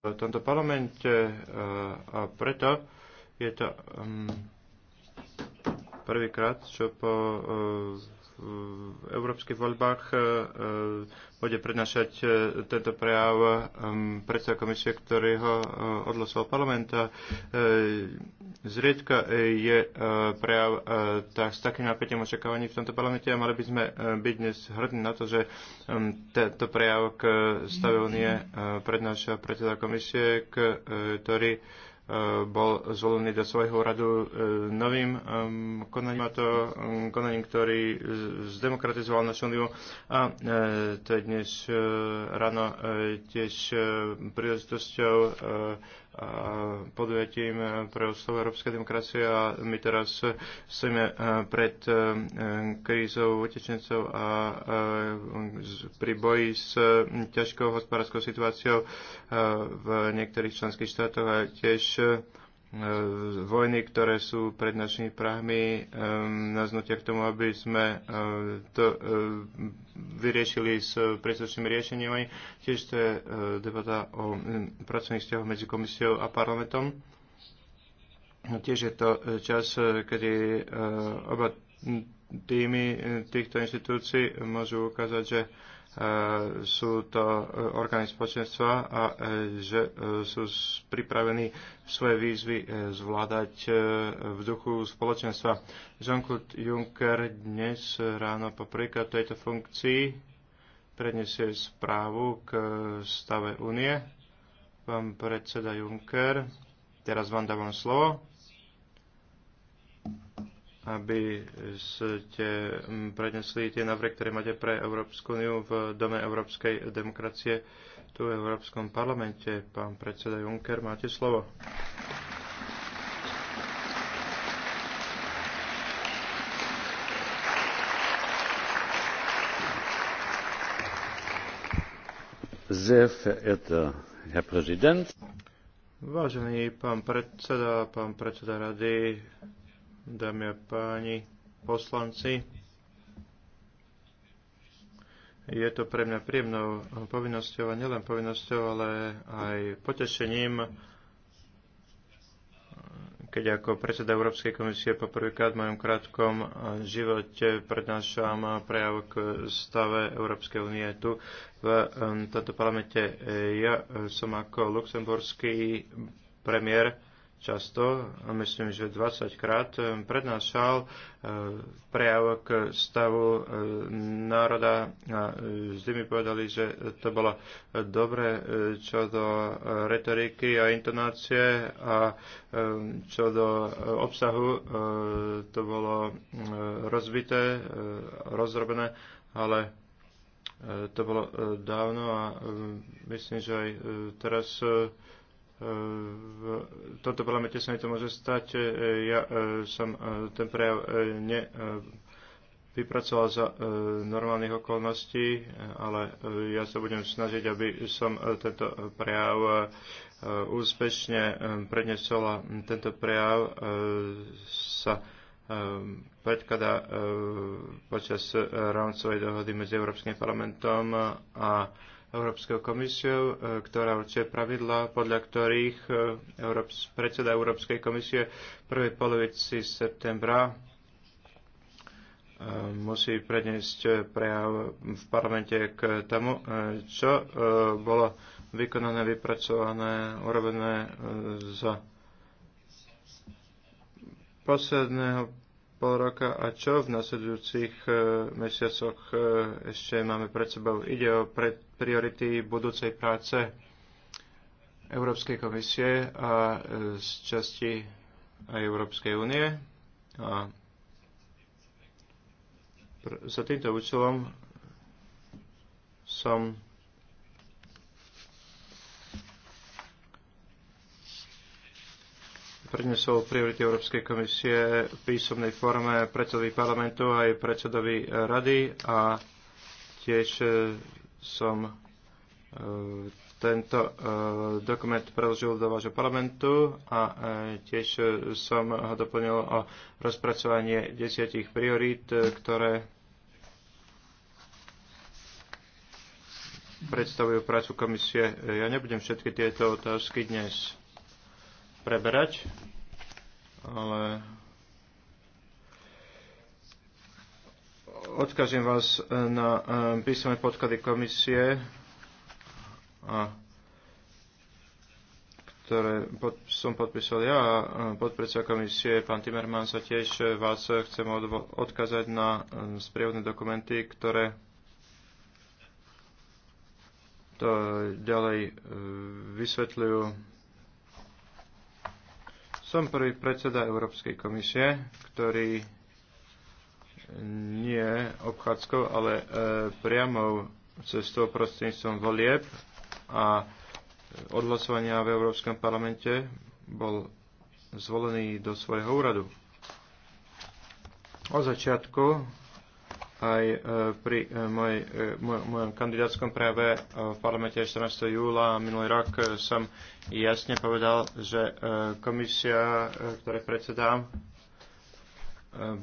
v tomto parlamente eh, a preto je to mm, prvýkrát, čo po eh, v európskych voľbách e, e, bude prednášať e, tento prejav predseda komisie, ktorý ho odlosoval parlament. Zriedka je prejav tak, s takým napätím očakávaní v tomto parlamente a mali by sme byť dnes hrdní na to, že tento prejav k stave únie prednáša predseda komisie, ktorý bol zvolený do svojho úradu e, novým e, konaním, a to e, konaním, ktorý zdemokratizoval našu uniu. A to je dnes ráno tiež príležitosťou podujatím pre eh, oslavu európskej demokracie a my teraz eh, stojíme eh, pred krízou utečencov a pri boji s ťažkou hospodárskou situáciou v niektorých členských štátoch a tiež E, vojny, ktoré sú pred našimi prahmi, nás nutia k tomu, aby sme e, to e, vyriešili s príslušnými riešeniami. Tiež to je debata o pracovných vzťahoch medzi komisiou a parlamentom. No, tiež je to čas, kedy oba týmy týchto inštitúcií môžu ukázať, že Eh, sú to eh, orgány spoločenstva a eh, že sú pripravení svoje výzvy zvládať v duchu spoločenstva. Jean-Claude Juncker dnes ráno po príklad tejto funkcii predniesie správu k stave únie. Pán predseda Juncker, teraz vám dávam slovo aby ste prednesli tie návrhy, ktoré máte pre Európsku úniu v Dome Európskej demokracie tu v Európskom parlamente. Pán predseda Juncker, máte slovo. Sehr verehrter Herr Präsident. Vážený pán predseda, pán predseda rady, dámy a páni poslanci. Je to pre mňa príjemnou povinnosťou a nielen povinnosťou, ale aj potešením, keď ako predseda Európskej komisie poprvýkrát v mojom krátkom živote prednášam prejav k stave Európskej únie tu v ehm, tomto parlamente. Ja som ako luxemburský premiér často, myslím, že 20 krát, eh, prednášal eh, prejav k stavu eh, národa a vždy mi povedali, že to bolo dobre čo do retoriky a intonácie a čo do obsahu to bolo rozbité, rozrobené, ale to bolo dávno a myslím, že aj teraz v tomto parlamente sa mi to môže stať. E, ja e, som e, ten prejav nevypracoval za normálnych okolností, ale ja sa budem snažiť, aby som tento prejav úspešne prednesol a tento prejav sa predkladá počas rámcovej dohody medzi Európskym parlamentom a Európskou komisiou, e, ktorá určuje pravidla, podľa ktorých e, Európs- predseda Európskej komisie v prvej polovici septembra e, musí predniesť prejav v parlamente k tomu, čo bolo vykonané, vypracované, urobené za posledného pol roka a čo v nasledujúcich e, mesiacoch e, ešte máme pred sebou. Ide o priority budúcej práce Európskej komisie a e, z časti aj Európskej únie. A za týmto účelom som prednesol priority Európskej komisie v písomnej forme predsedovi parlamentu aj predsedovi rady a tiež e, som e, tento e, dokument preložil do vášho parlamentu a tiež som ho doplnil o rozpracovanie desiatich priorít, ktoré predstavujú prácu komisie. Ja nebudem všetky tieto otázky dnes preberať, ale odkazím vás na eh, písomné podklady komisie, a, ktoré pod, som podpísal ja a podpredseda komisie, pán Timerman, sa tiež vás chcem odvo- odkazať na eh, sprievodné dokumenty, ktoré to ďalej eh, vysvetľujú som prvý predseda Európskej komisie, ktorý nie obchádzkou, ale e, priamou cestou prostredníctvom volieb a odhlasovania v Európskom parlamente bol zvolený do svojho úradu. Od začiatku aj e, pri e, moj, e, moj, mojom kandidátskom prejave v parlamente 14. júla minulý rok som jasne povedal, že komisia, ktoré predsedám,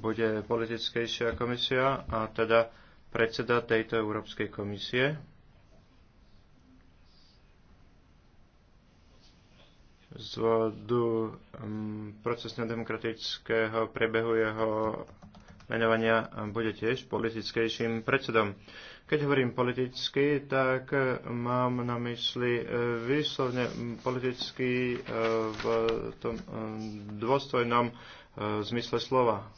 bude politickejšia komisia a teda predseda tejto Európskej komisie. z vodu um, procesne-demokratického prebehu jeho menovania bude tiež politickejším predsedom. Keď hovorím politicky, tak mám na mysli e, výslovne politicky e, v tom e, dôstojnom zmysle slova.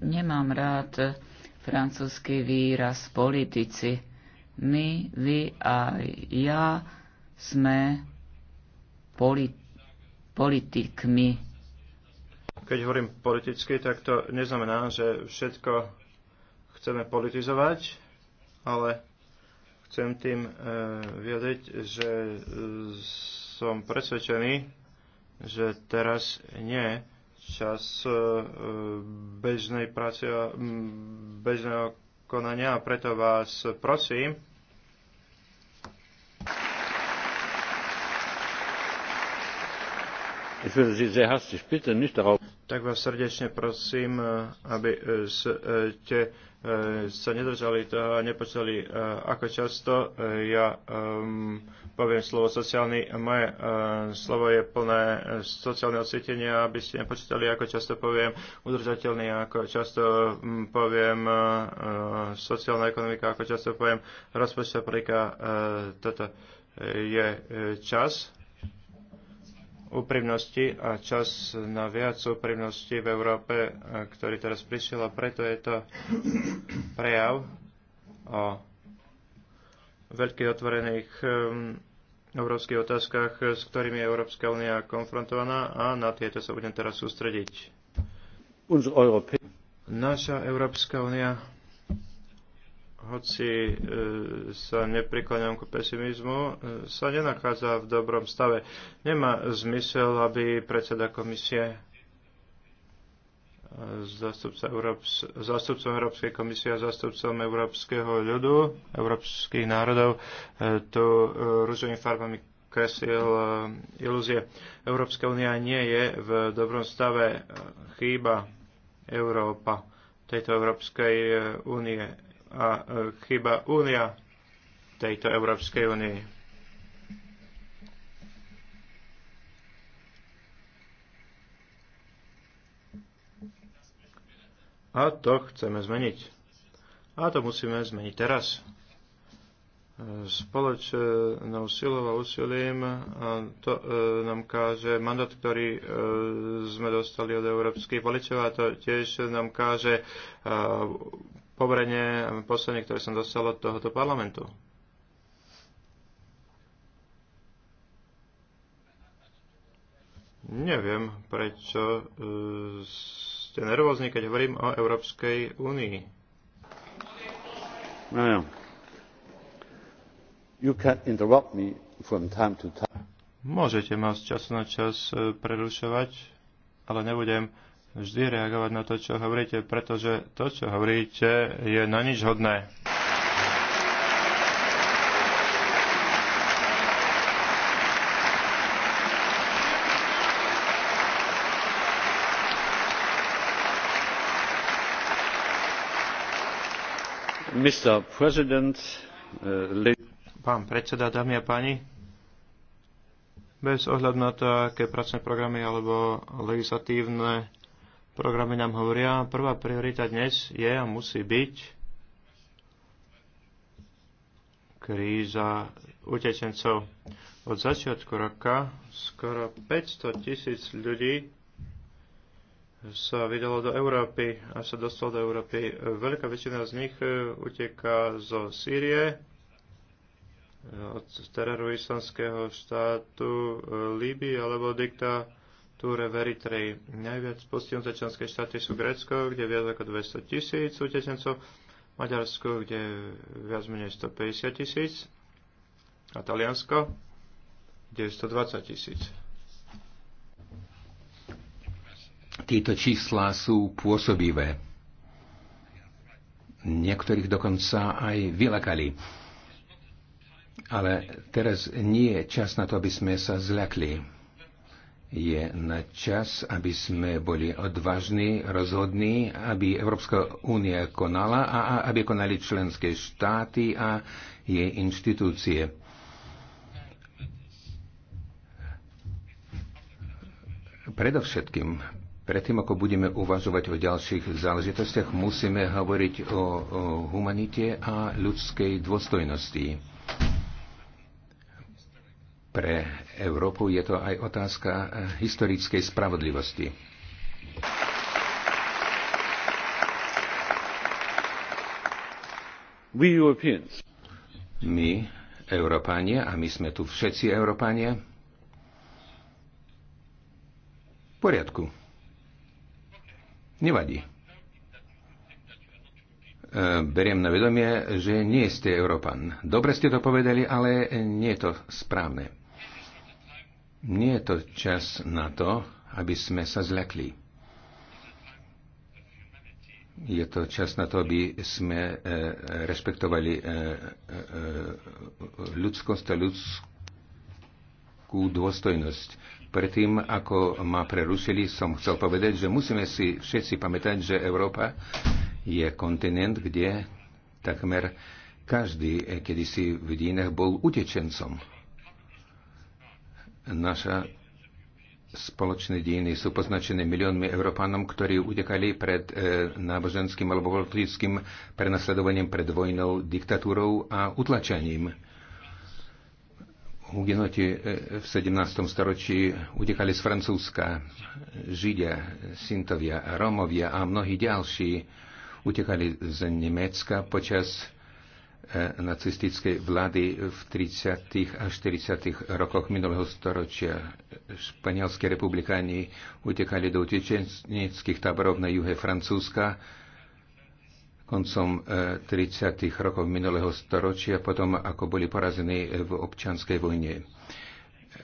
Nemám rád francúzsky výraz politici. My, vy a ja sme politikmi. Keď hovorím politicky, tak to neznamená, že všetko chceme politizovať, ale chcem tým e, vyjadriť, že e, som presvedčený, že teraz nie čas e, bežnej práce a bežného konania a preto vás prosím, Tak vás srdečne prosím, eh, aby eh, ste eh, sa nedržali toho a nepočali, ako často ja ehm, poviem slovo sociálny. Moje slovo je plné sociálneho cítenia, aby ste nepočítali, ako často poviem udržateľný, ako často mm, poviem sociálna ekonomika, ako často poviem rozpočtová uh, Toto je čas úprimnosti a čas na viac úprimnosti v Európe, eh, ktorý teraz prišiel a preto je to prejav o veľkých otvorených ehm, európskych otázkach, s ktorými je Európska únia konfrontovaná a na tieto sa budem teraz sústrediť. Naša Európska únia hoci e, sa neprikláňam ku pesimizmu, e, sa nenachádza v dobrom stave. Nemá zmysel, aby predseda komisie e, zástupcom Európskej komisie a zástupcom európskeho ľudu, európskych národov, tu rúžovými farbami kreslil ilúzie. Európska únia nie je v dobrom stave, chýba Európa tejto Európskej únie a e, chyba únia tejto Európskej únie. A to chceme zmeniť. A to musíme zmeniť teraz. Spoločnou silou a úsilím to e, nám káže mandát, ktorý e, sme dostali od európskych voličov a to tiež nám káže poverenie posledne, ktoré som dostal od tohoto parlamentu. Neviem, prečo e, ste nervózni, keď hovorím o Európskej únii. No, no. You can interrupt me from time to time. Môžete ma z času na čas e, prerušovať, ale nebudem vždy reagovať na to, čo hovoríte, pretože to, čo hovoríte, je na nič hodné. Uh, pán predseda, dámy a páni, bez ohľadu na to, aké pracné programy alebo legislatívne programy nám hovoria, prvá priorita dnes je a musí byť kríza utečencov. Od začiatku roka skoro 500 tisíc ľudí sa vydalo do Európy a sa dostalo do Európy. Veľká väčšina z nich e, uteká zo Sýrie, e, od teroru islamského štátu e, Líby alebo dikta túre v Eritreji. Najviac postihnuté členské štáty sú Grécko, kde viac ako 200 tisíc utečencov, Maďarsko, kde viac menej 150 tisíc a Taliansko, kde je 120 tisíc. Tieto čísla sú pôsobivé. Niektorých dokonca aj vylakali. Ale teraz nie je čas na to, aby sme sa zľakli je na čas, aby sme boli odvážni, rozhodní, aby Európska únia konala a aby konali členské štáty a jej inštitúcie. Predovšetkým, predtým ako budeme uvažovať o ďalších záležitostiach, musíme hovoriť o, o humanite a ľudskej dôstojnosti pre Európu je to aj otázka historickej spravodlivosti. My, Európania, a my sme tu všetci Európania, v poriadku. Nevadí. E, beriem na vedomie, že nie ste Európan. Dobre ste to povedali, ale nie je to správne. Nie je to čas na to, aby sme sa zľakli. Je to čas na to, aby sme e, e rešpektovali e, e, e, ľudskosť a ľudskú dôstojnosť. Predtým, ako ma prerušili, som chcel povedať, že musíme si všetci pamätať, že Európa je kontinent, kde takmer každý e, kedysi v dínach bol utečencom. Naša spoločné dejiny sú poznačené miliónmi Európanom, ktorí utekali pred e, náboženským alebo politickým prenasledovaním pred vojnou, diktatúrou a utlačaním. Hugenoti e, v 17. storočí utekali z Francúzska. Židia, Sintovia, Romovia a mnohí ďalší utekali z Nemecka počas E, nacistickej vlády v 30. a 40. rokoch minulého storočia. Španielské republikáni utekali do utečeneckých táborov na juhe Francúzska koncom 30. E, rokov minulého storočia, potom ako boli porazení v občanskej vojne.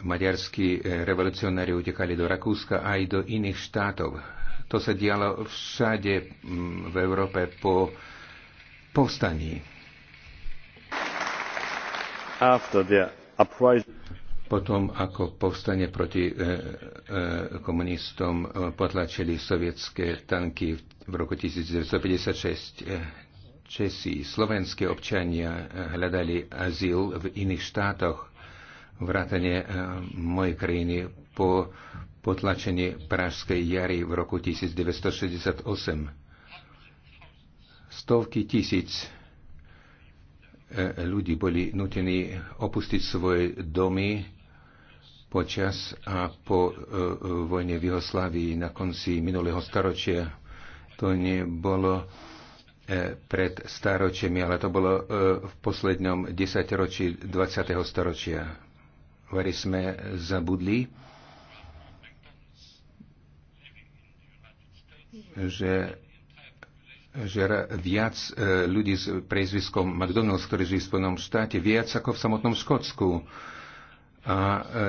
Maďarskí e, revolucionári utekali do Rakúska aj do iných štátov. To sa dialo všade v Európe po povstaní potom, ako povstanie proti e, e, komunistom e, potlačili sovietské tanky v roku 1956, Česi, slovenské občania hľadali azyl v iných štátoch, vrátane mojej krajiny po potlačení Pražskej jary v roku 1968. Stovky tisíc E, ľudí boli nutení opustiť svoje domy počas a po e, vojne v Jugoslávii na konci minulého staročia. To nebolo e, pred staročiami, ale to bolo v poslednom desaťročí 20. storočia. Vary sme zabudli, že že viac e, ľudí s prezviskom McDonald's, ktorí žijú v Spojenom štáte, viac ako v samotnom Škótsku. A e, e,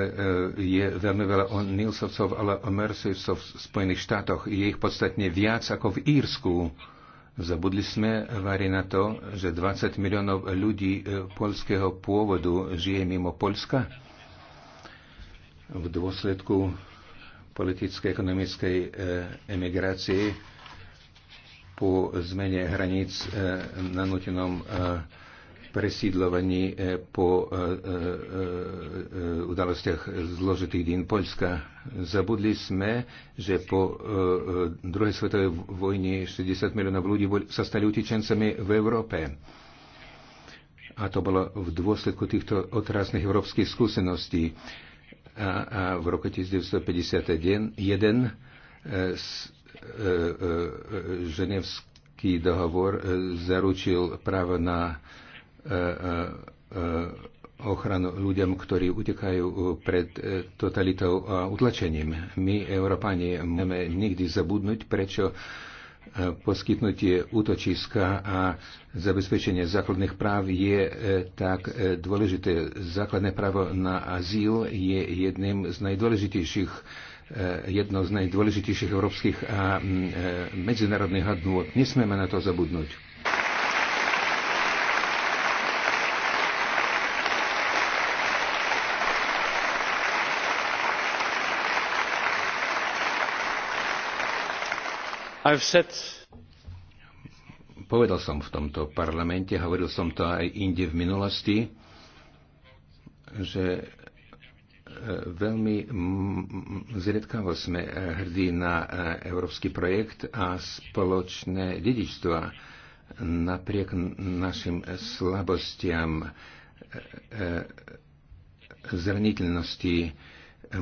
je veľmi veľa o Nilsovcov, ale o Mersivcov v Spojených štátoch. Je ich podstatne viac ako v Írsku. Zabudli sme vari na to, že 20 miliónov ľudí polského pôvodu žije mimo Polska v dôsledku politickej ekonomickej emigrácie po zmene hraníc e, na nutenom e, presídlovaní e, po udalostiach zložitých dín Polska. Zabudli sme, že po druhej svetovej vojne 60 miliónov ľudí sa stali utečencami v Európe. A to bolo v dôsledku týchto otrasných európskych skúseností. A, a v roku 1951 s, E, e, ženevský dohovor e, zaručil právo na ochranu ľuďom, ktorí utekajú pred totalitou a utlačením. My, Európani, môžeme nikdy zabudnúť, prečo poskytnutie útočiska a zabezpečenie základných práv je tak dôležité. Základné právo na azyl je jedným z najdôležitejších Eh, jedno z najdôležitejších európskych a mm, eh, medzinárodných hodnôt. Nesmieme na to zabudnúť. I've said povedal som v tomto parlamente, hovoril som to aj inde v minulosti, že Veľmi mm, zriedkavo sme e, hrdí na e, európsky projekt a spoločné dedičstva. Napriek našim slabostiam, e, zraniteľnosti,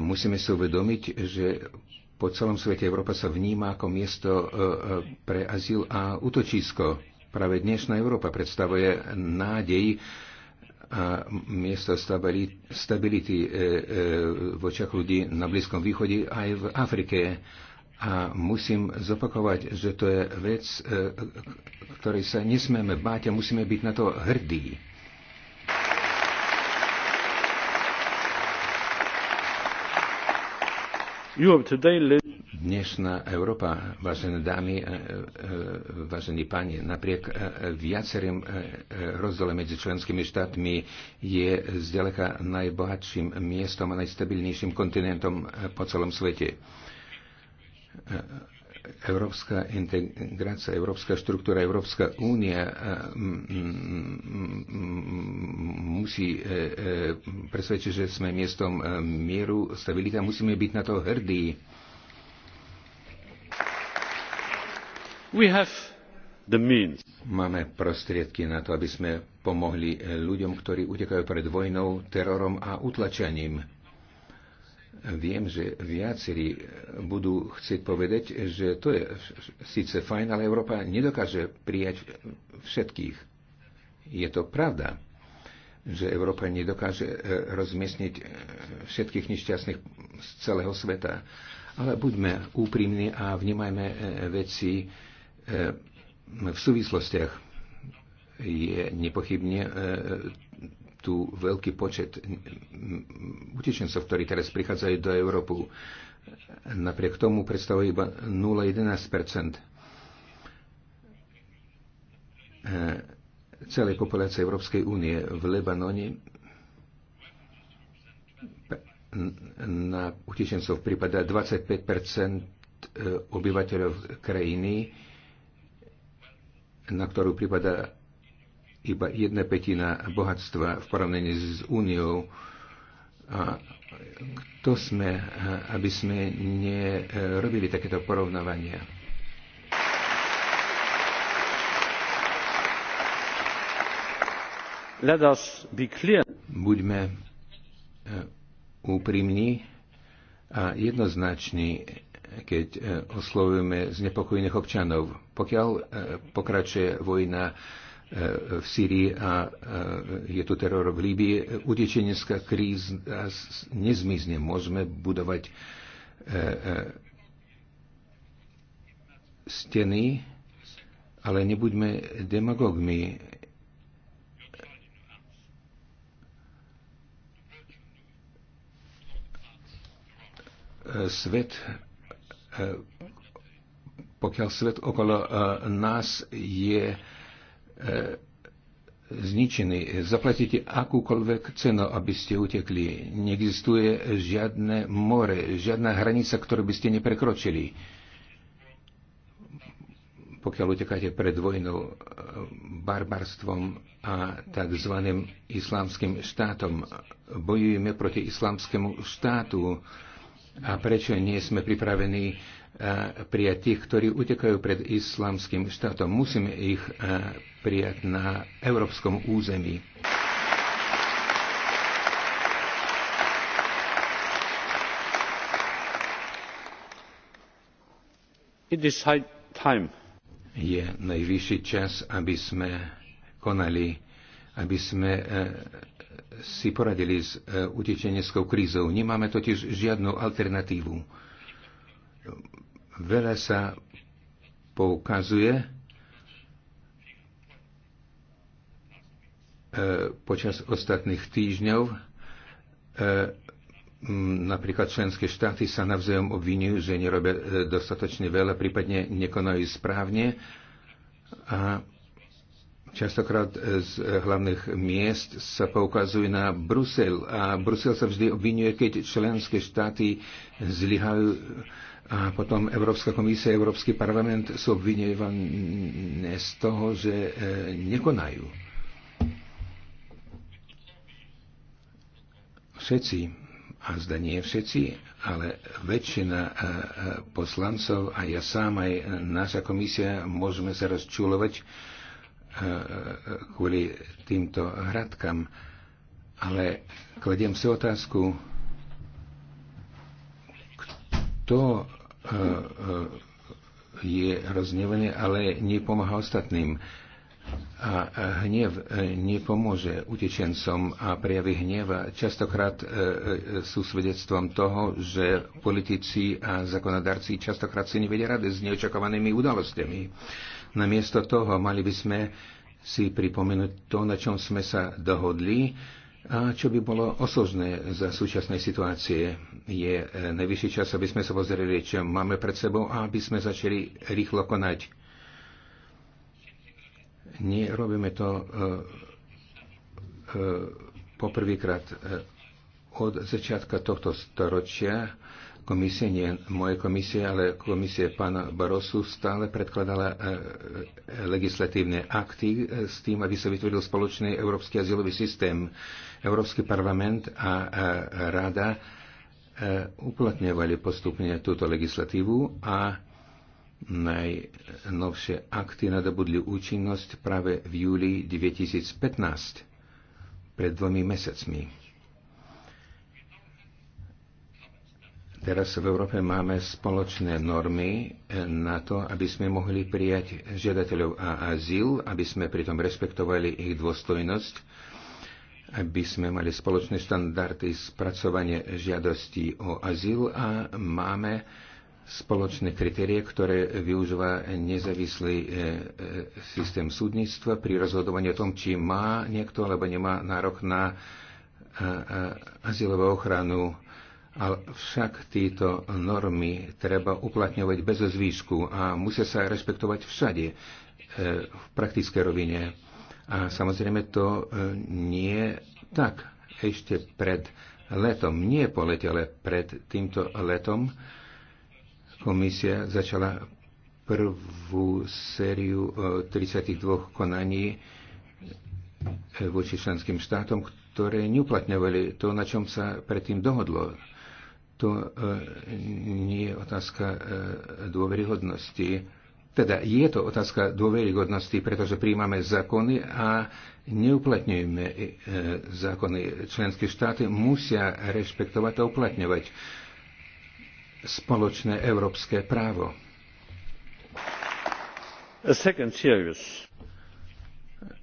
musíme si uvedomiť, že po celom svete Európa sa vníma ako miesto pre azyl a útočisko. Práve dnešná Európa predstavuje nádej, a miesta stability e, e, v očiach ľudí na Blízkom východe aj v Afrike. A musím zopakovať, že to je vec, e, ktorej sa nesmieme báť a musíme byť na to hrdí. You have today Dnešná Európa, vážené dámy, e, e, e, vážení páni, napriek viacerým rozdielom medzi členskými štátmi je zďaleka najbohatším miestom a najstabilnejším kontinentom po celom svete. Európska integrácia, európska štruktúra, Európska únia musí presvedčiť, že sme miestom mieru, stabilita. Musíme byť na to hrdí Máme prostriedky na to, aby sme pomohli eh, ľuďom, ktorí utekajú pred vojnou, terorom a utlačaním. Viem, že viacerí eh, budú chcieť povedať, že to je síce fajn, ale Európa nedokáže prijať všetkých. Je to pravda, že Európa nedokáže eh, rozmiestniť všetkých nešťastných z celého sveta. Ale buďme úprimní a vnímajme veci Ehm, v súvislostiach je nepochybne ehm, tu veľký počet mm, utečencov, ktorí teraz prichádzajú do Európu. Napriek tomu predstavuje iba 0,11 ehm, celej populácie Európskej únie v Lebanone na utečencov prípada 25 obyvateľov krajiny na ktorú prípada iba jedna petina bohatstva v porovnaní s Úniou. A kto sme, aby sme nerobili takéto porovnávania. Buďme e, úprimní a jednoznační, keď e, oslovujeme znepokojených občanov pokiaľ e, pokračuje vojna e, v Syrii a e, je tu teror v Líbii, utečenecká kríza nezmizne. Môžeme budovať steny, ale nebuďme demagogmi. Svet pokiaľ svet okolo e, nás je e, zničený. Zaplatíte akúkoľvek cenu, aby ste utekli. Neexistuje žiadne more, žiadna hranica, ktorú by ste neprekročili. Pokiaľ utekáte pred vojnou, e, barbarstvom a tzv. islamským štátom, bojujeme proti islamskému štátu. A prečo nie sme pripravení E, prijať tých, ktorí utekajú pred islamským štátom. Musíme ich e, prijať na európskom území. It is high time. Je najvyšší čas, aby sme konali, aby sme e, si poradili s utečeneckou krízou. Nemáme totiž žiadnu alternatívu Veľa sa poukazuje e, počas ostatných týždňov. E, napríklad členské štáty sa navzájom obvinujú, že nerobia e, dostatočne veľa, prípadne nekonajú správne. A častokrát z hlavných miest sa poukazuje na Brusel a Brusel sa vždy obvinuje, keď členské štáty zlyhajú a potom Európska komisia, Európsky parlament sú obvinevané z toho, že e, nekonajú. Všetci, a zda nie všetci, ale väčšina e, e, poslancov a ja sám aj naša komisia môžeme sa rozčulovať kvôli týmto hradkám. Ale kladiem si otázku, kto E, e, je roznevený, ale nepomáha ostatným. A hnev e, nepomôže utečencom a prejavy hneva častokrát sú svedectvom toho, že politici a zakonodarci častokrát si nevedia rady s neočakovanými udalostiami. Namiesto toho mali by sme si pripomenúť to, na čom sme sa dohodli, a čo by bolo osožné za súčasnej situácie, je e, najvyšší čas, aby sme sa pozreli, čo máme pred sebou a aby sme začali rýchlo konať. Nerobíme to uh, uh, poprvýkrát. Od začiatka tohto storočia komisie, nie moje komisie, ale komisie pána Barosu stále predkladala legislatívne akty s tým, aby sa vytvoril spoločný európsky azylový systém. Európsky parlament a rada e, uplatňovali postupne túto legislatívu a najnovšie akty nadobudli účinnosť práve v júli 2015, pred dvomi mesiacmi. Teraz v Európe máme spoločné normy e, na to, aby sme mohli prijať žiadateľov a azyl, aby sme pritom respektovali ich dôstojnosť, aby sme mali spoločné štandardy spracovania žiadostí o azyl a máme spoločné kritérie, ktoré využíva nezávislý e, e, systém súdnictva pri rozhodovaní o tom, či má niekto alebo nemá nárok na e, azylovú ochranu. Ale však tieto normy treba uplatňovať bez zvýšku a musia sa rešpektovať všade v praktickej rovine a samozrejme to e, nie je tak. Ešte pred letom, nie po lete, ale pred týmto letom, komisia začala prvú sériu 32 e, konaní e, voči členským štátom, ktoré neuplatňovali to, na čom sa predtým dohodlo. To nie je otázka dôveryhodnosti teda je to otázka dôveryhodnosti, pretože príjmame zákony a neuplatňujeme e, zákony. Členské štáty musia rešpektovať a uplatňovať spoločné európske právo.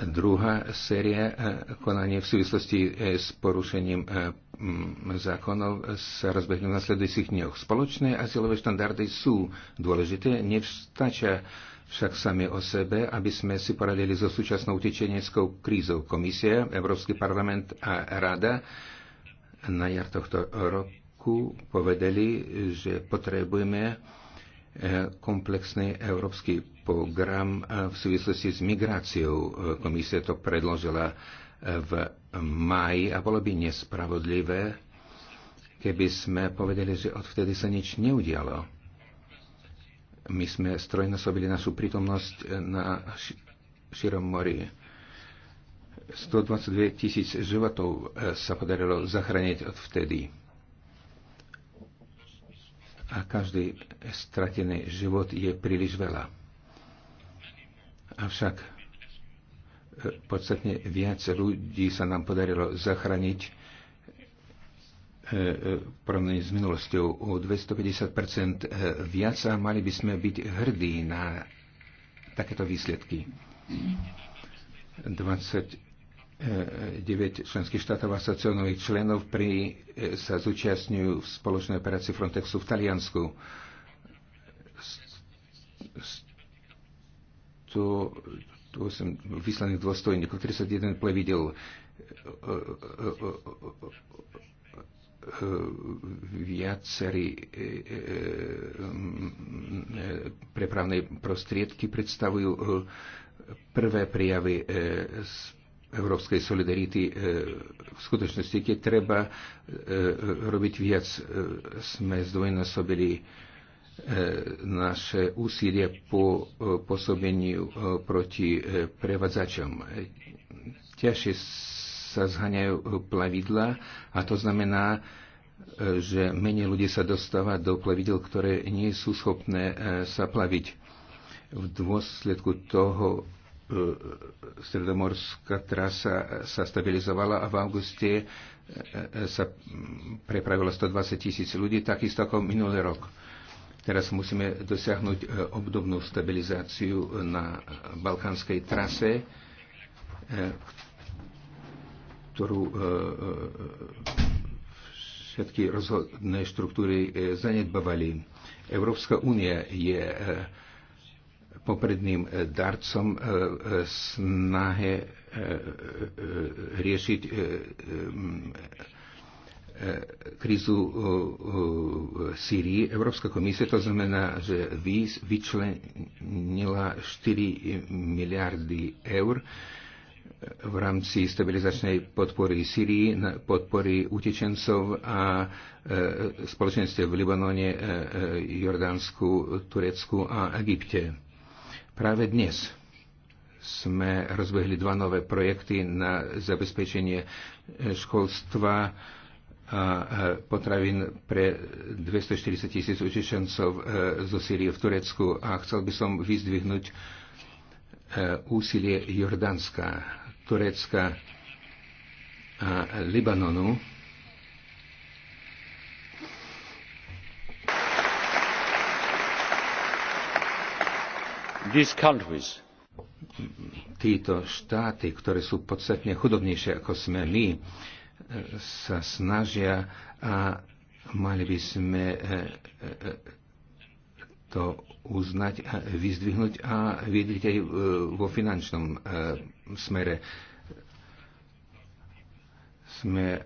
Druhá séria e, konanie v súvislosti e, s porušením Mm, zákonov sa rozbehnú v nasledujúcich dňoch. Spoločné azylové štandardy sú dôležité, nevstačia však sami o sebe, aby sme si poradili so súčasnou utečeneckou krízou. Komisia, Európsky parlament a Rada na jar tohto roku povedali, že potrebujeme e, komplexný európsky program e, v súvislosti s migráciou. E, Komisia to predložila v maji a bolo by nespravodlivé, keby sme povedali, že odvtedy sa nič neudialo. My sme strojnásobili našu prítomnosť na širom mori. 122 tisíc životov e, sa podarilo zachrániť odvtedy. A každý stratený život je príliš veľa. Avšak podstatne viac ľudí sa nám podarilo zachrániť e, e, porovnaní s minulosťou o 250 e, viac a mali by sme byť hrdí na takéto výsledky. 29 členských štátov a sociálnych členov pri, sa zúčastňujú v spoločnej operácii Frontexu v Taliansku. 100 108 vyslaných dôstojníkov, 31 plevidel e, e, e, viacerí prepravné prostriedky predstavujú prvé prijavy z európskej solidarity v skutočnosti, keď treba robiť viac, sme zdvojnásobili naše úsilie po e, pôsobeniu e, proti e, prevádzačom. Ťažšie sa zhaňajú plavidla a to znamená, že menej ľudí sa dostáva do plavidel, ktoré nie sú schopné sa plaviť. V dôsledku toho stredomorská trasa sa stabilizovala a v auguste sa prepravilo 120 tisíc ľudí, takisto ako minulý rok Teraz musíme dosiahnuť e, obdobnú stabilizáciu e, na balkánskej trase, e, ktorú všetky rozhodné štruktúry zanedbavali. Európska únia je popredným darcom snahe riešiť krízu eh, eh, Syrii, Európska komisia, to znamená, že víz vyčlenila 4 miliardy eur eh, v rámci stabilizačnej podpory Syrii, podpory utečencov a spoločenstve v Libanone, Jordánsku, Turecku a Egypte. Práve dnes sme rozbehli dva nové projekty na zabezpečenie školstva potravín pre 240 tisíc utečencov e, zo Sýrie v Turecku a chcel by som vyzdvihnúť e, úsilie Jordánska, Turecka a Libanonu. These countries títo štáty, ktoré sú podstatne chudobnejšie ako sme my, sa snažia a mali by sme e, e, e, to uznať a vyzdvihnúť a vidieť aj vo finančnom smere. Sme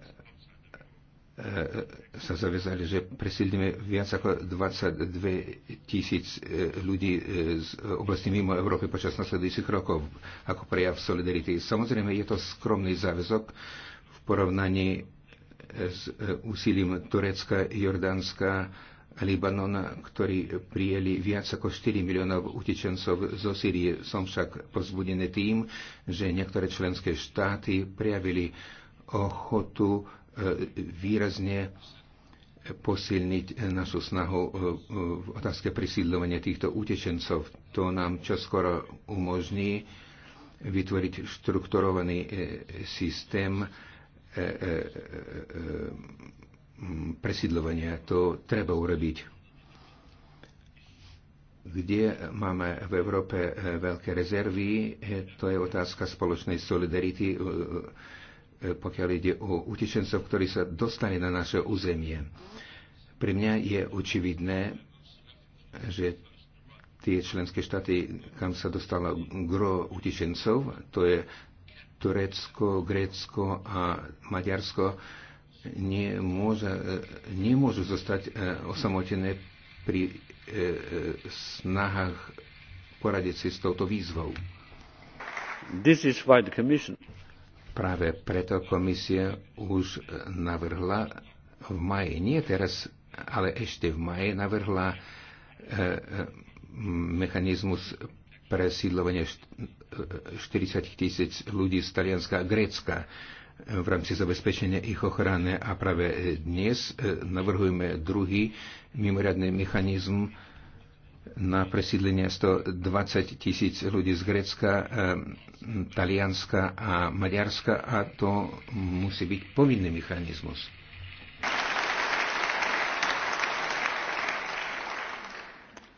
sa zaviazali, že presídlime viac ako 22 tisíc ľudí z oblasti mimo Európy počas nasledujúcich rokov ako prejav solidarity. Samozrejme, je to skromný záväzok, porovnaní s e, úsilím Turecka, Jordánska a Libanona, ktorí prijeli viac ako 4 miliónov utečencov zo Syrie. Som však pozbudený tým, že niektoré členské štáty prijavili ochotu e, výrazne posilniť našu snahu e, v otázke prisídľovania týchto utečencov. To nám čoskoro umožní vytvoriť štrukturovaný systém E, e, e, presídľovania. To treba urobiť. Kde máme v Európe veľké rezervy, to je otázka spoločnej solidarity, pokiaľ ide o utečencov, ktorí sa dostali na naše územie. Pre mňa je očividné, že tie členské štáty, kam sa dostalo gro utečencov, to je Turecko, Grécko a Maďarsko nemôže, nemôžu zostať e, osamotené pri e, e, snahách poradiť si s touto výzvou. This is why the commission... Práve preto komisia už navrhla v maji, nie teraz, ale ešte v maji navrhla mechanizmus presídlovanie 40 tisíc ľudí z Talianska a Grécka v rámci zabezpečenia ich ochrany a práve dnes e, navrhujeme druhý mimoriadný mechanizm na presídlenie 120 tisíc ľudí z Grécka, e, Talianska a Maďarska a to musí byť povinný mechanizmus.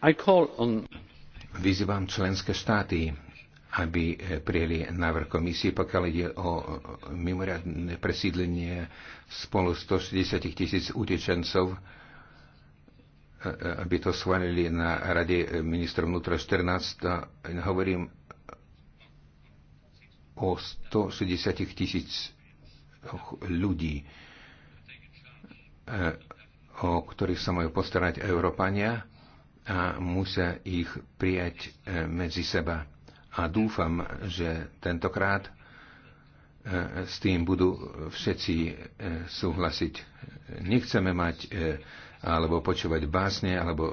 I call on Vyzývam členské štáty, aby eh, prijeli návrh komisie, pokiaľ ide o mimoriadne presídlenie spolu 160 tisíc utečencov, eh, eh, aby to schválili na Rade ministrov vnútra 14. Hovorím o 160 tisíc ľudí, o ktorých sa majú postarať Európania a musia ich prijať e, medzi seba. A dúfam, že tentokrát e, s tým budú všetci e, súhlasiť. Nechceme mať alebo počúvať básne alebo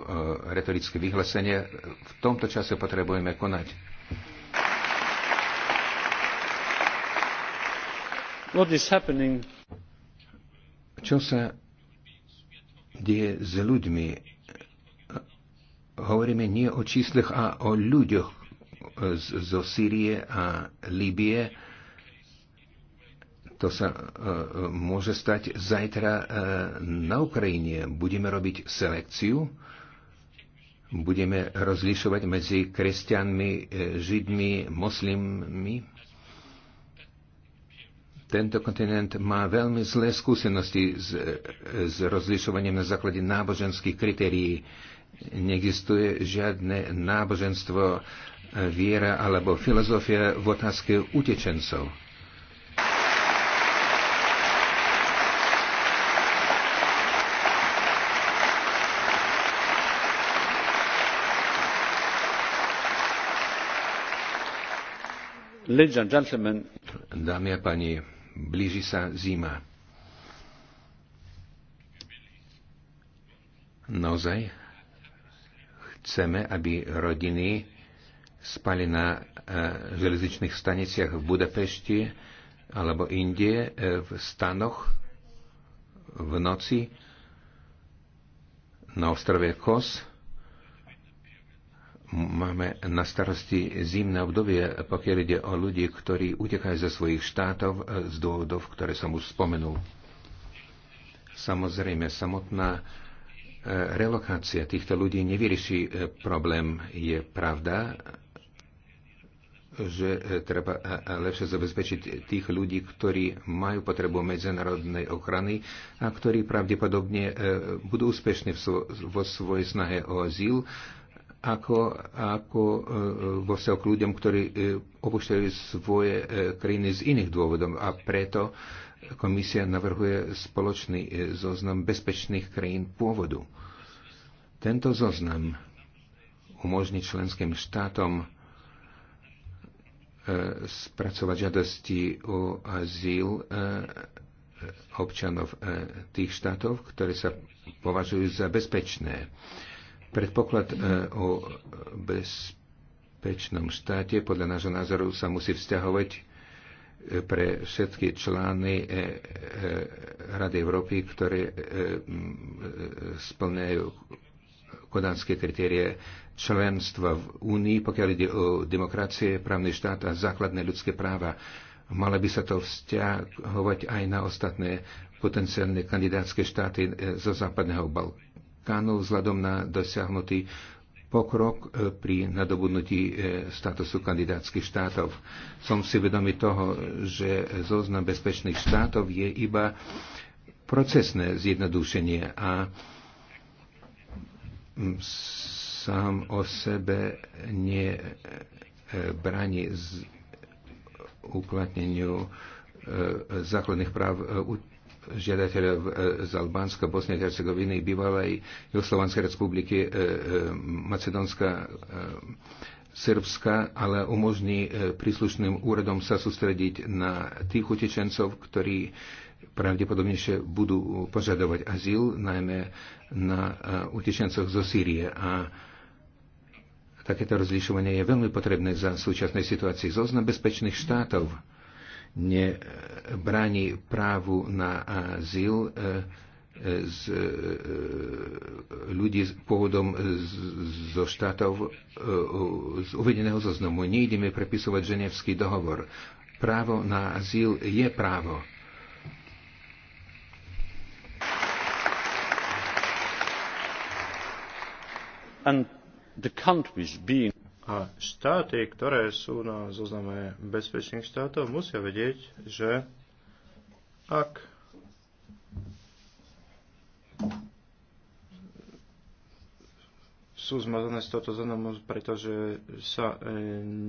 retorické vyhlasenie V tomto čase potrebujeme konať. What is happening? Čo sa deje s ľuďmi? hovoríme nie o číslech a o ľuďoch zo Sýrie a Líbie. To sa e, môže stať zajtra e, na Ukrajine. Budeme robiť selekciu, budeme rozlišovať medzi kresťanmi, e, židmi, moslimmi tento kontinent má veľmi zlé skúsenosti s, s rozlišovaním na základe náboženských kritérií neexistuje žiadne náboženstvo, e, viera alebo filozofia v otázke utečencov. Dámy a páni, blíži sa zima. Naozaj Chceme, aby rodiny spali na e, železničných staniciach v Budapešti alebo Indie, e, v stanoch v noci na ostrove Kos máme na starosti zimné obdobie, pokiaľ ide o ľudí, ktorí utekajú ze svojich štátov e, z dôvodov, ktoré som už spomenul. Samozrejme, samotná E, relokácia týchto ľudí nevyrieši e, problém. Je pravda, že e, treba lepšie zabezpečiť tých ľudí, ktorí majú potrebu medzinárodnej ochrany a ktorí pravdepodobne budú úspešní vo svojej snahe o azyl, ako, ako vo vzťahu k ľuďom, ktorí opúšťajú svoje krajiny z iných dôvodov. A preto Komisia navrhuje spoločný e, zoznam bezpečných krajín pôvodu. Tento zoznam umožní členským štátom e, spracovať žiadosti o azyl e, občanov tých štátov, ktoré sa považujú za bezpečné. Predpoklad o bezpečnom štáte podľa nášho názoru sa musí vzťahovať pre všetky člány e, e, Rady Európy, ktoré e, splňajú kodanské kritérie členstva v Únii, pokiaľ ide o demokracie, právny štát a základné ľudské práva. Mala by sa to vzťahovať aj na ostatné potenciálne kandidátske štáty zo Západného Balkánu vzhľadom na dosiahnutý pokrok e, pri nadobudnutí e, statusu kandidátskych štátov. Som si vedomý toho, že zoznam bezpečných štátov je iba procesné zjednodušenie a sám o sebe nebráni e, z uplatneniu základných práv žiadateľov e, z Albánska, Bosnia a Hercegoviny, bývalej Jugoslovanskej republiky, e, e, Macedónska, Srbska, ale umožní príslušným úradom sa sústrediť na tých utečencov, ktorí pravdepodobnejšie budú požadovať azyl, najmä na utečencoch zo Sýrie. A takéto rozlišovanie je veľmi potrebné za súčasnej situácii. Zoznam bezpečných štátov nebráni právu na azyl e, e, z e, ľudí pôvodom zo štátov z uvedeného zoznamu. Nejdeme prepisovať ženevský dohovor. Právo na azyl je právo. And the countries being a štáty, ktoré sú na zozname bezpečných štátov, musia vedieť, že ak sú zmazané z tohto zoznamu, pretože sa e,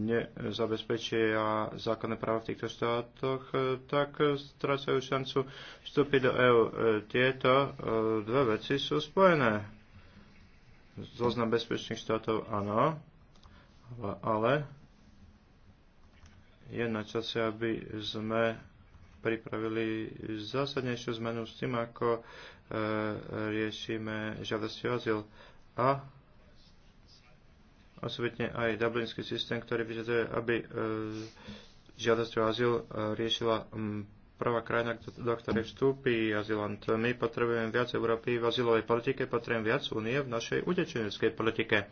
nezabezpečia zákonné práva v týchto štátoch, e, tak strácajú šancu vstúpiť do EÚ. E, tieto dve veci sú spojené. Zoznam bezpečných štátov áno, ale je na čase, aby sme pripravili zásadnejšiu zmenu s tým, ako e, riešime žiadosti o azyl a osobitne aj dublinský systém, ktorý vyžaduje, aby e, žiadosť o azyl e, riešila m, prvá krajina, do ktorej vstúpi azylant. My potrebujeme viac Európy v azylovej politike, potrebujeme viac únie v našej utečeneckej politike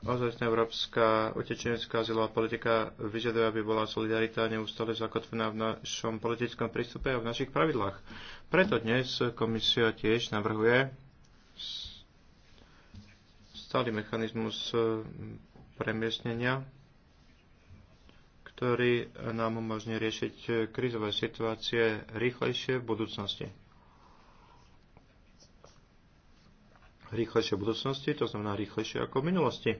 Ozajstná európska utečenecká azylová politika vyžaduje, aby bola solidarita neustále zakotvená v našom politickom prístupe a v našich pravidlách. Preto dnes komisia tiež navrhuje stály mechanizmus eh, premiestnenia, ktorý nám umožní riešiť krizové situácie rýchlejšie v budúcnosti. rýchlejšie budúcnosti, to znamená rýchlejšie ako v minulosti.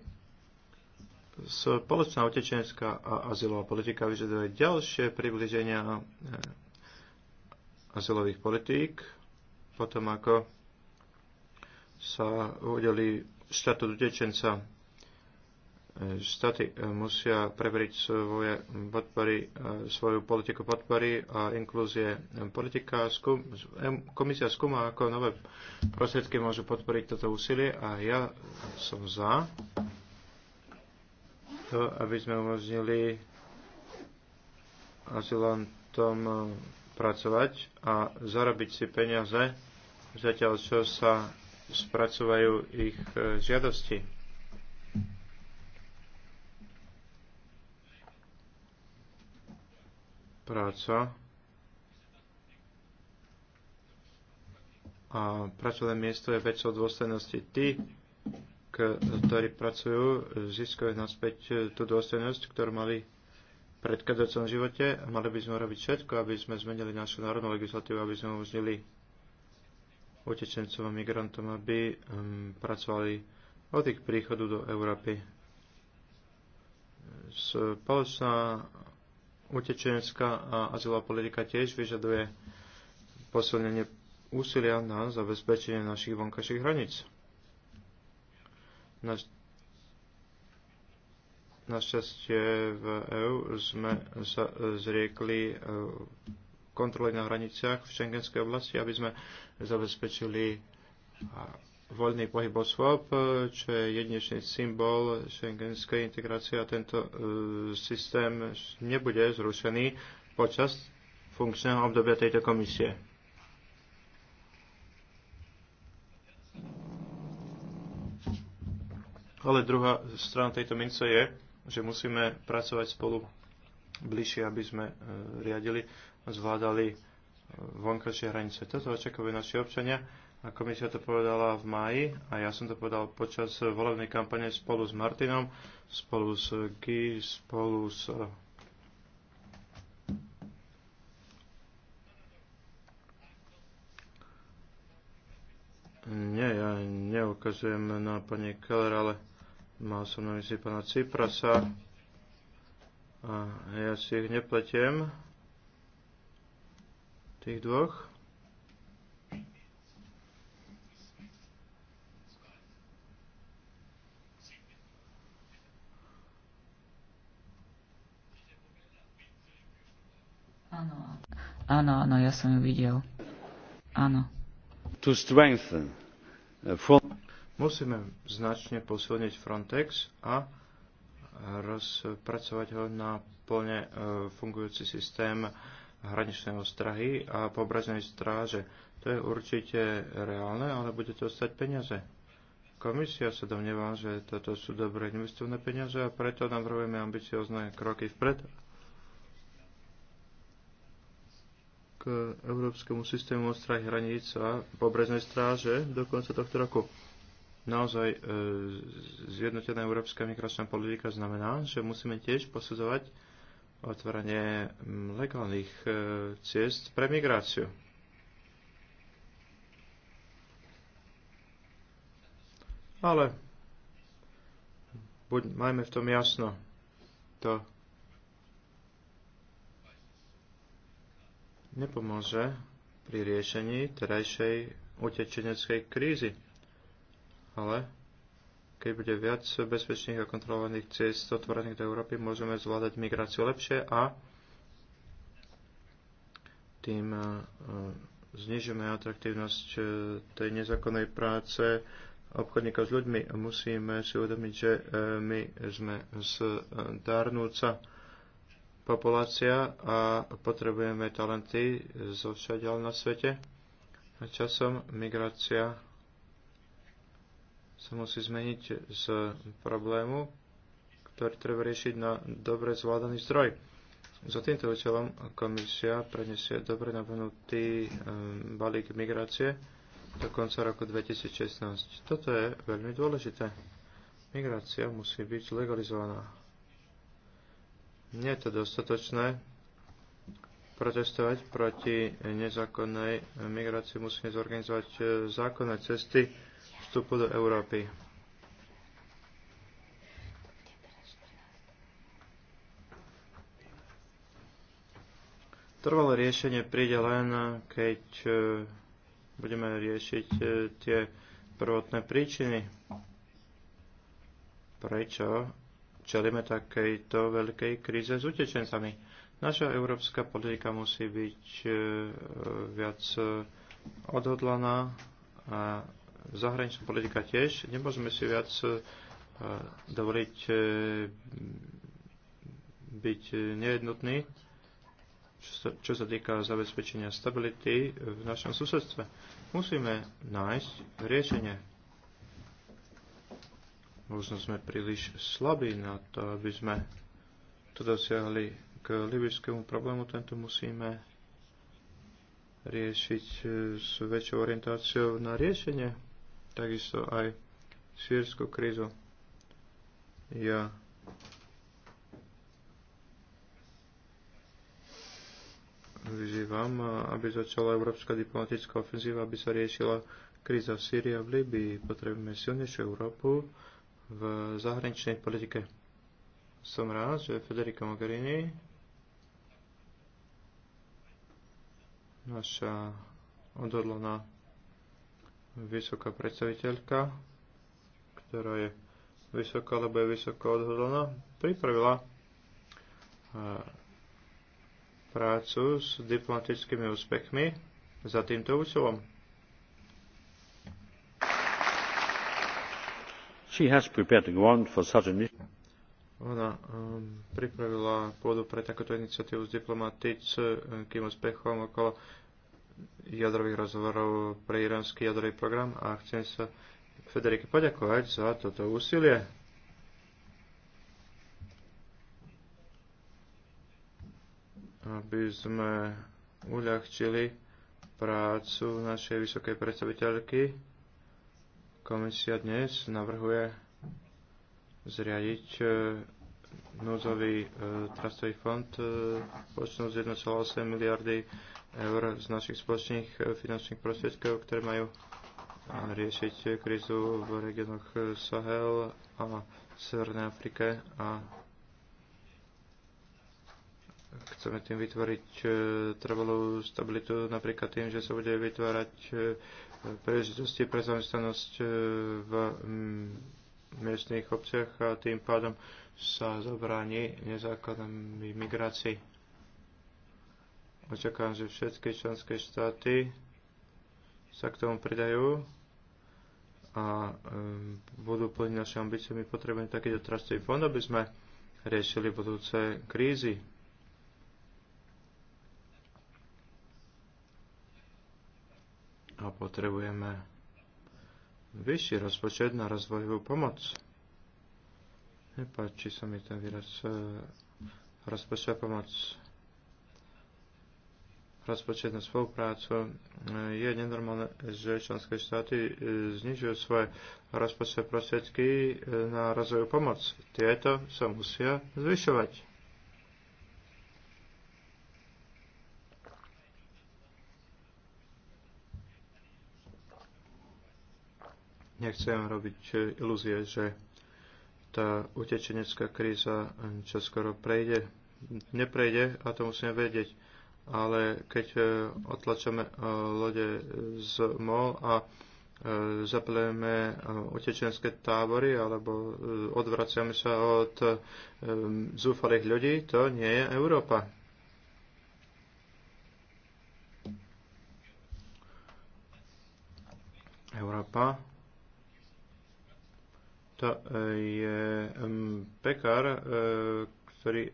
Spoločná utečenská a azylová politika vyžaduje ďalšie približenia e, azylových politík, potom ako sa udeli štátu utečenca štáty eh, musia preveriť svoje podpory, eh, svoju politiku podpory a inklúzie. Politika skúm, komisia skúma, ako nové prostriedky môžu podporiť toto úsilie a ja som za to, aby sme umožnili azylantom eh, pracovať a zarobiť si peniaze, zatiaľ čo sa spracovajú ich žiadosti práca a pracovné miesto je vecou dôstojnosti. Tí, ktorí pracujú, získajú naspäť tú dôstojnosť, ktorú mali v predchádzajúcom živote. Mali by sme robiť všetko, aby sme zmenili našu národnú legislatívu, aby sme umožnili utečencom a migrantom, aby um, pracovali od ich príchodu do Európy. Spoločná Utečenecká a azylová politika tiež vyžaduje posilnenie úsilia na zabezpečenie našich vonkajších hraníc. Naš Našťastie v EÚ sme sa zriekli e, kontroly na hraniciach v šengenskej oblasti, aby sme zabezpečili voľný pohyb osôb, eh, čo je jedinečný symbol šengenskej integrácie a tento e, systém nebude zrušený počas funkčného obdobia tejto komisie. Ale druhá strana tejto mince je, že musíme pracovať spolu bližšie, aby sme e, riadili a zvládali vonkajšie hranice. Toto očakávajú naši občania a komisia to povedala v máji a ja som to povedal počas volebnej kampane spolu s Martinom, spolu s Guy, spolu s Nie, ja neukazujem na pani Keller, ale mal som na mysli pána Ciprasa a ja si ich nepletiem, tých dvoch. Áno, áno, áno, ja som ju videl. Áno. To strengthen uh, Musíme značne posilniť Frontex a rozpracovať ho na plne uh, fungujúci systém hraničného strahy a pobrežnej stráže. To je určite reálne, ale bude to stať peniaze. Komisia sa domnieva, že toto sú dobré investovné peniaze a preto navrhujeme ambiciozne kroky vpred k Európskemu systému ostrahy hraníc a pobreznej stráže do konca tohto roku. Naozaj e, zjednotená európska migračná politika znamená, že musíme tiež posudzovať otvorenie legálnych e, ciest pre migráciu. Ale buď, majme v tom jasno. To nepomôže pri riešení terajšej utečeneckej krízy. Ale keď bude viac bezpečných a kontrolovaných ciest otvorených do Európy, môžeme zvládať migráciu lepšie a tým e, znižíme atraktívnosť e, tej nezákonnej práce obchodníkov s ľuďmi. Musíme si uvedomiť, že e, my sme z populácia a potrebujeme talenty zo všadiaľ na svete. A časom migrácia sa musí zmeniť z problému, ktorý treba riešiť na dobre zvládaný zdroj. Za týmto účelom komisia prenesie dobre navrhnutý ehm, balík migrácie do konca roku 2016. Toto je veľmi dôležité. Migrácia musí byť legalizovaná. Nie je to dostatočné. Protestovať proti nezákonnej migrácii musíme zorganizovať e, zákonné cesty vstupu do Európy. Trvalé riešenie príde len, e, keď e, budeme riešiť tie prvotné príčiny. Prečo čelíme takejto veľkej kríze s utečencami. Naša európska politika musí byť e, viac e, odhodlaná a zahraničná politika tiež. Nemôžeme si viac e, dovoliť byť nejednotný, čo sa týka zabezpečenia stability v našom susedstve. Musíme nájsť riešenie možno sme príliš slabí na to, aby sme to dosiahli k libyskému problému. Tento musíme riešiť e, s väčšou orientáciou na riešenie, takisto aj sírskú krízu. Ja vyzývam, e, aby začala európska diplomatická ofenzíva, aby sa riešila kríza v Sýrii a v Líbii. Potrebujeme silnejšiu Európu, v zahraničnej politike. Som rád, že Federica Mogherini, naša odhodlaná vysoká predstaviteľka, ktorá je vysoká, lebo je vysoko odhodlaná, pripravila e, prácu s diplomatickými úspechmi za týmto účelom. She has prepared the ground for such an Ona um, pripravila pôdu pre takúto iniciatívu s diplomatickým e, úspechom okolo jadrových rozhovorov pre iránsky jadrový program a chcem sa Federike poďakovať za toto úsilie. Aby sme uľahčili prácu našej vysokej predstaviteľky Komisia dnes navrhuje zriadiť e, núzový e, trastový fond e, z 1,8 miliardy eur z našich spoločných e, finančných prostriedkov, ktoré majú riešiť krízu v regionoch e, Sahel a Severnej Afrike a chceme tým vytvoriť e, trvalú stabilitu napríklad tým, že sa bude vytvárať príležitosti pre zamestnanosť e, v miestnych obciach a tým pádom sa zabráni nezákladnými migrácii. Očakávam, že všetky členské štáty sa k tomu pridajú a um, budú plniť naše ambície. My potrebujeme takýto trastový fond, aby sme riešili budúce krízy. a potrebujeme vyšší rozpočet na rozvojovú pomoc. Nepáči sa mi ten výraz e, rozpočet pomoc. Rozpočet na spoluprácu e, je nenormálne, že členské štáty e, znižujú svoje rozpočet prostriedky na rozvojovú pomoc. Tieto sa musia zvyšovať nechcem robiť ilúzie, že tá utečenecká kríza čo skoro prejde. Neprejde a to musíme vedieť. Ale keď e, otlačame e, lode z mol a e, zapelujeme utečenské tábory alebo odvraciame sa od zúfalých ľudí, to nie je Európa. Európa to e, je pekár, e, ktorý e,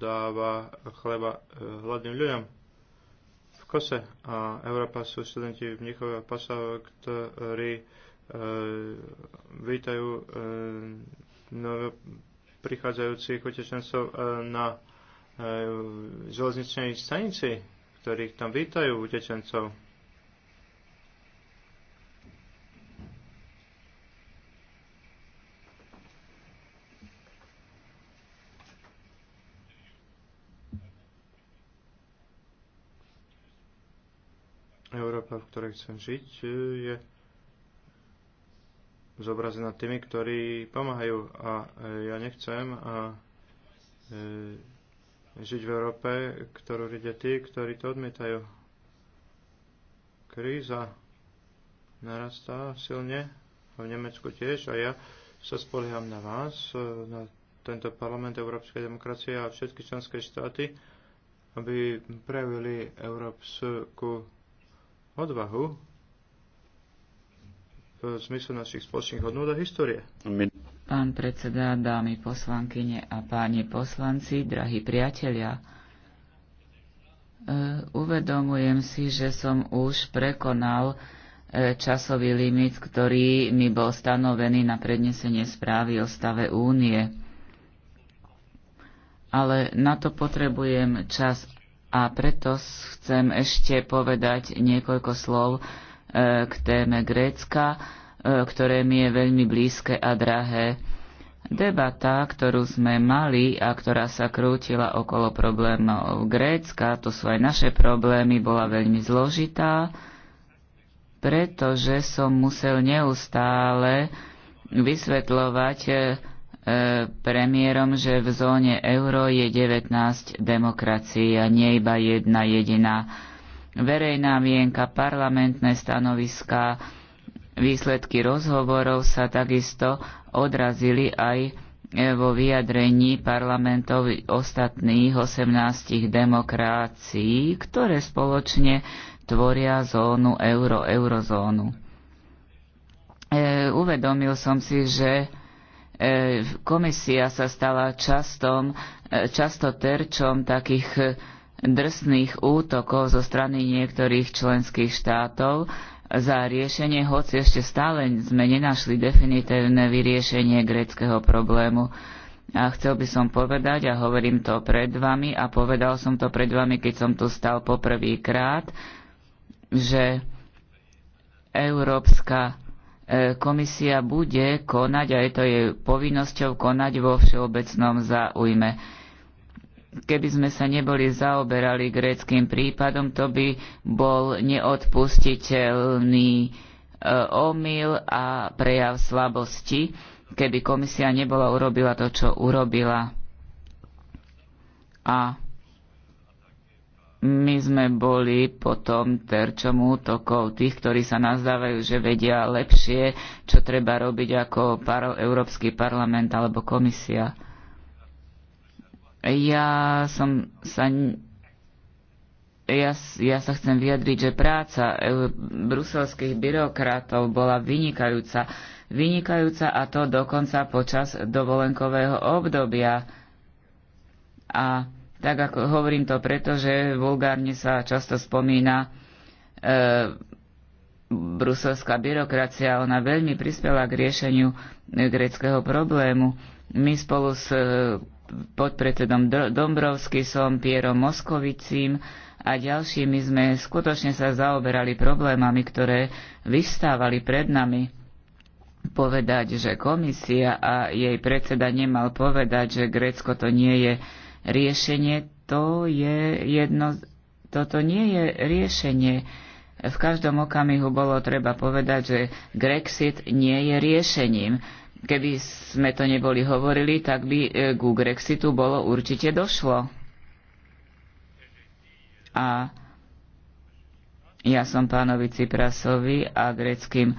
dáva chleba hladným ľuďom v kose. A Európa sú študenti v Mnichove a ktorí vítajú prichádzajúcich utečencov na železničnej stanici, ktorých tam vítajú utečencov. ktorej chcem žiť, e, je zobrazená tými, ktorí pomáhajú. A e, ja nechcem a, e, žiť v Európe, ktorú ide tí, ktorí to odmietajú. Kríza narastá silne a v Nemecku tiež a ja sa spolieham na vás, e, na tento parlament Európskej demokracie a všetky členské štáty, aby prejavili európsku odvahu v zmysle našich spoločných hodnot a histórie. Pán predseda, dámy poslankyne a páni poslanci, drahí priatelia, e, uvedomujem si, že som už prekonal e, časový limit, ktorý mi bol stanovený na prednesenie správy o stave únie. Ale na to potrebujem čas a preto chcem ešte povedať niekoľko slov e, k téme Grécka, e, ktoré mi je veľmi blízke a drahé. Debata, ktorú sme mali a ktorá sa krútila okolo problémov Grécka, to sú aj naše problémy, bola veľmi zložitá, pretože som musel neustále vysvetľovať e, E, premiérom, že v zóne euro je 19 demokracií a nie iba jedna jediná. Verejná mienka, parlamentné stanoviská, výsledky rozhovorov sa takisto odrazili aj e, vo vyjadrení parlamentov ostatných 18 demokrácií, ktoré spoločne tvoria zónu euro, eurozónu. E, uvedomil som si, že E, komisia sa stala častom, e, často terčom takých e, drsných útokov zo strany niektorých členských štátov za riešenie, hoci ešte stále sme nenašli definitívne vyriešenie gréckého problému. A chcel by som povedať, a hovorím to pred vami, a povedal som to pred vami, keď som tu stal poprvýkrát, že Európska E, komisia bude konať, a je to jej povinnosťou konať vo všeobecnom záujme. Keby sme sa neboli zaoberali gréckým prípadom, to by bol neodpustiteľný e, omyl a prejav slabosti, keby komisia nebola urobila to, čo urobila. A my sme boli potom terčom útokov tých, ktorí sa nazdávajú, že vedia lepšie, čo treba robiť ako par- Európsky parlament alebo komisia. Ja som sa... Ja, ja sa chcem vyjadriť, že práca bruselských byrokratov bola vynikajúca. Vynikajúca a to dokonca počas dovolenkového obdobia. A tak ako hovorím to preto, že vulgárne sa často spomína e, bruselská byrokracia. Ona veľmi prispela k riešeniu e, greckého problému. My spolu s e, podpredsedom som, Pierom Moskovicím a ďalšími sme skutočne sa zaoberali problémami, ktoré vystávali pred nami. Povedať, že komisia a jej predseda nemal povedať, že Grécko to nie je riešenie, to je jedno, toto nie je riešenie. V každom okamihu bolo treba povedať, že Grexit nie je riešením. Keby sme to neboli hovorili, tak by e, ku Grexitu bolo určite došlo. A ja som pánovi Ciprasovi a greckým e,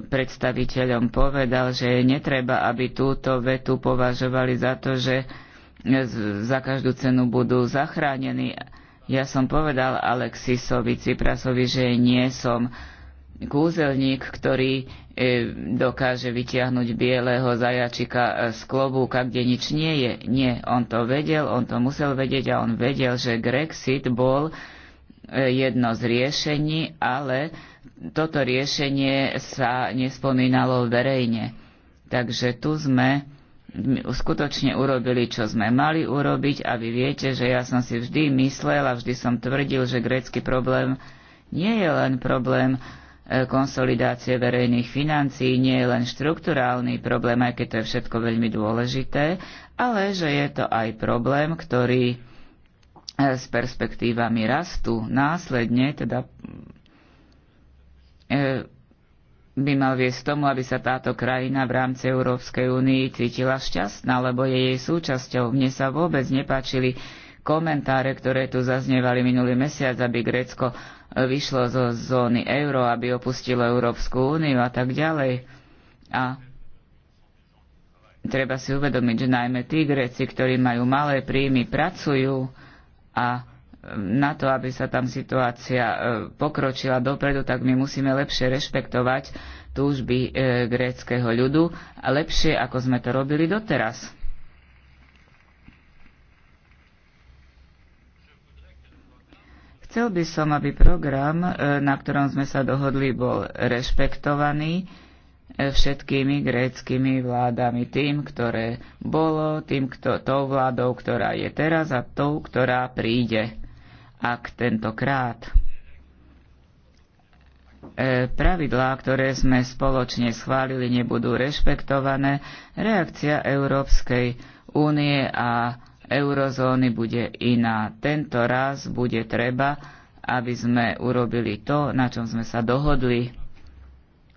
predstaviteľom povedal, že netreba, aby túto vetu považovali za to, že za každú cenu budú zachránení. Ja som povedal Alexisovi Ciprasovi, že nie som kúzelník, ktorý e, dokáže vytiahnuť bieleho zajačika e, z klobúka, kde nič nie je. Nie, on to vedel, on to musel vedieť a on vedel, že Grexit bol e, jedno z riešení, ale toto riešenie sa nespomínalo verejne. Takže tu sme skutočne urobili, čo sme mali urobiť a vy viete, že ja som si vždy myslel a vždy som tvrdil, že grécky problém nie je len problém e, konsolidácie verejných financií, nie je len štrukturálny problém, aj keď to je všetko veľmi dôležité, ale že je to aj problém, ktorý e, s perspektívami rastu následne, teda e, by mal viesť tomu, aby sa táto krajina v rámci Európskej únii cítila šťastná, lebo je jej súčasťou. Mne sa vôbec nepáčili komentáre, ktoré tu zaznievali minulý mesiac, aby Grécko vyšlo zo zóny euro, aby opustilo Európsku úniu a tak ďalej. A treba si uvedomiť, že najmä tí Gréci, ktorí majú malé príjmy, pracujú a na to, aby sa tam situácia e, pokročila dopredu, tak my musíme lepšie rešpektovať túžby e, gréckého ľudu a lepšie, ako sme to robili doteraz. Chcel by som, aby program, e, na ktorom sme sa dohodli, bol rešpektovaný všetkými gréckými vládami, tým, ktoré bolo, tým, kto, tou vládou, ktorá je teraz a tou, ktorá príde ak tentokrát e, pravidlá, ktoré sme spoločne schválili, nebudú rešpektované, reakcia Európskej únie a eurozóny bude iná. Tento raz bude treba, aby sme urobili to, na čom sme sa dohodli.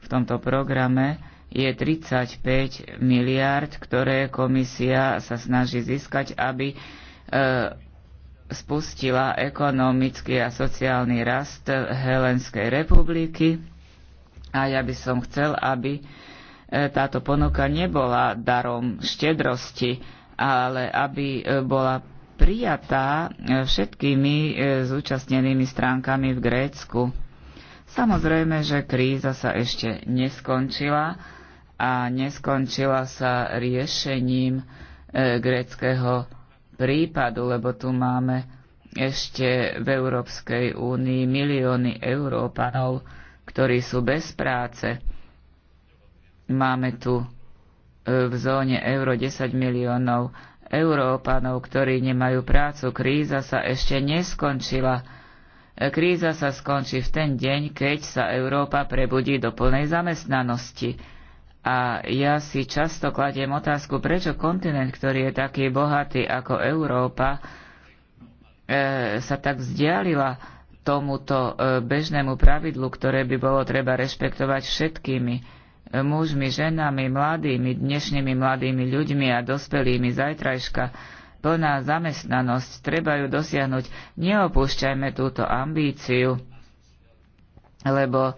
V tomto programe je 35 miliard, ktoré komisia sa snaží získať, aby e, spustila ekonomický a sociálny rast Helenskej republiky a ja by som chcel, aby e, táto ponuka nebola darom štedrosti, ale aby e, bola prijatá e, všetkými zúčastnenými stránkami v Grécku. Samozrejme, že kríza sa ešte neskončila a neskončila sa riešením gréckého prípadu, lebo tu máme ešte v Európskej únii milióny Európanov, ktorí sú bez práce. Máme tu e, v zóne euro 10 miliónov Európanov, ktorí nemajú prácu. Kríza sa ešte neskončila. E, kríza sa skončí v ten deň, keď sa Európa prebudí do plnej zamestnanosti. A ja si často kladiem otázku, prečo kontinent, ktorý je taký bohatý ako Európa, e, sa tak vzdialila tomuto e, bežnému pravidlu, ktoré by bolo treba rešpektovať všetkými e, mužmi, ženami, mladými, dnešnými mladými ľuďmi a dospelými zajtrajška. Plná zamestnanosť, treba ju dosiahnuť. Neopúšťajme túto ambíciu, lebo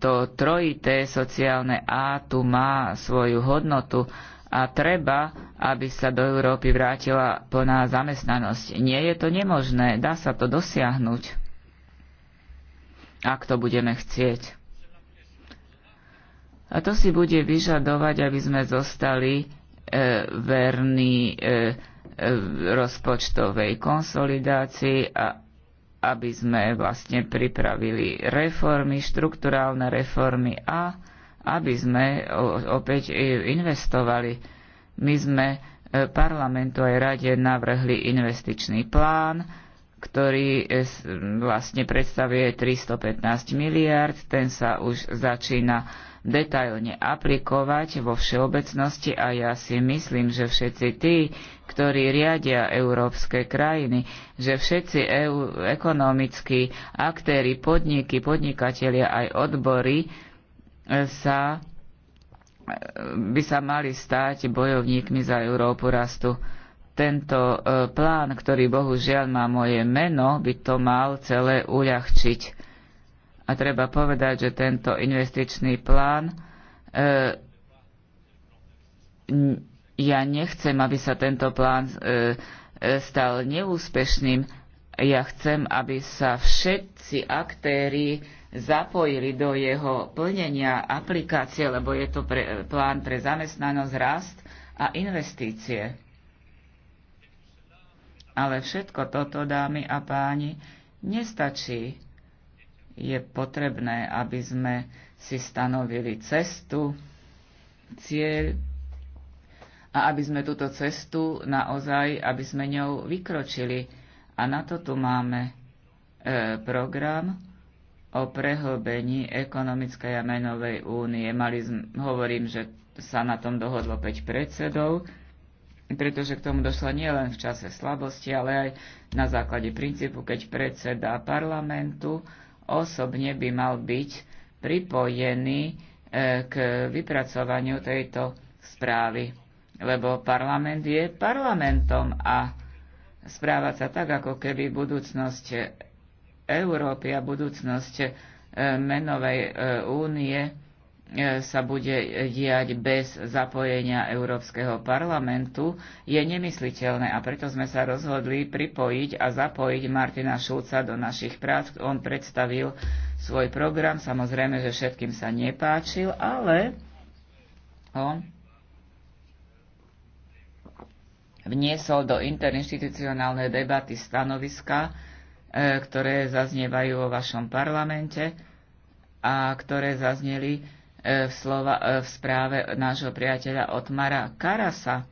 to trojité sociálne A tu má svoju hodnotu a treba, aby sa do Európy vrátila plná zamestnanosť. Nie je to nemožné, dá sa to dosiahnuť, ak to budeme chcieť. A to si bude vyžadovať, aby sme zostali e, verní e, e, rozpočtovej konsolidácii a aby sme vlastne pripravili reformy, štrukturálne reformy a aby sme opäť e, investovali. My sme e, parlamentu aj rade navrhli investičný plán, ktorý e, vlastne predstavuje 315 miliard, ten sa už začína detailne aplikovať vo všeobecnosti a ja si myslím, že všetci tí, ktorí riadia európske krajiny, že všetci EU, ekonomickí aktéry, podniky, podnikatelia aj odbory e, sa, e, by sa mali stať bojovníkmi za Európu rastu. Tento e, plán, ktorý bohužiaľ má moje meno, by to mal celé uľahčiť a treba povedať, že tento investičný plán e, ja nechcem, aby sa tento plán e, e, stal neúspešným. Ja chcem, aby sa všetci aktéri zapojili do jeho plnenia aplikácie, lebo je to pre, plán pre zamestnanosť, rast a investície. Ale všetko toto, dámy a páni, nestačí je potrebné, aby sme si stanovili cestu, cieľ a aby sme túto cestu naozaj, aby sme ňou vykročili. A na to tu máme e, program o prehlbení ekonomickej a menovej únie. Mali sme, hovorím, že sa na tom dohodlo 5 predsedov, pretože k tomu došlo nielen v čase slabosti, ale aj na základe princípu, keď predseda parlamentu osobne by mal byť pripojený e, k vypracovaniu tejto správy. Lebo parlament je parlamentom a správať sa tak, ako keby budúcnosť Európy a budúcnosť e, menovej e, únie E, sa bude diať bez zapojenia Európskeho parlamentu, je nemysliteľné a preto sme sa rozhodli pripojiť a zapojiť Martina Šulca do našich prác. On predstavil svoj program, samozrejme, že všetkým sa nepáčil, ale on vniesol do interinstitucionálnej debaty stanoviska, e, ktoré zaznievajú vo vašom parlamente a ktoré zazneli E, v, slova, e, v správe nášho priateľa Otmara Karasa,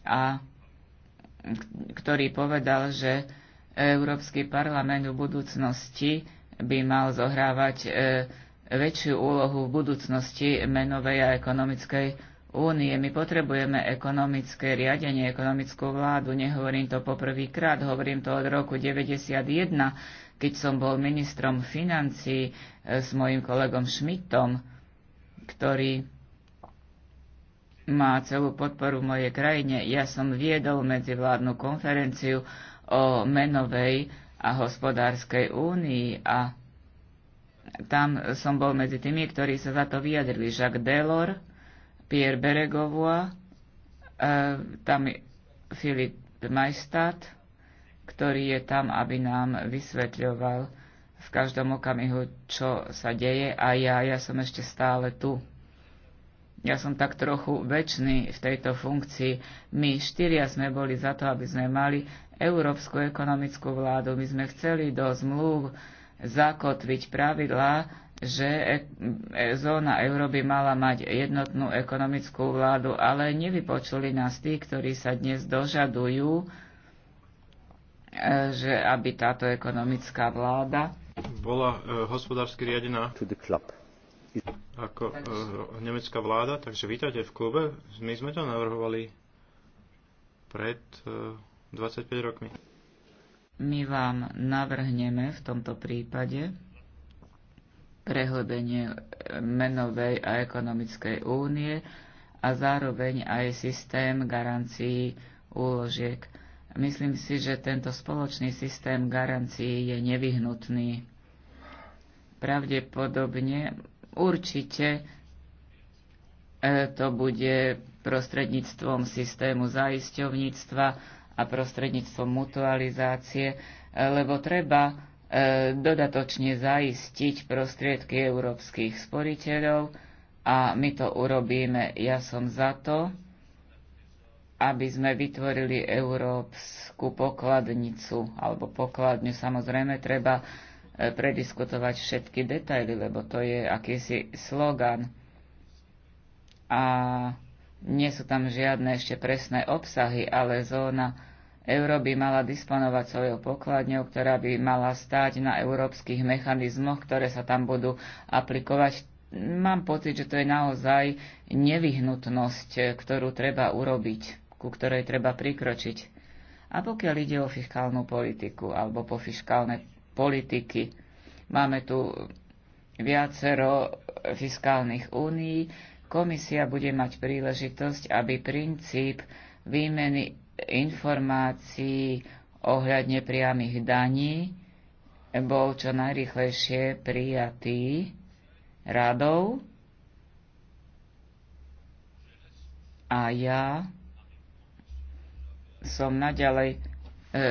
a, ktorý povedal, že Európsky parlament v budúcnosti by mal zohrávať e, väčšiu úlohu v budúcnosti menovej a ekonomickej únie. My potrebujeme ekonomické riadenie, ekonomickú vládu. Nehovorím to poprvýkrát, hovorím to od roku 1991, keď som bol ministrom financií s mojim kolegom Šmitom ktorý má celú podporu v mojej krajine. Ja som viedol medzivládnu konferenciu o menovej a hospodárskej únii a tam som bol medzi tými, ktorí sa za to vyjadrili. Jacques Delors, Pierre Beregovua, e, tam Filip Majstad, ktorý je tam, aby nám vysvetľoval v každom okamihu, čo sa deje a ja, ja som ešte stále tu. Ja som tak trochu väčší v tejto funkcii. My štyria sme boli za to, aby sme mali európsku ekonomickú vládu. My sme chceli do zmluv zakotviť pravidlá, že e, e, zóna euro by mala mať jednotnú ekonomickú vládu, ale nevypočuli nás tí, ktorí sa dnes dožadujú, e, že aby táto ekonomická vláda bola e, hospodársky riadená ako e, nemecká vláda, takže vítajte v klube. My sme to navrhovali pred 25 e, rokmi. My vám navrhneme v tomto prípade prehlbenie menovej a ekonomickej únie a zároveň aj systém garancií úložiek. Myslím si, že tento spoločný systém garancií je nevyhnutný. Pravdepodobne, určite e, to bude prostredníctvom systému zaisťovníctva a prostredníctvom mutualizácie, e, lebo treba e, dodatočne zaistiť prostriedky európskych sporiteľov a my to urobíme. Ja som za to, aby sme vytvorili európsku pokladnicu alebo pokladňu. Samozrejme, treba e, prediskutovať všetky detaily, lebo to je akýsi slogan. A nie sú tam žiadne ešte presné obsahy, ale zóna euro by mala disponovať svojou pokladňou, ktorá by mala stáť na európskych mechanizmoch, ktoré sa tam budú aplikovať. Mám pocit, že to je naozaj nevyhnutnosť, ktorú treba urobiť ku ktorej treba prikročiť. A pokiaľ ide o fiskálnu politiku alebo po fiskálne politiky, máme tu viacero fiskálnych únií, komisia bude mať príležitosť, aby princíp výmeny informácií ohľadne priamých daní bol čo najrychlejšie prijatý radou a ja som naďalej e,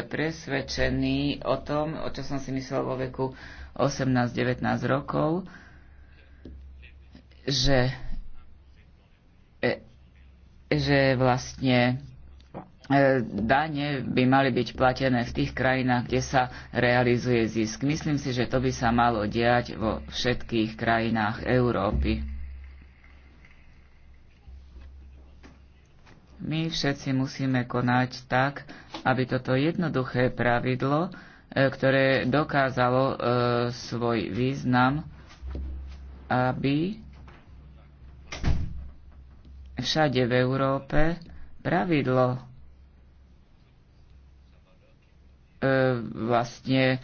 presvedčený o tom, o čo som si myslel vo veku 18-19 rokov, že, e, že vlastne e, dane by mali byť platené v tých krajinách, kde sa realizuje zisk. Myslím si, že to by sa malo diať vo všetkých krajinách Európy. My všetci musíme konať tak, aby toto jednoduché pravidlo, e, ktoré dokázalo e, svoj význam, aby všade v Európe pravidlo e, vlastne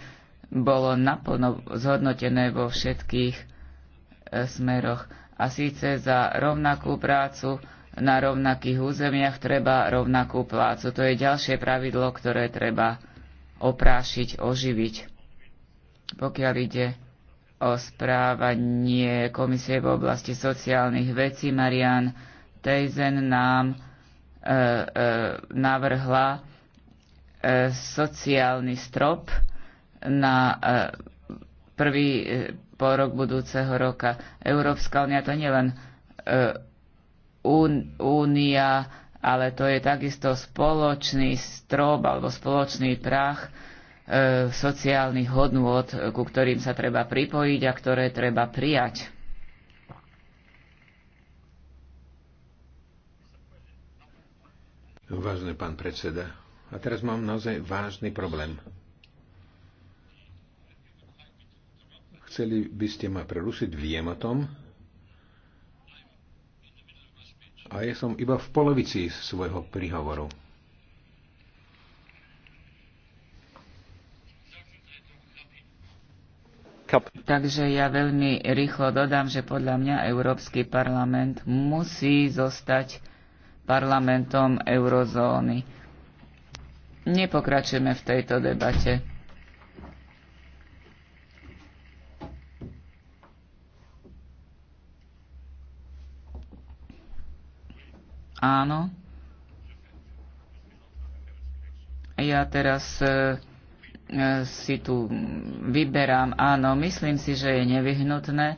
bolo naplno zhodnotené vo všetkých e, smeroch. A síce za rovnakú prácu, na rovnakých územiach treba rovnakú plácu. To je ďalšie pravidlo, ktoré treba oprášiť, oživiť. Pokiaľ ide o správanie Komisie v oblasti sociálnych vecí, Marian Tejzen nám e, e, navrhla e, sociálny strop na e, prvý e, pol rok budúceho roka. Európska unia to nielen e, únia, ale to je takisto spoločný strop alebo spoločný prach e, sociálnych hodnôt, ku ktorým sa treba pripojiť a ktoré treba prijať. Vážne pán predseda, a teraz mám naozaj vážny problém. Chceli by ste ma prerušiť, viem o tom, A ja som iba v polovici svojho príhovoru. Takže ja veľmi rýchlo dodám, že podľa mňa Európsky parlament musí zostať parlamentom eurozóny. Nepokračujeme v tejto debate. Áno. Ja teraz e, e, si tu vyberám. Áno, myslím si, že je nevyhnutné,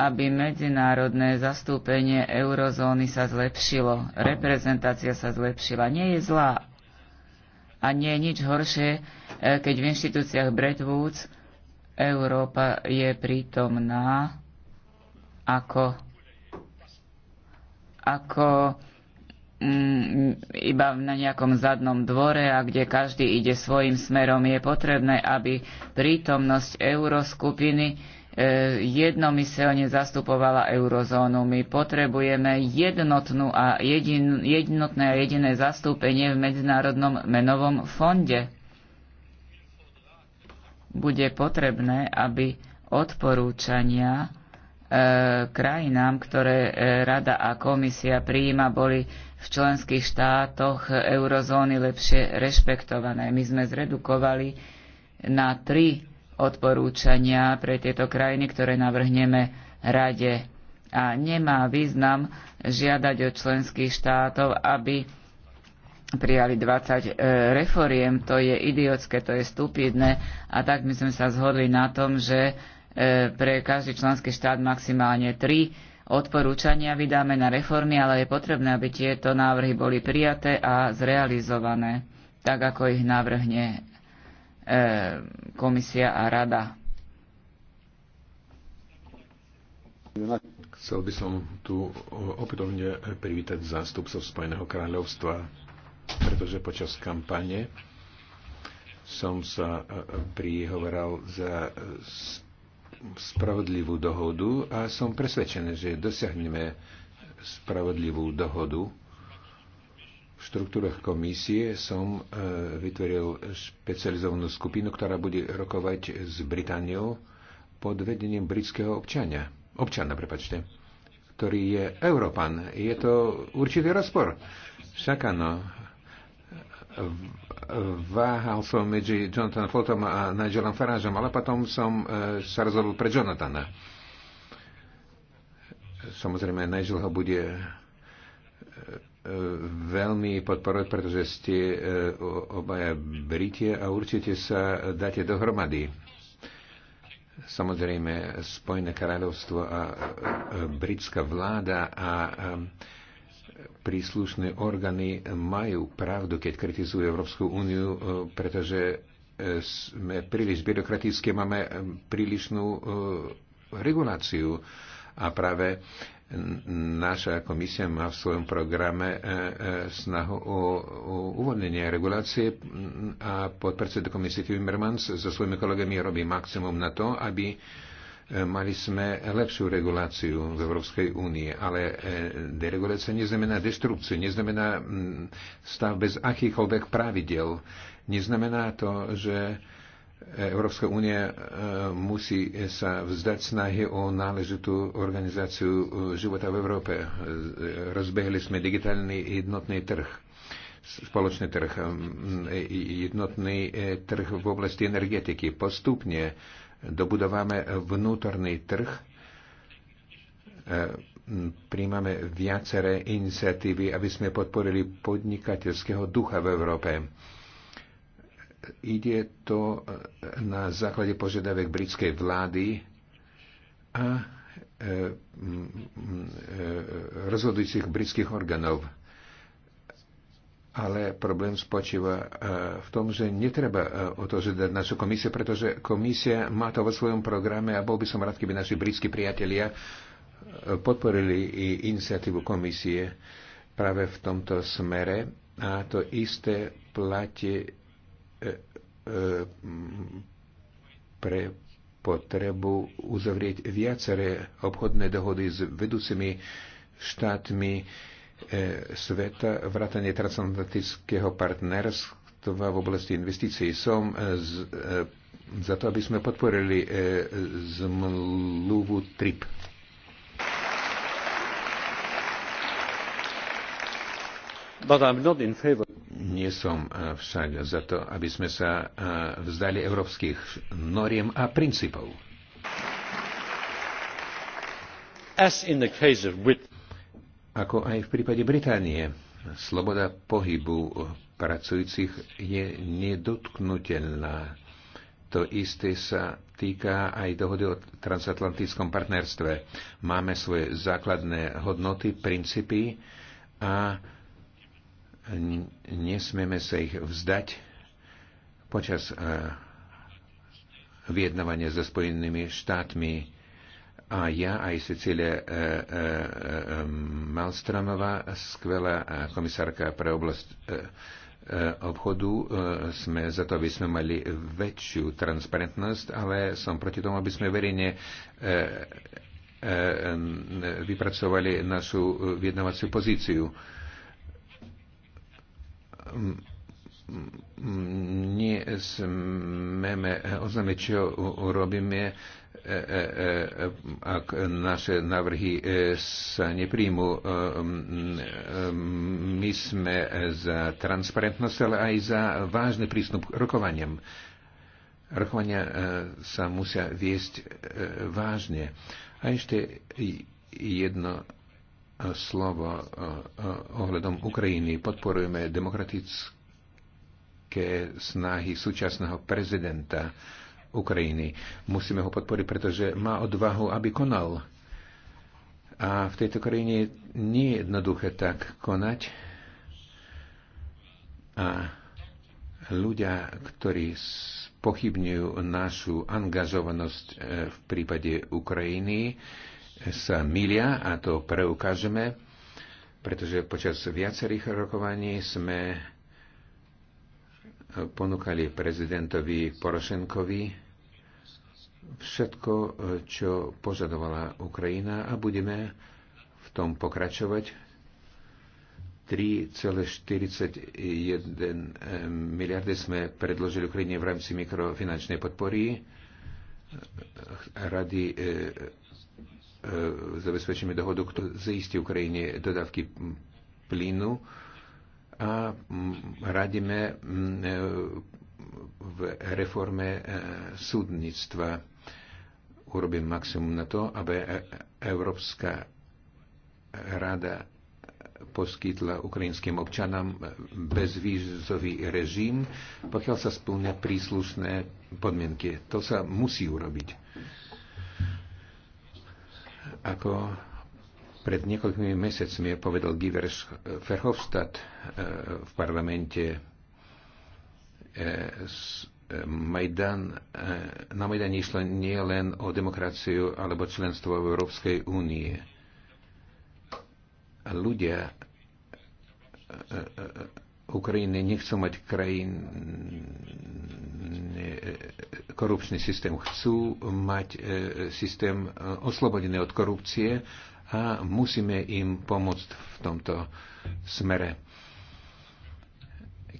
aby medzinárodné zastúpenie eurozóny sa zlepšilo, reprezentácia sa zlepšila. Nie je zlá. A nie je nič horšie, e, keď v inštitúciách Bretwoods Európa je prítomná ako, ako Mm, iba na nejakom zadnom dvore a kde každý ide svojim smerom, je potrebné, aby prítomnosť euroskupiny e, jednomyselne zastupovala eurozónu. My potrebujeme jednotnú a jedin, jednotné a jediné zastúpenie v Medzinárodnom menovom fonde. Bude potrebné, aby odporúčania e, krajinám, ktoré e, Rada a Komisia prijíma, boli v členských štátoch eurozóny lepšie rešpektované. My sme zredukovali na tri odporúčania pre tieto krajiny, ktoré navrhneme rade. A nemá význam žiadať od členských štátov, aby prijali 20 e, reforiem. To je idiotské, to je stupidné. A tak my sme sa zhodli na tom, že e, pre každý členský štát maximálne 3 odporúčania vydáme na reformy, ale je potrebné, aby tieto návrhy boli prijaté a zrealizované, tak ako ich navrhne e, komisia a rada. Chcel by som tu e, opätovne privítať zástupcov Spojeného kráľovstva, pretože počas kampane som sa e, prihovoral za spravodlivú dohodu a som presvedčený, že dosiahneme spravodlivú dohodu. V štruktúrach komisie som e, vytvoril špecializovanú skupinu, ktorá bude rokovať s Britániou pod vedením britského občania. Občana, prepačte ktorý je Európan. Je to určitý rozpor. Však áno, váhal som medzi Jonathan Fultom a Nigelom Farážom, ale potom som e, sa rozhodol pre Jonathana. Samozrejme, Nigel ho bude e, e, veľmi podporovať, pretože ste obaja Britie a určite sa dáte dohromady. Samozrejme, Spojené kráľovstvo a britská vláda a, a príslušné orgány majú pravdu, keď kritizujú Európsku úniu, e, pretože e, sme príliš byrokratické, máme e, prílišnú reguláciu a práve naša komisia má v svojom programe snahu o, uvoľnenie regulácie a podpredseda komisie Timmermans so svojimi kolegami robí maximum na to, aby E, mali sme lepšiu reguláciu v Európskej únie, ale e, deregulácia neznamená destrukciu, neznamená mm, stav bez akýchkoľvek pravidel. Neznamená to, že Európska únia e, musí sa vzdať snahy o náležitú organizáciu života v Európe. Rozbehli sme digitálny jednotný trh spoločný trh, jednotný trh v oblasti energetiky. Postupne dobudováme vnútorný trh, e, príjmame viaceré iniciatívy, aby sme podporili podnikateľského ducha v Európe. Ide to e, na základe požiadavek britskej vlády a e, rozhodujúcich britských orgánov ale problém spočíva e, v tom, že netreba e, o to žiadať našu komisiu, pretože komisia má to vo svojom programe a bol by som rád, keby naši britskí priatelia e, podporili i iniciatívu komisie práve v tomto smere a to isté platí pre potrebu uzavrieť viaceré obchodné dohody s vedúcimi štátmi E, sveta, vrátanie transatlantického partnerstva v oblasti investícií. Som e, z, e, za to, aby sme podporili e, zmluvu TRIP. But I'm not in favor. Nie som e, však za to, aby sme sa vzdali európskych noriem a princípov. As in the case of with ako aj v prípade Británie. Sloboda pohybu pracujúcich je nedotknutelná. To isté sa týka aj dohody o transatlantickom partnerstve. Máme svoje základné hodnoty, princípy a nesmieme sa ich vzdať počas eh, vyjednávania so Spojenými štátmi a ja aj Cecília e, e, e Malstromová, skvelá e, komisárka pre oblasť e, e, obchodu, sme za to, aby sme mali väčšiu transparentnosť, ale som proti tomu, aby sme verejne vypracovali našu vyjednávaciu pozíciu nie smeme oznámiť, čo urobíme E, e, e, ak naše návrhy sa nepríjmu, my sme za transparentnosť, ale aj za vážny prístup k rokovaniam. Rokovania sa musia viesť vážne. A ešte jedno slovo ohľadom Ukrajiny. Podporujeme demokratické snahy súčasného prezidenta Ukrajiny. Musíme ho podporiť, pretože má odvahu, aby konal. A v tejto krajine nie je jednoduché tak konať. A ľudia, ktorí pochybňujú našu angažovanosť e, v prípade Ukrajiny, sa milia a to preukážeme, pretože počas viacerých rokovaní sme ponúkali prezidentovi Porošenkovi všetko, čo požadovala Ukrajina a budeme v tom pokračovať. 3,41 eh, miliardy sme predložili Ukrajine v rámci mikrofinančnej podpory. Rady e, e, zabezpečíme dohodu, kto zaistí Ukrajine dodávky plynu a radíme e, v reforme e, súdnictva. Urobím maximum na to, aby e, Európska rada poskytla ukrajinským občanom bezvízový režim, pokiaľ sa splňa príslušné podmienky. To sa musí urobiť. Ako pred niekoľkými mesiacmi povedal Givers eh, Verhofstadt eh, v parlamente eh, Majdan, na Majdane išlo nie len o demokraciu alebo členstvo v Európskej únie. Ľudia Ukrajiny nechcú mať krajín korupčný systém. Chcú mať systém oslobodený od korupcie a musíme im pomôcť v tomto smere.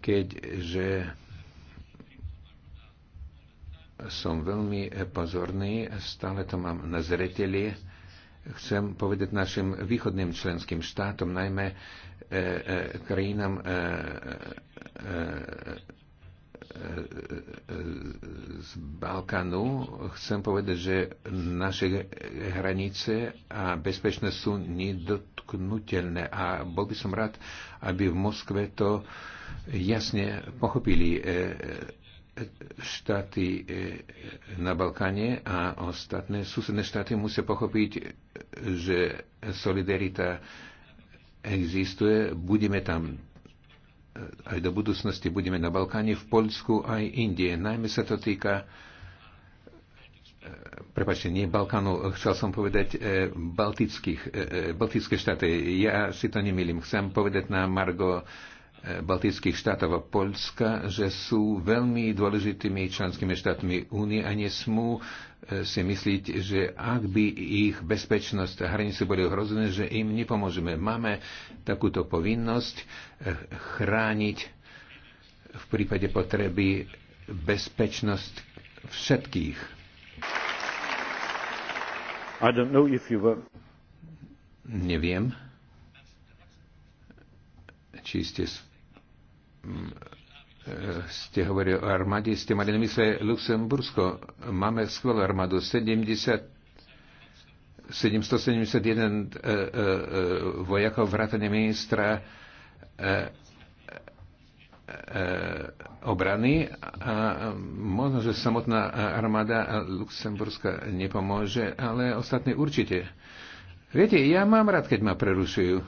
Keďže som veľmi pozorný, stále to mám na zreteli. Chcem povedať našim východným členským štátom, najmä e, e, krajinám e, e, z Balkánu, chcem povedať, že naše hranice a bezpečnosť sú nedotknutelné a bol by som rád, aby v Moskve to jasne pochopili e, e, štáty e, na Balkáne a ostatné susedné štáty musia pochopiť, že solidarita existuje, budeme tam aj do budúcnosti budeme na Balkáne, v Poľsku aj Indie. Najmä sa to týka e, prepačte, nie Balkánu, chcel som povedať e, baltických, e, e, baltické štáty. Ja si to nemýlim. Chcem povedať na Margo Eh, baltických štátov a Polska, že sú veľmi dôležitými členskými štátmi únie a nesmú eh, si myslieť, že ak by ich bezpečnosť a hranice boli ohrozené, že im nepomôžeme. Máme takúto povinnosť eh, chrániť v prípade potreby bezpečnosť všetkých. I don't know if you were... Neviem či ste Mm, e, ste hovorili o armáde, ste mali na mysle Luxembursko. Máme skvelú armádu, 70 771 uh, uh, vojakov vrátane ministra uh, uh, obrany a možno, že samotná armáda Luxemburska nepomôže, ale ostatní určite. Viete, ja mám rád, keď ma prerušujú.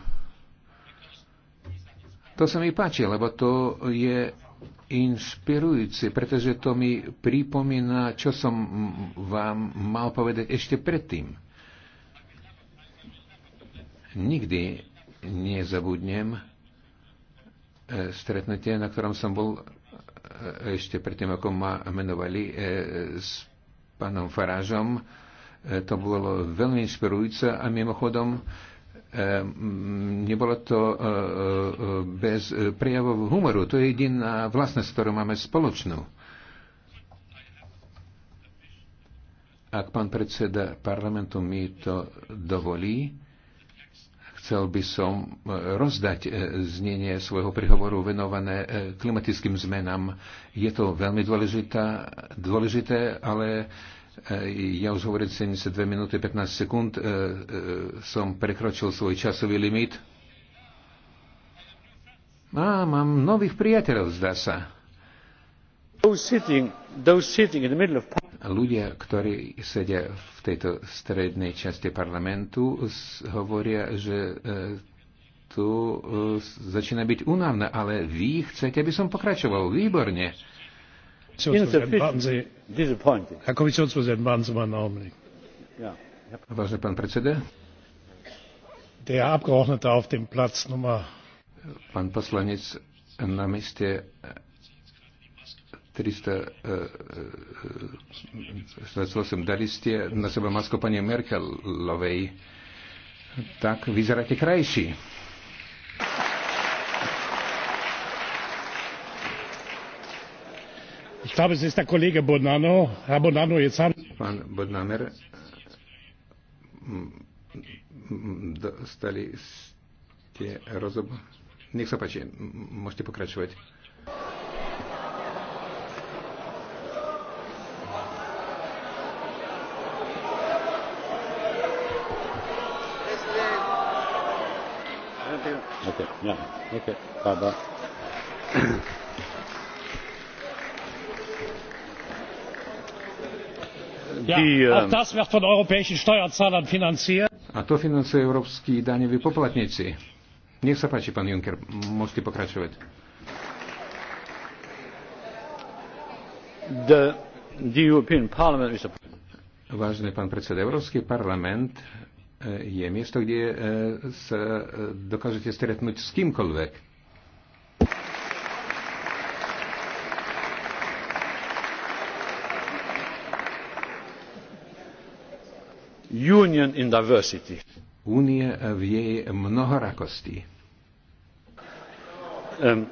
To sa mi páči, lebo to je inšpirujúce, pretože to mi pripomína, čo som vám mal povedať ešte predtým. Nikdy nezabudnem e, stretnutie, na ktorom som bol e, ešte predtým, ako ma menovali e, s pánom Farážom. To bolo veľmi inšpirujúce a mimochodom Ehm, nebolo to e, e, bez e, prejavov humoru. To je jediná vlastnosť, ktorú máme spoločnú. Ak pán predseda parlamentu mi to dovolí, chcel by som rozdať znenie svojho prihovoru venované klimatickým zmenám. Je to veľmi dôležité, dôležité ale Eh, ja už hovorím 72 minúty 15 sekúnd. Eh, eh, som prekročil svoj časový limit. Á, mám nových priateľov, zdá sa. Ľudia, ktorí sedia v tejto strednej časti parlamentu, hovoria, že tu začína byť únavné, ale vy chcete, aby som pokračoval. Výborne herr kommissionspräsident warten sie mal einen augenblick! der abgeordnete auf dem platz nummer pán poslanec na mieste 348 eh, eh, eh, dali ste na seba masku pani Merkelovej. Tak vyzeráte krajší. Ich glaube, es ist der Kollege Bonanno. Herr Bonanno, jetzt haben Pán Bodnamer, dostali ste rozhovor. Nech sa páči, môžete pokračovať. Okay, yeah, okay, bye bye. Ehm, a to financujú európsky daňoví poplatníci. Nech sa páči, pán Juncker, môžete pokračovať. The, the European Parliament is a... Vážený pán predseda, Európsky parlament eh, je miesto, kde eh, sa eh, dokážete stretnúť s kýmkoľvek Union in diversity. Únie v jej mnohorakosti. Um,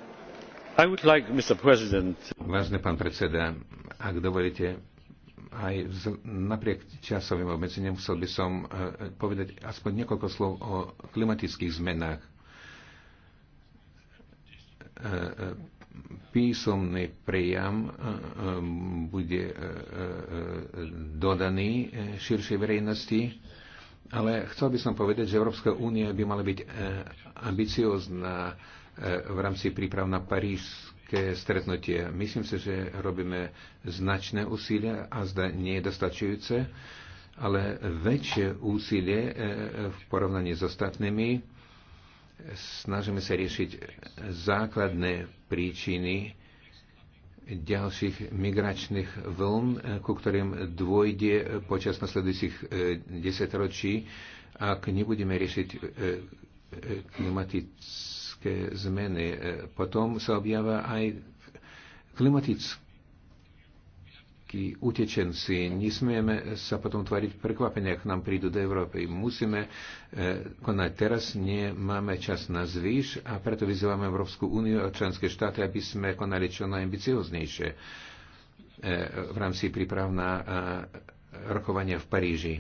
I would like, Mr. President, Vážne pán predseda, ak dovolíte, aj z, napriek časovým obmedzeniam chcel by som uh, povedať aspoň niekoľko slov o klimatických zmenách. Uh, uh, písomný priam e, e, bude e, dodaný širšej verejnosti, ale chcel by som povedať, že Európska únia by mala byť ambiciozná v rámci príprav na parížské stretnutie. Myslím si, že robíme značné úsilie a zda nie je dostačujúce, ale väčšie úsilie v porovnaní s ostatnými snažíme sa riešiť základné príčiny ďalších migračných vln, ku ktorým dôjde počas nasledujúcich eh, desetročí, ak nebudeme riešiť eh, eh, klimatické zmeny. Potom sa objavia aj klimatické politickí utečenci. Nesmieme sa potom tvariť prekvapenia, ak nám prídu do Európy. Musíme e, konať teraz, nemáme čas na zvýš a preto vyzývame Európsku úniu a členské štáty, aby sme konali čo najambicioznejšie e, v rámci príprav na e, rokovania v Paríži.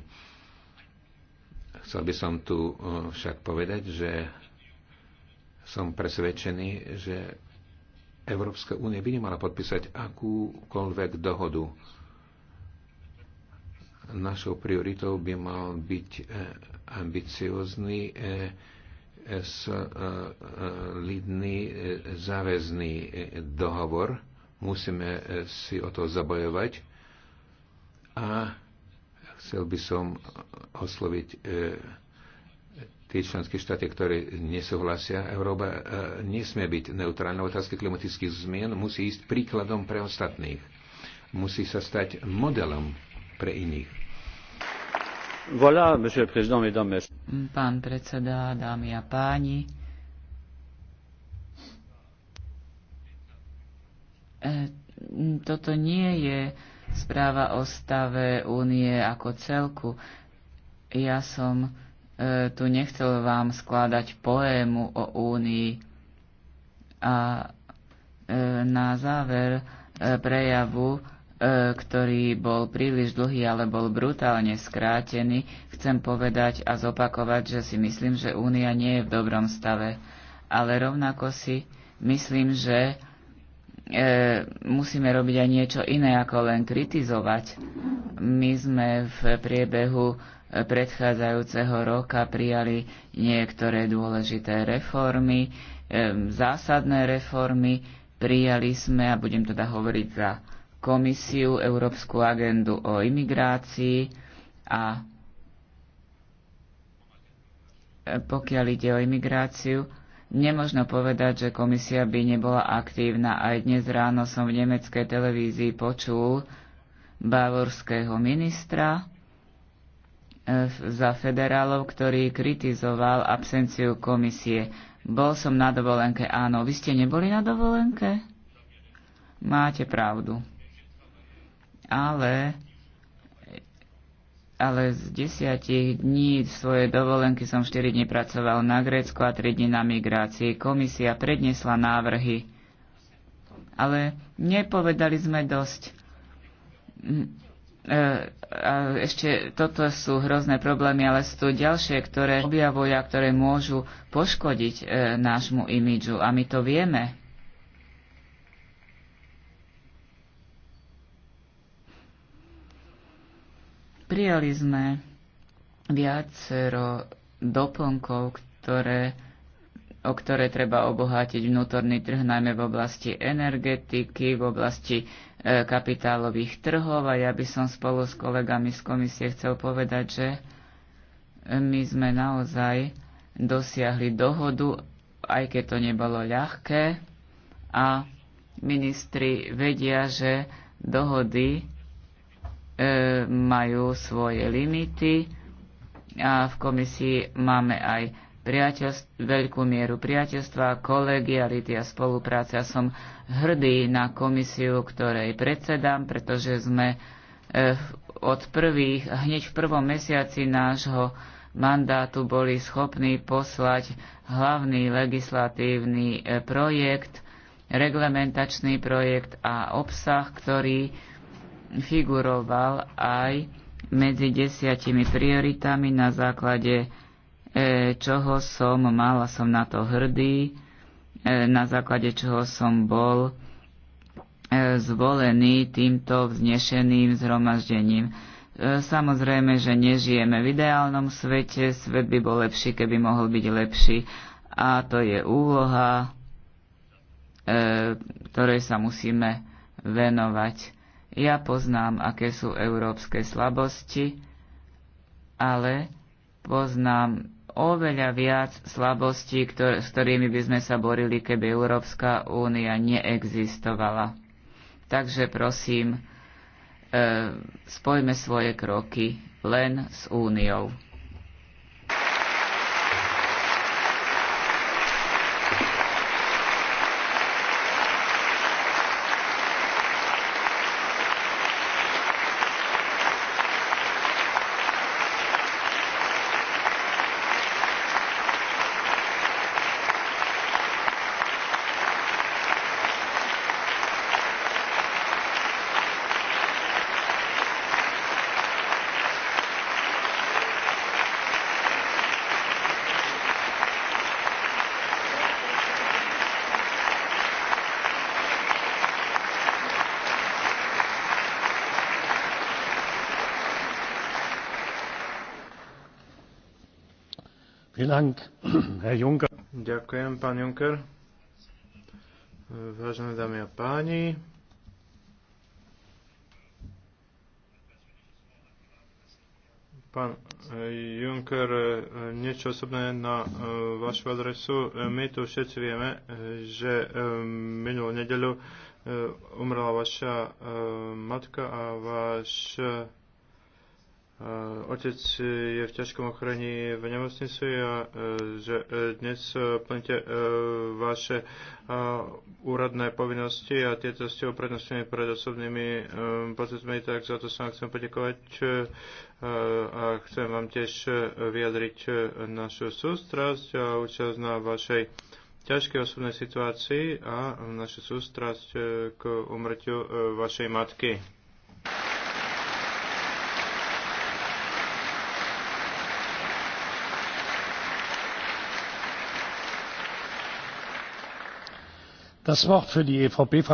Chcel by som tu však povedať, že som presvedčený, že Európska únia by nemala podpísať akúkoľvek dohodu. Našou prioritou by mal byť eh, ambiciózny, eh, eh, lidný, záväzný dohovor. Musíme si o to zabojovať. A chcel by som osloviť tie členské štáty, ktoré nesúhlasia, Európa e, nesmie byť neutrálna v otázke klimatických zmien, musí ísť príkladom pre ostatných. Musí sa stať modelom pre iných. Voilà, monsieur le président, mesdames, Pán predseda, dámy a páni, e, toto nie je správa o stave únie ako celku. Ja som E, tu nechcel vám skladať poému o Únii. A e, na záver e, prejavu, ktorý bol príliš dlhý, ale bol brutálne skrátený, chcem povedať a zopakovať, že si myslím, že Únia nie je v dobrom stave. Ale rovnako si myslím, že e, musíme robiť aj niečo iné ako len kritizovať. My sme v priebehu predchádzajúceho roka prijali niektoré dôležité reformy, zásadné reformy. Prijali sme, a budem teda hovoriť za komisiu, Európsku agendu o imigrácii a pokiaľ ide o imigráciu, nemožno povedať, že komisia by nebola aktívna. Aj dnes ráno som v nemeckej televízii počul bávorského ministra, Eh, za federálov, ktorý kritizoval absenciu komisie. Bol som na dovolenke, áno. Vy ste neboli na dovolenke? Máte pravdu. Ale, ale z desiatich dní svojej dovolenky som 4 dní pracoval na Grécku a 3 dní na migrácii. Komisia predniesla návrhy. Ale nepovedali sme dosť mm, E, ešte toto sú hrozné problémy, ale sú tu ďalšie, ktoré objavujú a ktoré môžu poškodiť e, nášmu imidžu. A my to vieme. Prijali sme viacero doplnkov, ktoré, o ktoré treba obohátiť vnútorný trh, najmä v oblasti energetiky, v oblasti E, kapitálových trhov a ja by som spolu s kolegami z komisie chcel povedať, že my sme naozaj dosiahli dohodu, aj keď to nebolo ľahké a ministri vedia, že dohody e, majú svoje limity a v komisii máme aj veľkú mieru priateľstva, kolegiality a spolupráce. Ja som hrdý na komisiu, ktorej predsedám, pretože sme eh, od prvých, hneď v prvom mesiaci nášho mandátu boli schopní poslať hlavný legislatívny eh, projekt, reglementačný projekt a obsah, ktorý figuroval aj medzi desiatimi prioritami na základe E, čoho som mala som na to hrdý, e, na základe čoho som bol e, zvolený týmto vznešeným zhromaždením. Samozrejme, že nežijeme v ideálnom svete, svet by bol lepší, keby mohol byť lepší. A to je úloha, ktorej sa musíme venovať. Ja poznám, aké sú európske slabosti, ale poznám oveľa viac slabostí, ktor- s ktorými by sme sa borili, keby Európska únia neexistovala. Takže prosím, e, spojme svoje kroky len s úniou. Ďakujem, pán Juncker. Vážené dámy a páni, Pán eh, Juncker, eh, niečo osobné na eh, vašu adresu. My tu všetci vieme, že minulú nedeľu umrela vaša matka a váš Eh, otec eh, je v ťažkom ochorení v nemocnici a eh, že dnes plnite vaše úradné povinnosti a tieto ste uprednostnené pred osobnými pocitmi, tak za to sa vám chcem poďakovať a chcem vám tiež vyjadriť našu sústrasť a účasť na vašej ťažkej osobnej situácii a našu sústrasť k umrťu vašej matky. Das Wort für die EVP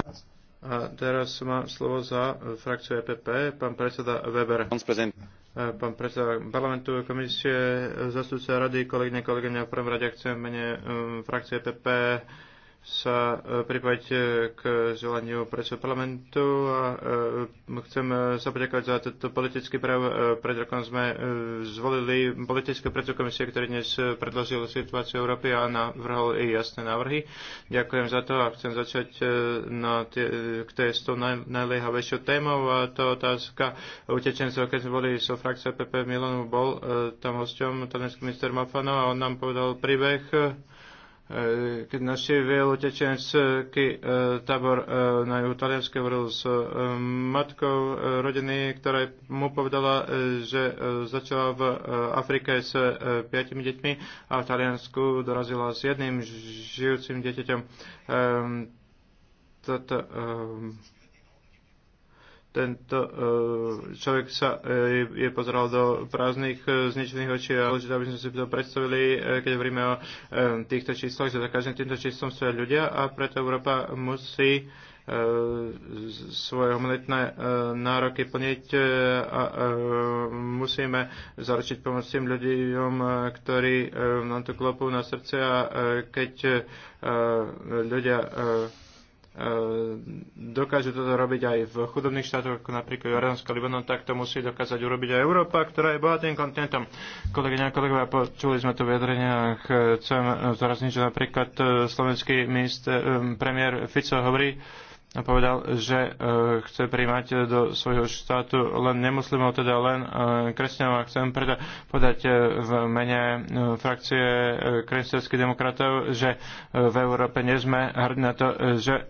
a teraz má slovo za eh, frakciu EPP pán predseda Weber. Pán eh, predseda parlamentu, komisie, eh, zastupca rady, kolegyne, kolegyne, v prvom rade chcem mene frakcie EPP sa e, pripojiť e, k želaniu predsedu parlamentu a e, chcem sa poďakovať za toto politický prav. Pred rokom sme zvolili politické predsedu komisie, ktorý dnes predložil situáciu Európy a navrhol i jasné návrhy. Ďakujem za to a chcem začať na tie, k tej s tou naj, najliehavejšou témou a to otázka utečencov. Keď sme boli so frakcia PP Milanu, bol tam hosťom talianský minister Mafano a on nám povedal príbeh Eh, keď naštívil utečenský eh, tábor eh, na juhu Talianske, hovoril s matkou rodiny, ktorá mu povedala, že začala v Afrike s piatimi deťmi a v Taliansku dorazila s jedným žijúcim dieťaťom. Ehm, toto ehm, tento e, človek sa e, je pozeral do prázdnych, e, zničených očí a dôležité, aby sme si to predstavili, keď hovoríme o týchto číslach, že za každým týmto číslom stojí ľudia a preto Európa musí svoje humanitné nároky plniť a musíme zaručiť pomoc tým ľuďom, ktorí nám to klopú na srdce a keď ľudia E, dokáže toto robiť aj v chudobných štátoch, ako napríklad Jordánsko, Libanon, tak to musí dokázať urobiť aj Európa, ktorá je bohatým kontinentom. Kolegyne a kolegovia, počuli sme tu vyjadrenia, chcem e, zarazniť, že napríklad e, slovenský minister, premiér Fico hovorí, a povedal, že e, chce príjmať do svojho štátu len nemuslimov, teda len e, kresťanov. A chcem preto podať e, v mene frakcie kresťanských demokratov, že v Európe nie sme hrdí na to, že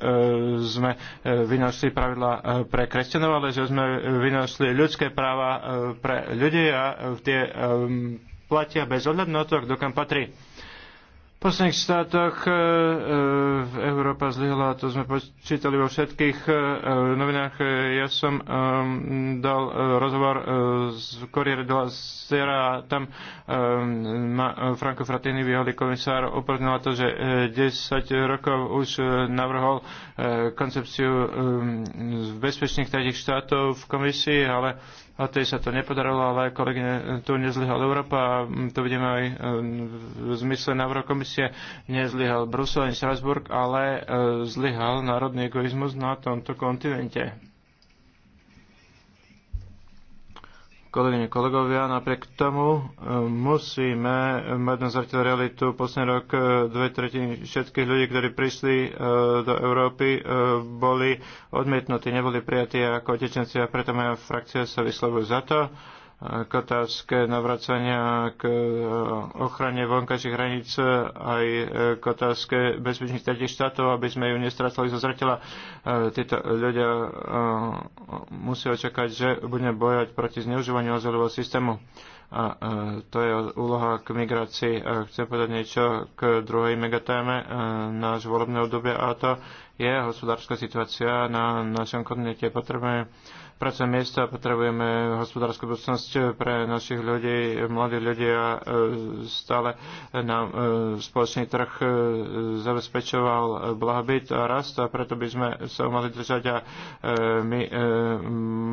sme vynosli pravidla pre kresťanov, ale že sme vynosli ľudské práva pre ľudí a tie platia bez ohľadu na to, kto kam patrí posledných štátoch e, e, Európa zlyhla, to sme počítali vo všetkých e, novinách. Ja som dal rozhovor z Corriere della Sera a tam Franco Fratini, bývalý komisár, upoznala to, že 10 rokov už navrhol koncepciu bezpečných tretich štátov v komisii, ale a tej sa to nepodarilo, ale kolegyne, tu nezlyhal Európa a to vidíme aj e, v zmysle na komisie. Nezlyhal Brusel ani Strasburg, ale e, zlyhal národný egoizmus na tomto kontinente. kolegyne, kolegovia. Napriek tomu e, musíme mať na zreteľ realitu. Posledný rok e, dve tretiny všetkých ľudí, ktorí prišli e, do Európy, boli odmietnutí, neboli prijatí ako otečenci a preto moja frakcia sa vyslovuje za to k otázke navracania k e, ochrane vonkajších hraníc aj e, k otázke bezpečných tretich štátov, aby sme ju nestratili zo zretela. E, títo ľudia musia očakať, že budeme bojať proti zneužívaniu azylového systému. A to je úloha k migrácii. Chcem povedať niečo k druhej megatéme náš volebného obdobia a to je hospodárska situácia na našom kontinente. Potrebujeme pracovné miesta, potrebujeme hospodárskú budúcnosť pre našich ľudí, mladí ľudia e, stále nám e, spoločný trh e, zabezpečoval blahobyt a rast a preto by sme sa mali držať a my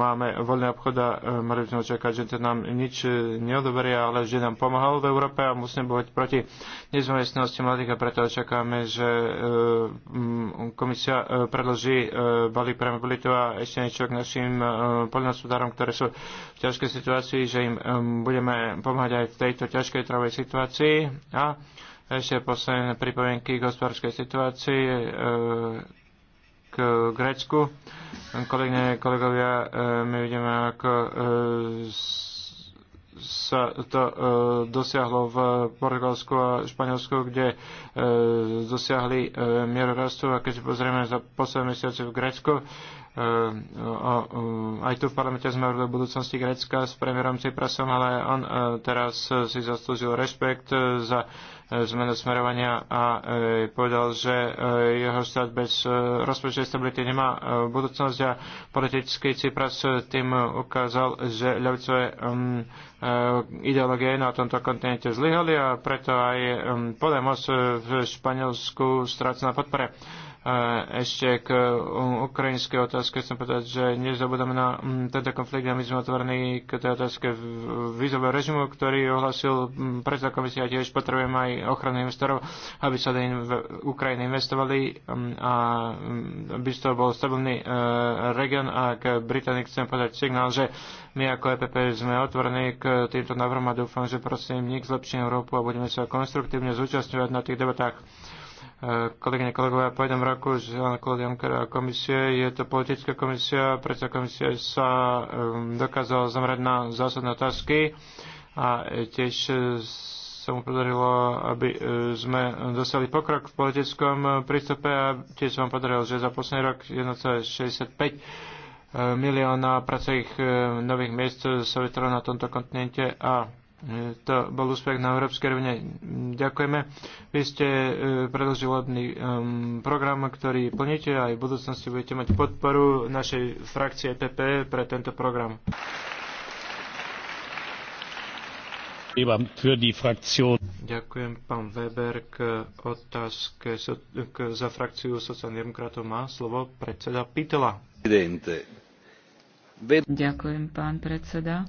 máme voľný obchod a mali by sme očakať, že to nám nič neodoberia, ale že nám pomáhal v Európe a musíme bojovať proti nezamestnanosti mladých a preto očakáme, že komisia predloží balík pre mobilitu a ešte niečo k našim Eh, poľnohospodárom, ktoré sú v ťažkej situácii, že im eh, budeme pomáhať aj v tejto ťažkej trávej situácii. A ešte posledné pripomienky k hospodárskej situácii eh, k Grécku. Kolegne, kolegovia, my vidíme, ako sa to dosiahlo v Portugalsku a Španielsku, kde dosiahli mieru rastu a keď pozrieme za posledné mesiace v Grécku, Eh, eh, eh, aj tu v parlamente sme hovorili o budúcnosti Grécka s premiérom Cyprasom, ale on teraz si zaslúžil rešpekt za zmenu smerovania a povedal, že jeho štát bez rozpočtovej stability nemá budúcnosť a politický Cypras tým ukázal, že ľavicové mm, ideológie na tomto kontinente zlyhali a preto aj mm, Podemos v Španielsku stráca na podpore ešte k um, ukrajinskej otázke chcem povedať, že nezabudáme na um, tento konflikt a my sme otvorení k tej otázke vízového režimu, ktorý ohlasil um, predseda komisie a tiež potrebujem aj ochranu investorov, aby sa do Ukrajiny investovali a aby to bol stabilný uh, region a k Británii chcem podať signál, že my ako EPP sme otvorení k týmto návrhom a dúfam, že prosím nik zlepší Európu a budeme sa konstruktívne zúčastňovať na tých debatách kolegyne, kolegovia, po jednom roku z Jean-Claude Junckera komisie, je to politická komisia, predsa komisia sa um, dokázala zamerať na zásadné otázky a tiež sa mu podarilo, aby uh, sme dostali pokrok v politickom uh, prístupe a tiež sa vám podarilo, že za posledný rok 1,65 uh, milióna pracových nových miest sa vytvorilo na tomto kontinente a E, to bol úspech na európskej rovine. Ďakujeme. Vy ste e, predložili volebný e, program, ktorý plníte a aj v budúcnosti budete mať podporu našej frakcie PP pre tento program. Ďakujem, pán Weber. K otázke so, k, za frakciu sociálnych demokratov má slovo predseda Pitela. Ďakujem, pán predseda.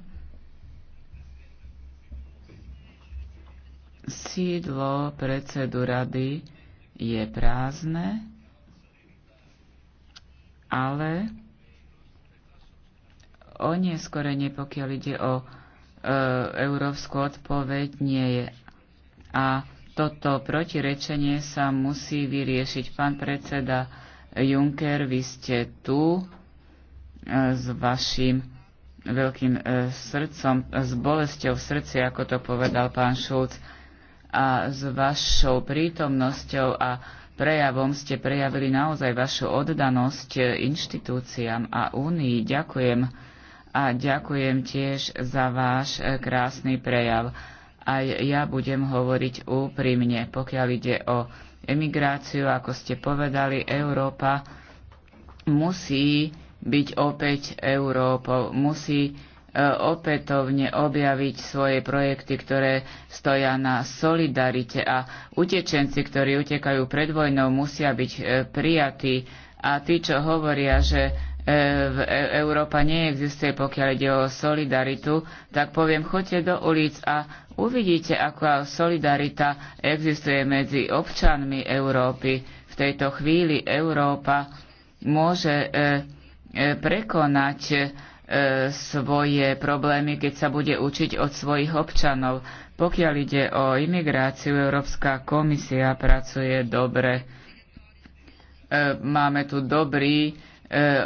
Sídlo predsedu rady je prázdne, ale o neskorenie, pokiaľ ide o e, európsku odpoveď, nie je. A toto protirečenie sa musí vyriešiť. Pán predseda Juncker, vy ste tu e, s vašim veľkým e, srdcom, e, s bolestou v srdci, ako to povedal pán Šulc a s vašou prítomnosťou a prejavom ste prejavili naozaj vašu oddanosť inštitúciám a únii. Ďakujem a ďakujem tiež za váš e, krásny prejav. Aj ja budem hovoriť úprimne, pokiaľ ide o emigráciu, ako ste povedali, Európa musí byť opäť Európou, musí E, opätovne objaviť svoje projekty, ktoré stoja na solidarite a utečenci, ktorí utekajú pred vojnou, musia byť e, prijatí a tí, čo hovoria, že e, v Európa neexistuje, pokiaľ ide o solidaritu, tak poviem, choďte do ulic a uvidíte, aká solidarita existuje medzi občanmi Európy. V tejto chvíli Európa môže prekonať E, svoje problémy, keď sa bude učiť od svojich občanov. Pokiaľ ide o imigráciu, Európska komisia pracuje dobre. E, máme tu dobrý e,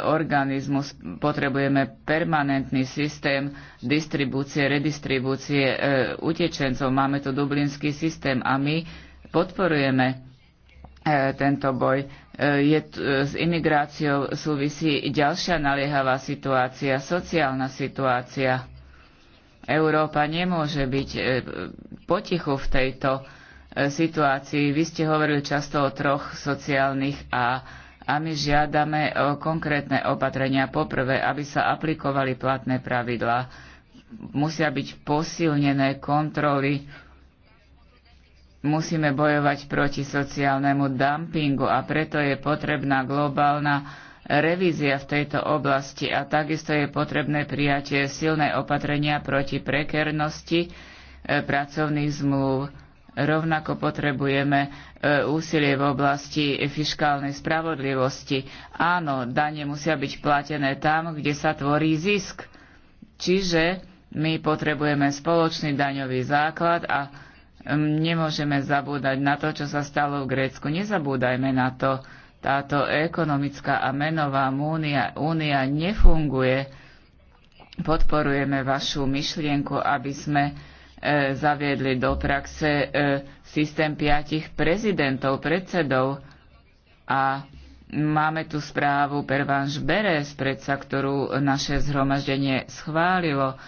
organizmus, potrebujeme permanentný systém distribúcie, redistribúcie utečencov. Máme tu dublinský systém a my podporujeme tento boj je, s imigráciou súvisí ďalšia naliehavá situácia, sociálna situácia. Európa nemôže byť e, potichu v tejto e, situácii. Vy ste hovorili často o troch sociálnych a, a my žiadame o konkrétne opatrenia. Poprvé, aby sa aplikovali platné pravidlá. Musia byť posilnené kontroly Musíme bojovať proti sociálnemu dumpingu a preto je potrebná globálna revízia v tejto oblasti a takisto je potrebné prijatie silné opatrenia proti prekernosti e, pracovných zmluv. Rovnako potrebujeme e, úsilie v oblasti fiskálnej spravodlivosti. Áno, dane musia byť platené tam, kde sa tvorí zisk. Čiže my potrebujeme spoločný daňový základ a nemôžeme zabúdať na to, čo sa stalo v Grécku. Nezabúdajme na to. Táto ekonomická a menová únia, únia nefunguje. Podporujeme vašu myšlienku, aby sme e, zaviedli do praxe e, systém piatich prezidentov, predsedov. A máme tu správu Pervanš Beres, predsa ktorú naše zhromaždenie schválilo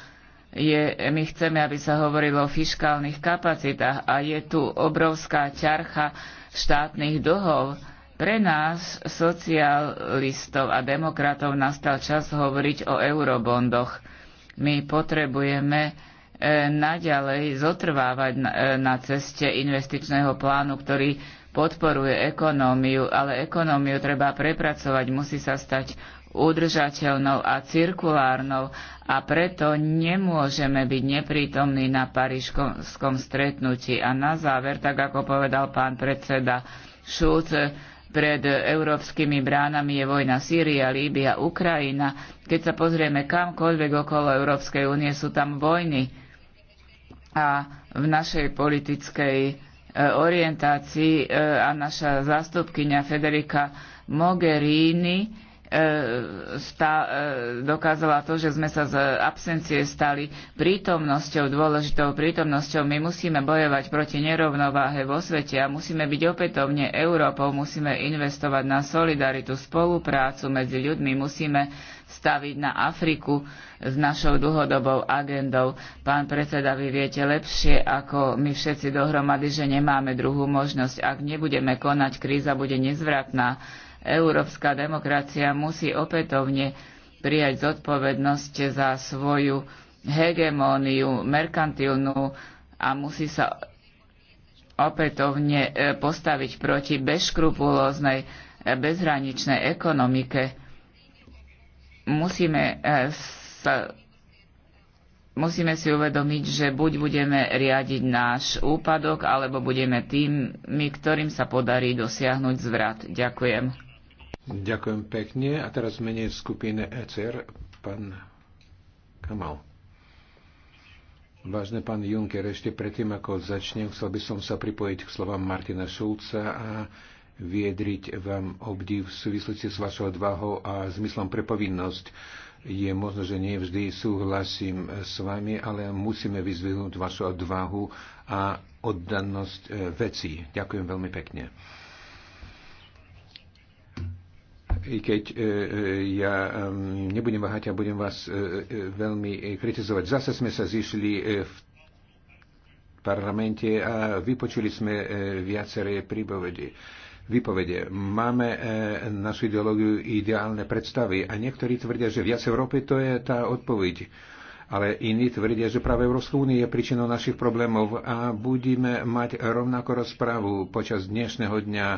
je, my chceme, aby sa hovorilo o fiškálnych kapacitách a je tu obrovská ťarcha štátnych dlhov. Pre nás, socialistov a demokratov, nastal čas hovoriť o eurobondoch. My potrebujeme e, naďalej zotrvávať e, na ceste investičného plánu, ktorý podporuje ekonómiu, ale ekonómiu treba prepracovať, musí sa stať udržateľnou a cirkulárnou a preto nemôžeme byť neprítomní na parížskom stretnutí. A na záver, tak ako povedal pán predseda Šulc, pred európskymi bránami je vojna Sýria, Líbia, Ukrajina. Keď sa pozrieme kamkoľvek okolo Európskej únie, sú tam vojny. A v našej politickej e, orientácii e, a naša zástupkynia Federica Mogherini stá, e, dokázala to, že sme sa z absencie stali prítomnosťou, dôležitou prítomnosťou. My musíme bojovať proti nerovnováhe vo svete a musíme byť opätovne Európou, musíme investovať na solidaritu, spoluprácu medzi ľuďmi, musíme staviť na Afriku s našou dlhodobou agendou. Pán predseda, vy viete lepšie ako my všetci dohromady, že nemáme druhú možnosť. Ak nebudeme konať, kríza bude nezvratná Európska demokracia musí opätovne prijať zodpovednosť za svoju hegemóniu merkantilnú a musí sa opätovne e, postaviť proti bezškrupulóznej e, bezhraničnej ekonomike. Musíme, e, sa, musíme si uvedomiť, že buď budeme riadiť náš úpadok, alebo budeme tými, ktorým sa podarí dosiahnuť zvrat. Ďakujem. Ďakujem pekne. A teraz menej skupiny ECR pán Kamal. Vážne pán Juncker, ešte predtým, ako začnem, chcel by som sa pripojiť k slovám Martina Šulca a viedriť vám obdiv v súvislosti s vašou odvahou a zmyslom pre povinnosť. Je možno, že nie vždy súhlasím s vami, ale musíme vyzvihnúť vašu odvahu a oddanosť e, vecí. Ďakujem veľmi pekne i keď e, e, ja nebudem váhať a budem vás e, veľmi kritizovať. Zase sme sa zišli v parlamente a vypočuli sme viaceré prípovede. Výpovede. Máme našu ideológiu ideálne predstavy a niektorí tvrdia, že viac Európy to je tá odpoveď. Ale iní tvrdia, že práve Európska únia je príčinou našich problémov a budeme mať rovnako rozprávu počas dnešného dňa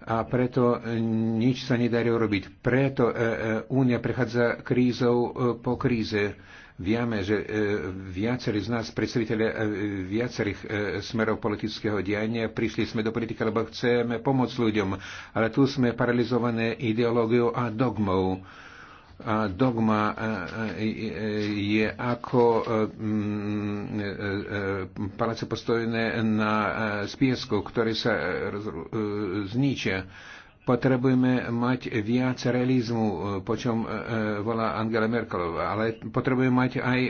a preto e, nič sa nedarí robiť. Preto e, e, Únia prechádza krízou po kríze. Vieme, že viacerí z nás, predstaviteľe viacerých smerov politického diania, prišli sme do politiky, lebo chceme pomôcť ľuďom, ale tu sme paralizované ideológiou a dogmou dogma e, e, e, je ako palace postojené na spiesku, ktoré sa zničia. Potrebujeme mať viac realizmu, po čom volá Angela Merkelová, ale potrebujeme mať aj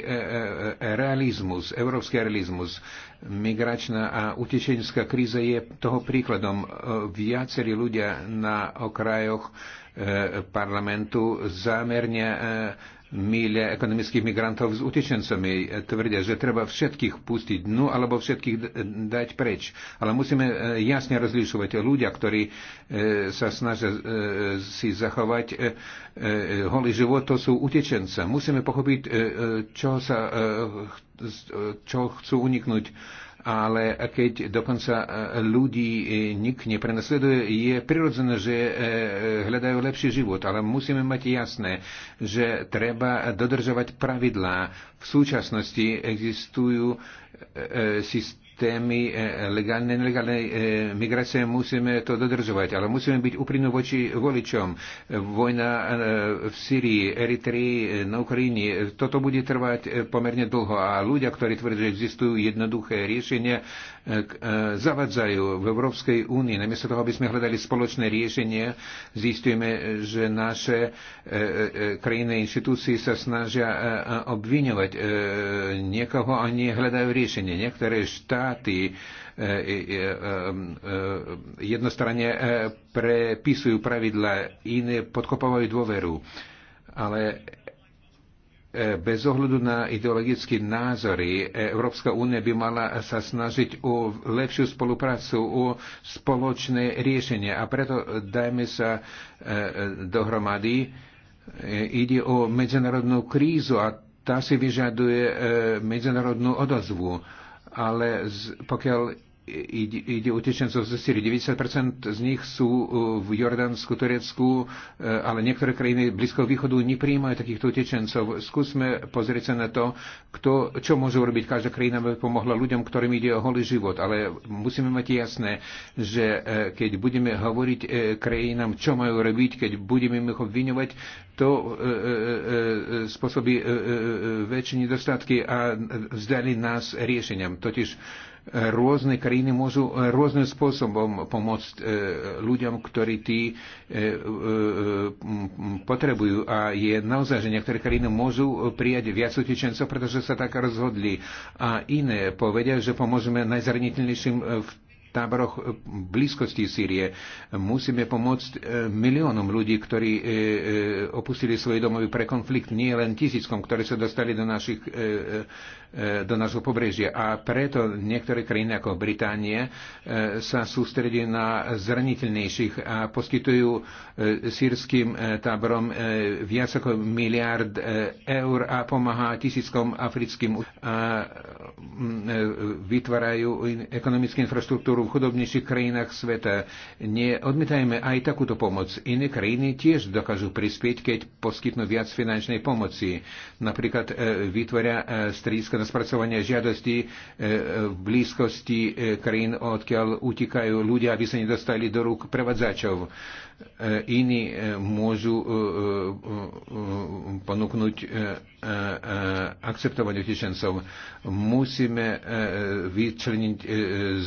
realizmus, európsky realizmus. Migračná a utečenská kríza je toho príkladom. Viacerí ľudia na okrajoch Eh, parlamentu zámerne eh, milia ekonomických migrantov s utečencami. Eh, tvrdia, že treba všetkých pustiť dnu alebo všetkých dať preč. Ale musíme jasne rozlišovať ľudia, ktorí sa snažia si zachovať holý život, to sú utečenca. Musíme pochopiť, čo, sa, čo chcú uniknúť ale keď dokonca e, ľudí e, nik neprenasleduje, je prirodzené, že e, hľadajú lepší život. Ale musíme mať jasné, že treba dodržovať pravidlá. V súčasnosti existujú systémy, témy e, legálnej, nelegálnej e, migrácie, musíme to dodržovať, ale musíme byť úprimní voči voličom. Vojna e, v Syrii, Eritrii, na Ukrajine, toto bude trvať pomerne dlho a ľudia, ktorí tvrdia, že existujú jednoduché riešenia, E, zavadzajú v Európskej únii. Namiesto toho, aby sme hľadali spoločné riešenie, zistujeme, že naše e, e, krajiny inštitúcie sa snažia obviňovať niekoho a nie hľadajú riešenie. Niektoré štáty jednostranne prepisujú pravidla, iné podkopávajú dôveru. Ale E, bez ohľadu na ideologické názory, e, Európska únia by mala sa snažiť o lepšiu spoluprácu, o spoločné riešenie. A preto dajme sa e, dohromady. Ide o medzinárodnú krízu a tá si vyžaduje medzinárodnú odozvu. Ale pokiaľ ide ide utečencov zo Syrie. 90% z nich sú e, v Jordánsku, Turecku, e, ale niektoré krajiny Blízkoho východu nepríjmajú takýchto utečencov. Skúsme pozrieť sa na to, kto, čo môže urobiť každá krajina, aby pomohla ľuďom, ktorým ide o holý život. Ale musíme mať jasné, že e, keď budeme hovoriť krajinám, čo majú robiť, keď budeme ich obviňovať, to e, e, spôsobí e, e, väčšie nedostatky a vzdali nás riešeniam. Totiž Rôzne krajiny môžu e, rôznym spôsobom pomôcť e, ľuďom, ktorí tí e, potrebujú. A je naozaj, že niektoré krajiny môžu prijať viac utečencov, pretože sa tak rozhodli. A iné povedia, že pomôžeme najzraniteľnejším v táboroch blízkosti Sýrie. Musíme pomôcť miliónom ľudí, ktorí opustili svoje domovy pre konflikt, nie len tisíckom, ktorí sa dostali do našich E, do nášho pobrežia. A preto niektoré krajiny ako Británie e, sa sústredí na zraniteľnejších a poskytujú e, sírským táborom viac ako miliard eur a pomáha tisíckom africkým a vytvárajú ekonomickú infraštruktúru v chudobnejších krajinách sveta. Neodmietajme aj takúto pomoc. Iné krajiny tiež dokážu prispieť, keď poskytnú viac finančnej pomoci. Napríklad vytvoria strediska na spracovanie žiadosti e, v blízkosti e, krajín, odkiaľ utekajú ľudia, aby sa nedostali do rúk prevádzačov. E, iní môžu ponúknuť akceptovať utečencov. Musíme vyčleniť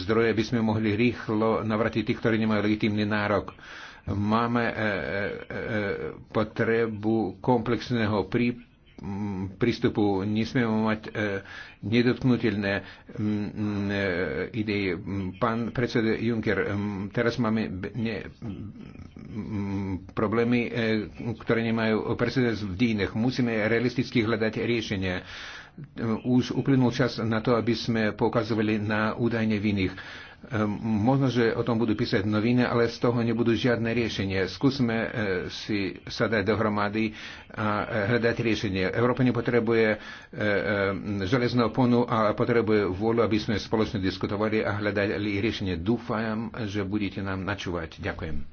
zdroje, aby sme mohli rýchlo navratiť tých, ktorí nemajú legitímny nárok máme potrebu komplexného prípadu Mm, prístupu. Nesmieme mať e, nedotknutelné mm, e, ideje. Pán predseda Juncker, teraz máme ne, problémy, e, ktoré nemajú precedens v dínach. Musíme realisticky hľadať riešenie. Už uplynul čas na to, aby sme poukazovali na údajne vinných Ehm, možno, že o tom budú písať noviny, ale z toho nebudú žiadne riešenie. Skúsme eh, si sa dať dohromady a eh, hľadať riešenie. Európa nepotrebuje eh, železnú oponu, ale potrebuje vôľu, aby sme spoločne diskutovali a hľadali riešenie. Dúfam, že budete nám načúvať. Ďakujem.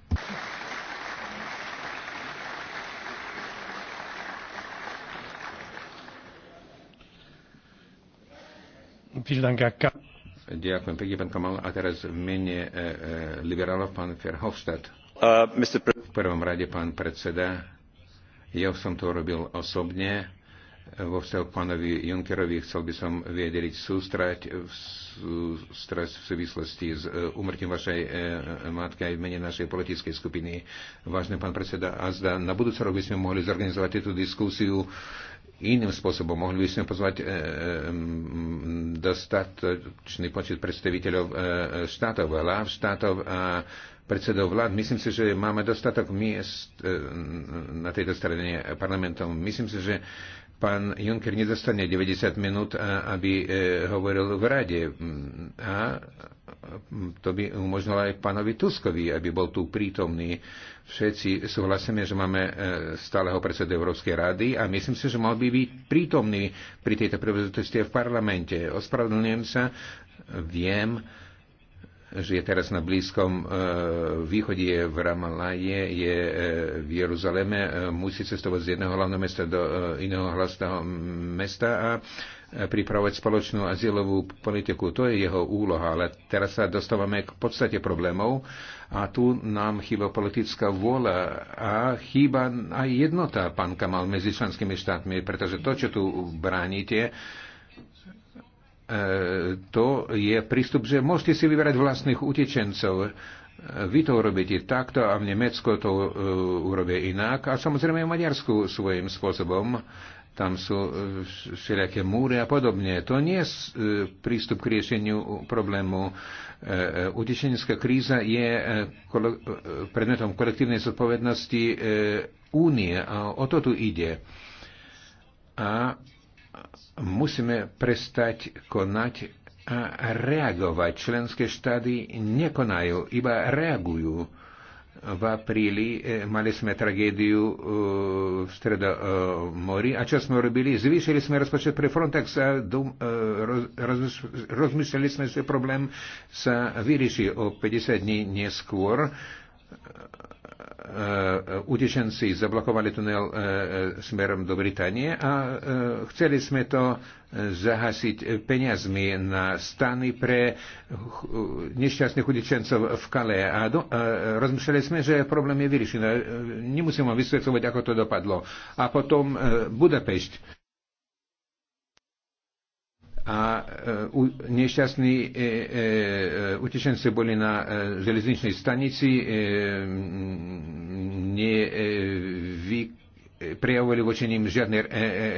Vielen Dank, Herr Ďakujem pekne, pán Kamal. A teraz v mene e, e liberálov pán Ferhofstadt. Uh, v prvom rade, pán predseda, ja som to robil osobne. Vo vzťahu k pánovi Junkerovi chcel by som viedriť sústrať v, sústrať v súvislosti s e, umrtím vašej e, e, matky aj v mene našej politickej skupiny. Vážne pán predseda, a zda na budúce rok by sme mohli zorganizovať túto diskusiu e, iným spôsobom. Mohli by sme pozvať e, e, dostatočný počet predstaviteľov e, štátov, hlav štátov a predsedov vlád. Myslím si, že máme dostatok miest na tejto strane parlamentom. Myslím si, že pán Juncker nedostane 90 minút, aby e, hovoril v rade. A to by umožnilo aj pánovi Tuskovi, aby bol tu prítomný. Všetci súhlasíme, že máme e, stáleho predsedu Európskej rady a myslím si, že mal by byť prítomný pri tejto príležitosti v parlamente. Ospravedlňujem sa, viem, žije teraz na Blízkom e, východe, je v Ramalaje, je e, v Jeruzaleme, e, musí cestovať z jedného hlavného mesta do iného hlavného mesta a pripravovať spoločnú azylovú politiku. To je jeho úloha, ale teraz sa dostávame k podstate problémov a tu nám chýba politická vôľa a chýba aj jednota, pán Kamal, medzi členskými štátmi, pretože to, čo tu bránite, E, to je prístup, že môžete si vyberať vlastných utečencov. E, vy to urobíte takto a v Nemecku to e, urobia inak a samozrejme v Maďarsku svojím spôsobom. Tam sú všelijaké múry a podobne. To nie je prístup k riešeniu problému. Utečenická kríza je predmetom kolektívnej zodpovednosti únie a o to tu ide. A Musíme prestať konať a reagovať. Členské štády nekonajú, iba reagujú. V apríli e, mali sme tragédiu e, v Stredomori a čo sme robili? Zvýšili sme rozpočet pre Frontex a e, roz, rozmýšľali sme, že problém sa vyrieši o 50 dní neskôr E, e, utečenci zablokovali tunel e, smerom do Británie a chceli sme to zahasiť peniazmi na stany pre nešťastných utečencov v Kale. A, a rozmýšľali sme, že problém je vyriešený. Nemusíme vysvetľovať, ako to dopadlo. A potom Budapešť a e, nešťastní e, e, e, utečenci boli na e, železničnej stanici, e, e, ne, vy, e, prejavovali voči ním žiadny e, e,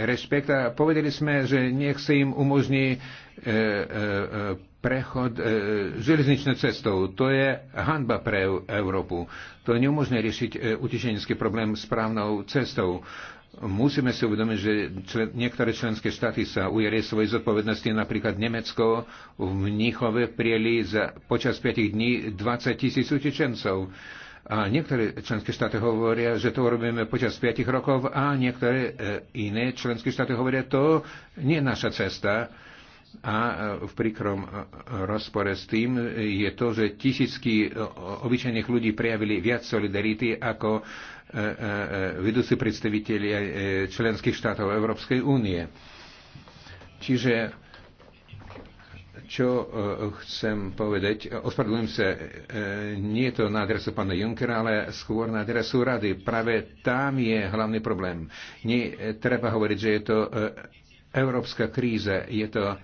rešpekt a povedali sme, že nech sa im umožní e, e, e, prechod e, železničnou cestou. To je hanba pre Európu. To neumožňuje riešiť e, utečenecký problém správnou cestou. E, Musíme si uvedomiť, že člen, niektoré členské štáty sa ujeli svojej zodpovednosti, napríklad Nemecko v Mnichove prijeli za, počas 5 dní 20 tisíc utečencov. A niektoré členské štáty hovoria, že to robíme počas 5 rokov a niektoré e, iné členské štáty hovoria, to nie je naša cesta. E, a e, v príkrom e, rozpore s tým je to, že tisícky e, obyčajných ľudí prejavili viac solidarity ako vedúci predstaviteľi členských štátov Európskej únie. Čiže čo chcem povedať, ospravedlňujem sa, nie je to na adresu pána Junckera, ale skôr na adresu rady. Práve tam je hlavný problém. Nie, treba hovoriť, že je to európska kríza, je to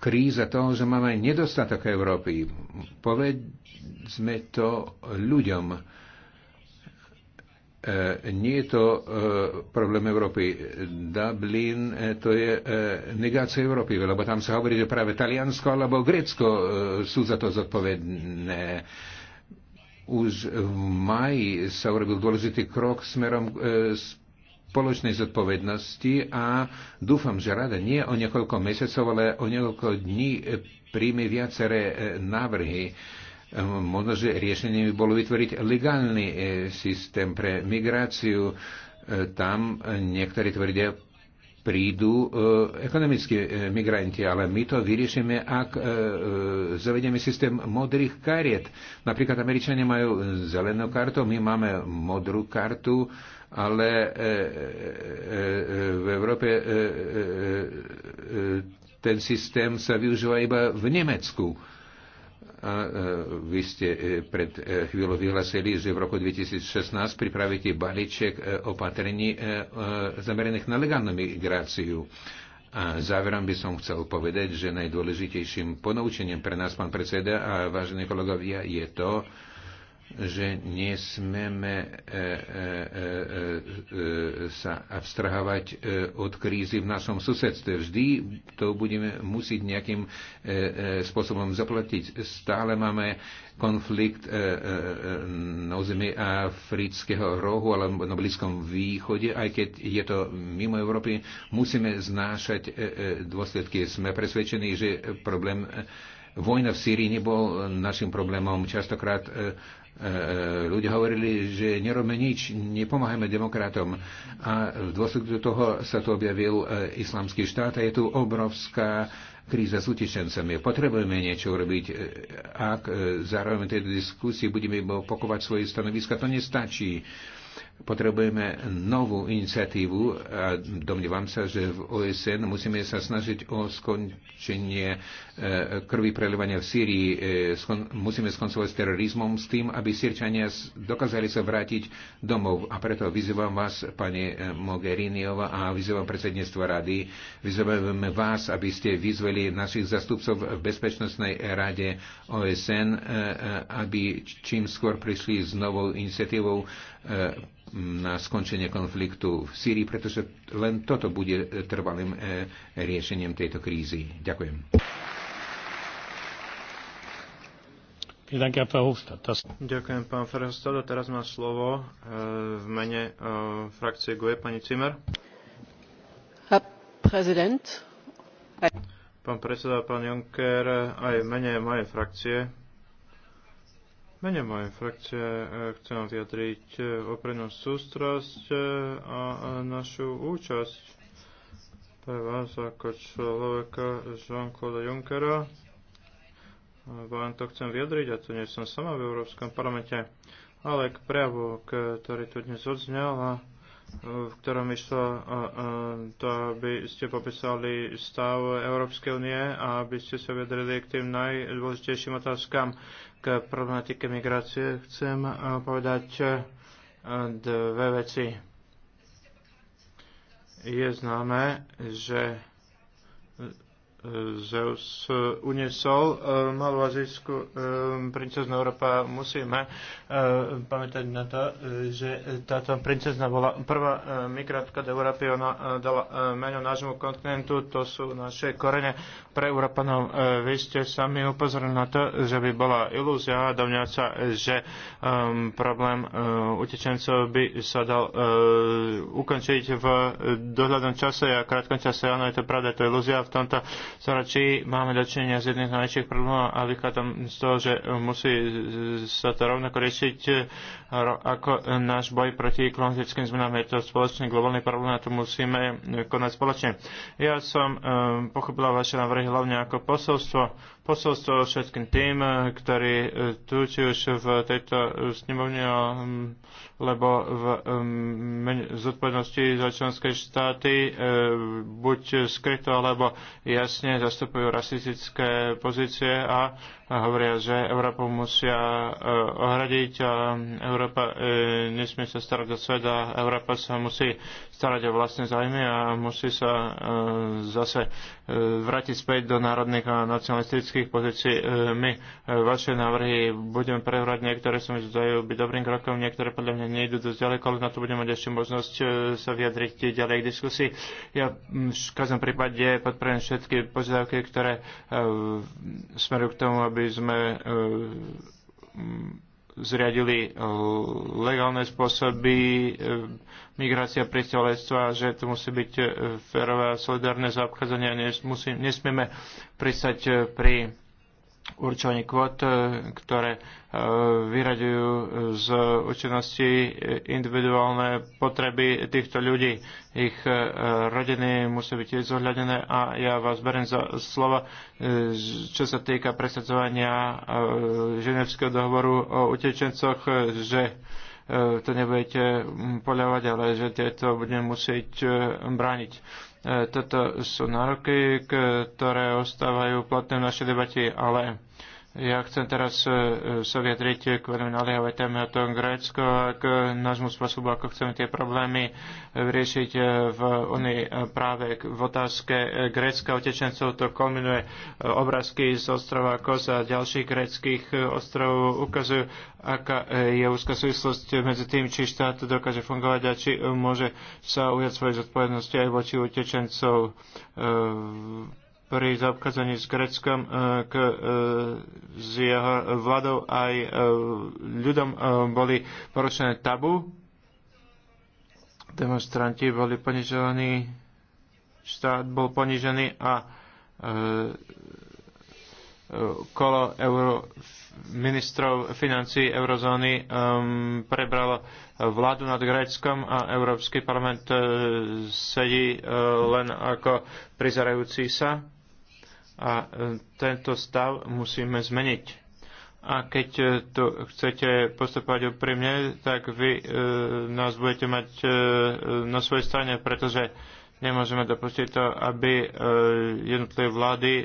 kríza toho, že máme nedostatok Európy. Povedzme to ľuďom. E, nie je to e, problém Európy. Dublin e, to je negácia Európy, lebo tam sa hovorí, že práve Taliansko alebo Grécko sú za to zodpovedné. Už v maji sa urobil dôležitý krok smerom z spoločnej zodpovednosti a dúfam, že rada nie o niekoľko mesiacov, ale o niekoľko dní e, príjme viaceré e, návrhy. E, možno, že riešením by bolo vytvoriť legálny systém pre migráciu. Tam niektorí tvrdia, prídu ekonomickí migranti, ale my to vyriešime, ak zavedieme systém modrých kariet. Napríklad Američania majú zelenú kartu, my máme modrú kartu ale e, e, e, v Európe ten systém sa využíva iba v Nemecku. A vy ste pred chvíľou vyhlasili, že v roku 2016 pripravíte balíček opatrení zameraných na legálnu migráciu. A záverom by som chcel povedať, že najdôležitejším ponaučením pre nás, pán predseda a vážení kolegovia, je to, že nesmeme e, e, e, sa abstrahovať od krízy v našom susedstve. Vždy to budeme musieť nejakým spôsobom zaplatiť. Stále máme konflikt na území Afrického rohu alebo na Blízkom východe. Aj keď je to mimo Európy, musíme znášať dôsledky. Sme presvedčení, že problém Vojna v Sýrii nebol našim problémom. Častokrát E, e, ľudia hovorili, že nerobíme nič, nepomáhame demokratom. A v dôsledku toho sa tu objavil e, islamský štát a je tu obrovská kríza s utečencami. Potrebujeme niečo urobiť. Ak zároveň tejto diskusii budeme pokovať svoje stanoviska, to nestačí potrebujeme novú iniciatívu a domnievam sa, že v OSN musíme sa snažiť o skončenie e, krvi prelevania v Sýrii. E, musíme skoncovať s terorizmom s tým, aby Sýrčania dokázali sa vrátiť domov. A preto vyzývam vás, pani e, Mogheriniova, a vyzývam predsedníctvo rady, vyzývam vás, aby ste vyzveli našich zastupcov v Bezpečnostnej rade OSN, aby čím skôr prišli s novou iniciatívou na skončenie konfliktu v Sýrii, pretože len toto bude trvalým e, riešením tejto krízy. Ďakujem. Ďakujem, pán Ferhofstadt. Teraz má slovo e, v mene e, frakcie GUE pani Cimer. Pán predseda, pán Juncker, aj v mene mojej frakcie mene mojej frakcie e, chcem vyjadriť e, oprednú sústrasť e, a našu účasť pre vás ako človeka Jean-Claude Junckera. Vám to chcem vyjadriť, a to nie som sama v Európskom parlamente, ale k prejavu, ktorý tu dnes odznel a v ktorom išlo to, aby ste popísali stav Európskej únie a aby ste sa vedreli k tým najdôležitejším otázkam k problematike migrácie chcem eh, povedať eh, dve veci. Je známe, že Zeus uniesol e, malú maloazijskú e, princeznu Európa. Musíme e, pamätať na to, že táto princezna bola prvá migrantka do Európy. Ona dala meno nášmu kontinentu, to sú naše korene pre Európanov. Vy ste sami upozorili na to, že by bola ilúzia domňať že problém utečencov by sa dal ukončiť v dohľadnom čase a krátkom čase. Áno, je to pravda, je to ilúzia v tomto storočí máme dočinenia z jedných z najväčších problémov a vychádzam z toho, že musí sa to rovnako riešiť e, ako náš boj proti klimatickým zmenám. Je to spoločný globálny problém a to musíme konať spoločne. Ja som e, pochopila vaše návrhy hlavne ako posolstvo posolstvo všetkým tým, eh, ktorí eh, tu či už v tejto eh, snemovne, mm, lebo mm, v zodpovednosti za členské štáty buď skryto alebo jasne zastupujú rasistické pozície a hovoria, že Európa musia e, ohradiť a Európa e, nesmie sa starať o svet a Európa sa musí starať o vlastné zájmy a musí sa e, zase vrátiť späť do národných a nacionalistických pozícií. My vaše návrhy budeme prehrať, niektoré sa mi zdajú byť dobrým krokom, niektoré podľa mňa nejdú dosť ďaleko, ale na to budeme mať ešte možnosť sa vyjadriť ďalej k diskusii. Ja v každom prípade podporujem všetky požiadavky, ktoré smerujú k tomu, aby aby sme e, zriadili e, legálne spôsoby e, migrácia pristahovalectva, že to musí byť férové a solidárne zaobchádzanie a nesmieme pristať pri určovaní kvót, ktoré vyraďujú z účinnosti individuálne potreby týchto ľudí. Ich e, rodiny musí byť tiež zohľadené a ja vás beriem za slova, e, čo sa týka presadzovania e, Ženevského dohovoru o utečencoch, že to nebudete poľavať, ale že tieto budeme musieť brániť. Toto sú nároky, ktoré ostávajú platné v našej debate, ale ja chcem teraz e, e, sa vyjadriť k veľmi naliehavej téme o tom Grécko a k nášmu spôsobu, ako chceme tie problémy e, riešiť v Unii práve v otázke Grécka utečencov. To kombinuje obrázky z ostrova Kos a ďalších gréckých ostrovov ukazujú, aká je úzka súvislosť medzi tým, či štát dokáže fungovať a či môže sa ujať svoje zodpovednosti aj voči utečencov pri zaobchádzaní s Greckom, e, k, e, s jeho vládou aj e, ľuďom boli porušené tabu. Demonstranti boli ponižovaní, štát bol ponižený a kolo euro, ministrov financí eurozóny um, prebralo vládu nad Gréckom a Európsky parlament uh, sedí uh, len ako prizerajúci sa. A e, tento stav musíme zmeniť. A keď e, to chcete postupovať úprimne, tak vy e, nás budete mať e, na svojej strane, pretože nemôžeme dopustiť to, aby e, jednotlivé vlády e,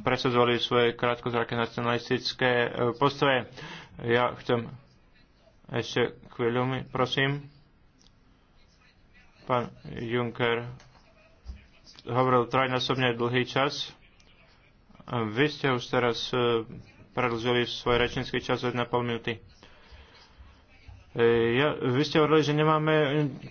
presadzovali svoje krátkozraké nacionalistické e, postoje. Ja chcem ešte chvíľu, mi, prosím. Pán Juncker hovoril trajnásobne dlhý čas. Vy ste už teraz e, predlžili svoj rečnický čas na pol minúty. E, ja, vy ste hovorili, že nemáme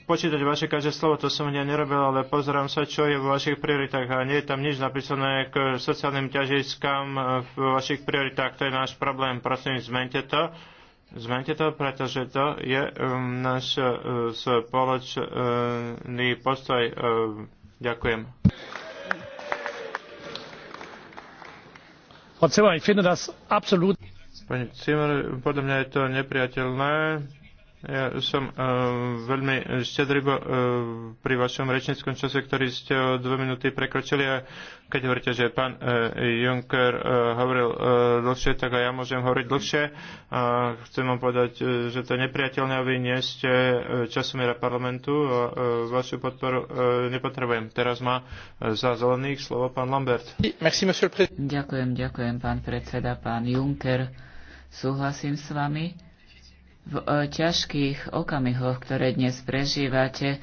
počítať vaše každé slovo, to som ja nerobil, ale pozerám sa, čo je vo vašich prioritách a nie je tam nič napísané k sociálnym ťažiskám e, v vašich prioritách. To je náš problém, prosím, zmente to. Zmente to, pretože to je um, náš uh, spoločný postoj. Uh, ďakujem. frau zimmer ich finde das absolut. pani zimmer podľa mňa je to neprijateľné ja som uh, veľmi štedrý uh, pri vašom rečníckom čase, ktorý ste o dve minúty prekročili. A keď hovoríte, že pán uh, Juncker uh, hovoril uh, dlhšie, tak aj ja môžem hovoriť dlhšie. A chcem vám povedať, uh, že to je nepriateľné aby nie ste uh, časomiera parlamentu. A, uh, vašu podporu uh, nepotrebujem. Teraz má uh, za zelených slovo pán Lambert. Ďakujem, ďakujem, pán predseda, pán Juncker. Súhlasím s vami v e, ťažkých okamihoch, ktoré dnes prežívate, e,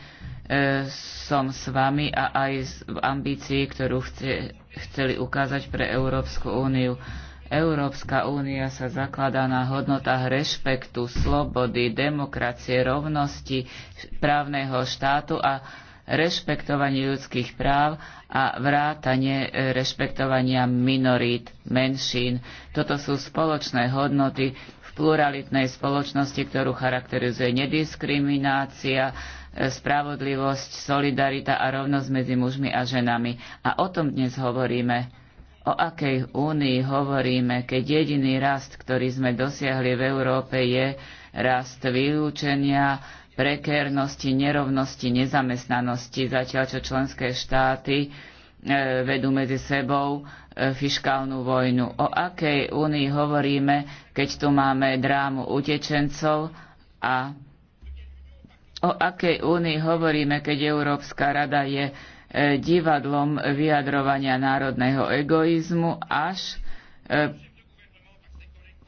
som s vami a aj v ambícii, ktorú chce, chceli ukázať pre Európsku úniu. Európska únia sa zakladá na hodnotách rešpektu, slobody, demokracie, rovnosti, právneho štátu a rešpektovanie ľudských práv a vrátanie e, rešpektovania minorít, menšín. Toto sú spoločné hodnoty, pluralitnej spoločnosti, ktorú charakterizuje nediskriminácia, e, spravodlivosť, solidarita a rovnosť medzi mužmi a ženami. A o tom dnes hovoríme. O akej únii hovoríme, keď jediný rast, ktorý sme dosiahli v Európe, je rast vylúčenia, prekérnosti, nerovnosti, nezamestnanosti, zatiaľ čo členské štáty E, vedú medzi sebou e, fiškálnu vojnu. O akej únii hovoríme, keď tu máme drámu utečencov a o akej únii hovoríme, keď Európska rada je e, divadlom vyjadrovania národného egoizmu až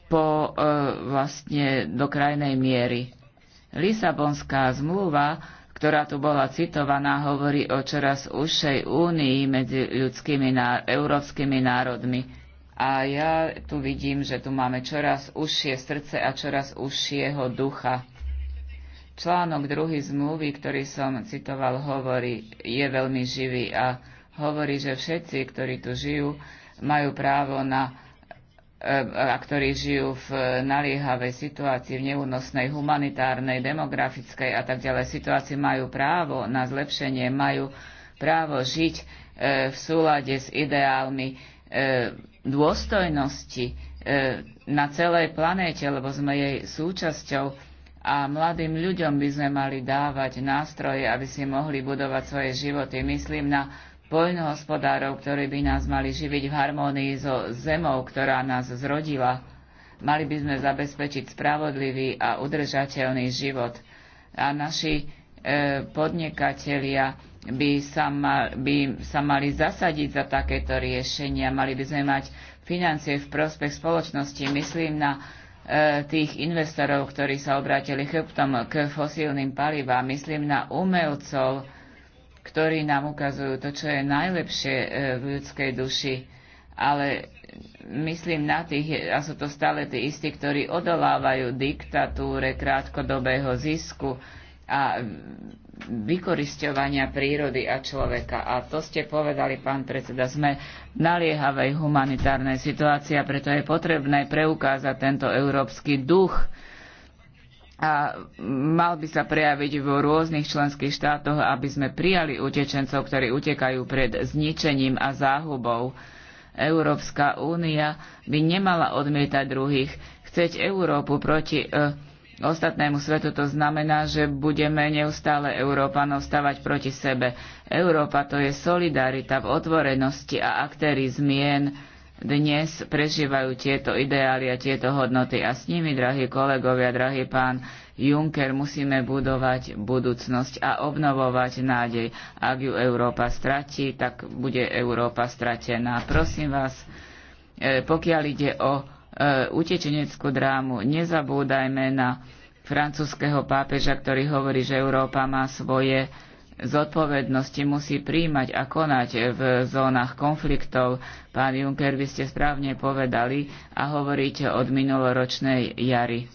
po vlastne do krajnej miery. Lisabonská zmluva ktorá tu bola citovaná, hovorí o čoraz užšej únii medzi ľudskými ná- európskymi národmi. A ja tu vidím, že tu máme čoraz užšie srdce a čoraz užšieho ducha. Článok druhý zmluvy, ktorý som citoval, hovorí, je veľmi živý a hovorí, že všetci, ktorí tu žijú, majú právo na a ktorí žijú v naliehavej situácii, v neúnosnej humanitárnej, demografickej a tak ďalej situácii, majú právo na zlepšenie, majú právo žiť e, v súlade s ideálmi e, dôstojnosti e, na celej planéte, lebo sme jej súčasťou a mladým ľuďom by sme mali dávať nástroje, aby si mohli budovať svoje životy. Myslím na poľnohospodárov, ktorí by nás mali živiť v harmónii so zemou, ktorá nás zrodila. Mali by sme zabezpečiť spravodlivý a udržateľný život. A naši e, podnikatelia by sa, mal, by sa mali zasadiť za takéto riešenia. Mali by sme mať financie v prospech spoločnosti. Myslím na e, tých investorov, ktorí sa obrátili chrbtom k fosílnym palivám. Myslím na umelcov, ktorí nám ukazujú to, čo je najlepšie e, v ľudskej duši. Ale myslím na tých, a sú to stále tí istí, ktorí odolávajú diktatúre krátkodobého zisku a vykorisťovania prírody a človeka. A to ste povedali, pán predseda, sme v naliehavej humanitárnej situácii a preto je potrebné preukázať tento európsky duch, a mal by sa prejaviť v rôznych členských štátoch, aby sme prijali utečencov, ktorí utekajú pred zničením a záhubou. Európska únia by nemala odmietať druhých. Chceť Európu proti e, ostatnému svetu to znamená, že budeme neustále Európanov stavať proti sebe. Európa to je solidarita v otvorenosti a aktéry zmien dnes prežívajú tieto ideály a tieto hodnoty. A s nimi, drahí kolegovia, drahý pán Juncker, musíme budovať budúcnosť a obnovovať nádej. Ak ju Európa stratí, tak bude Európa stratená. Prosím vás, e, pokiaľ ide o e, utečeneckú drámu, nezabúdajme na francúzského pápeža, ktorý hovorí, že Európa má svoje zodpovednosti musí príjmať a konať v zónach konfliktov. Pán Juncker, vy ste správne povedali a hovoríte od minuloročnej jary.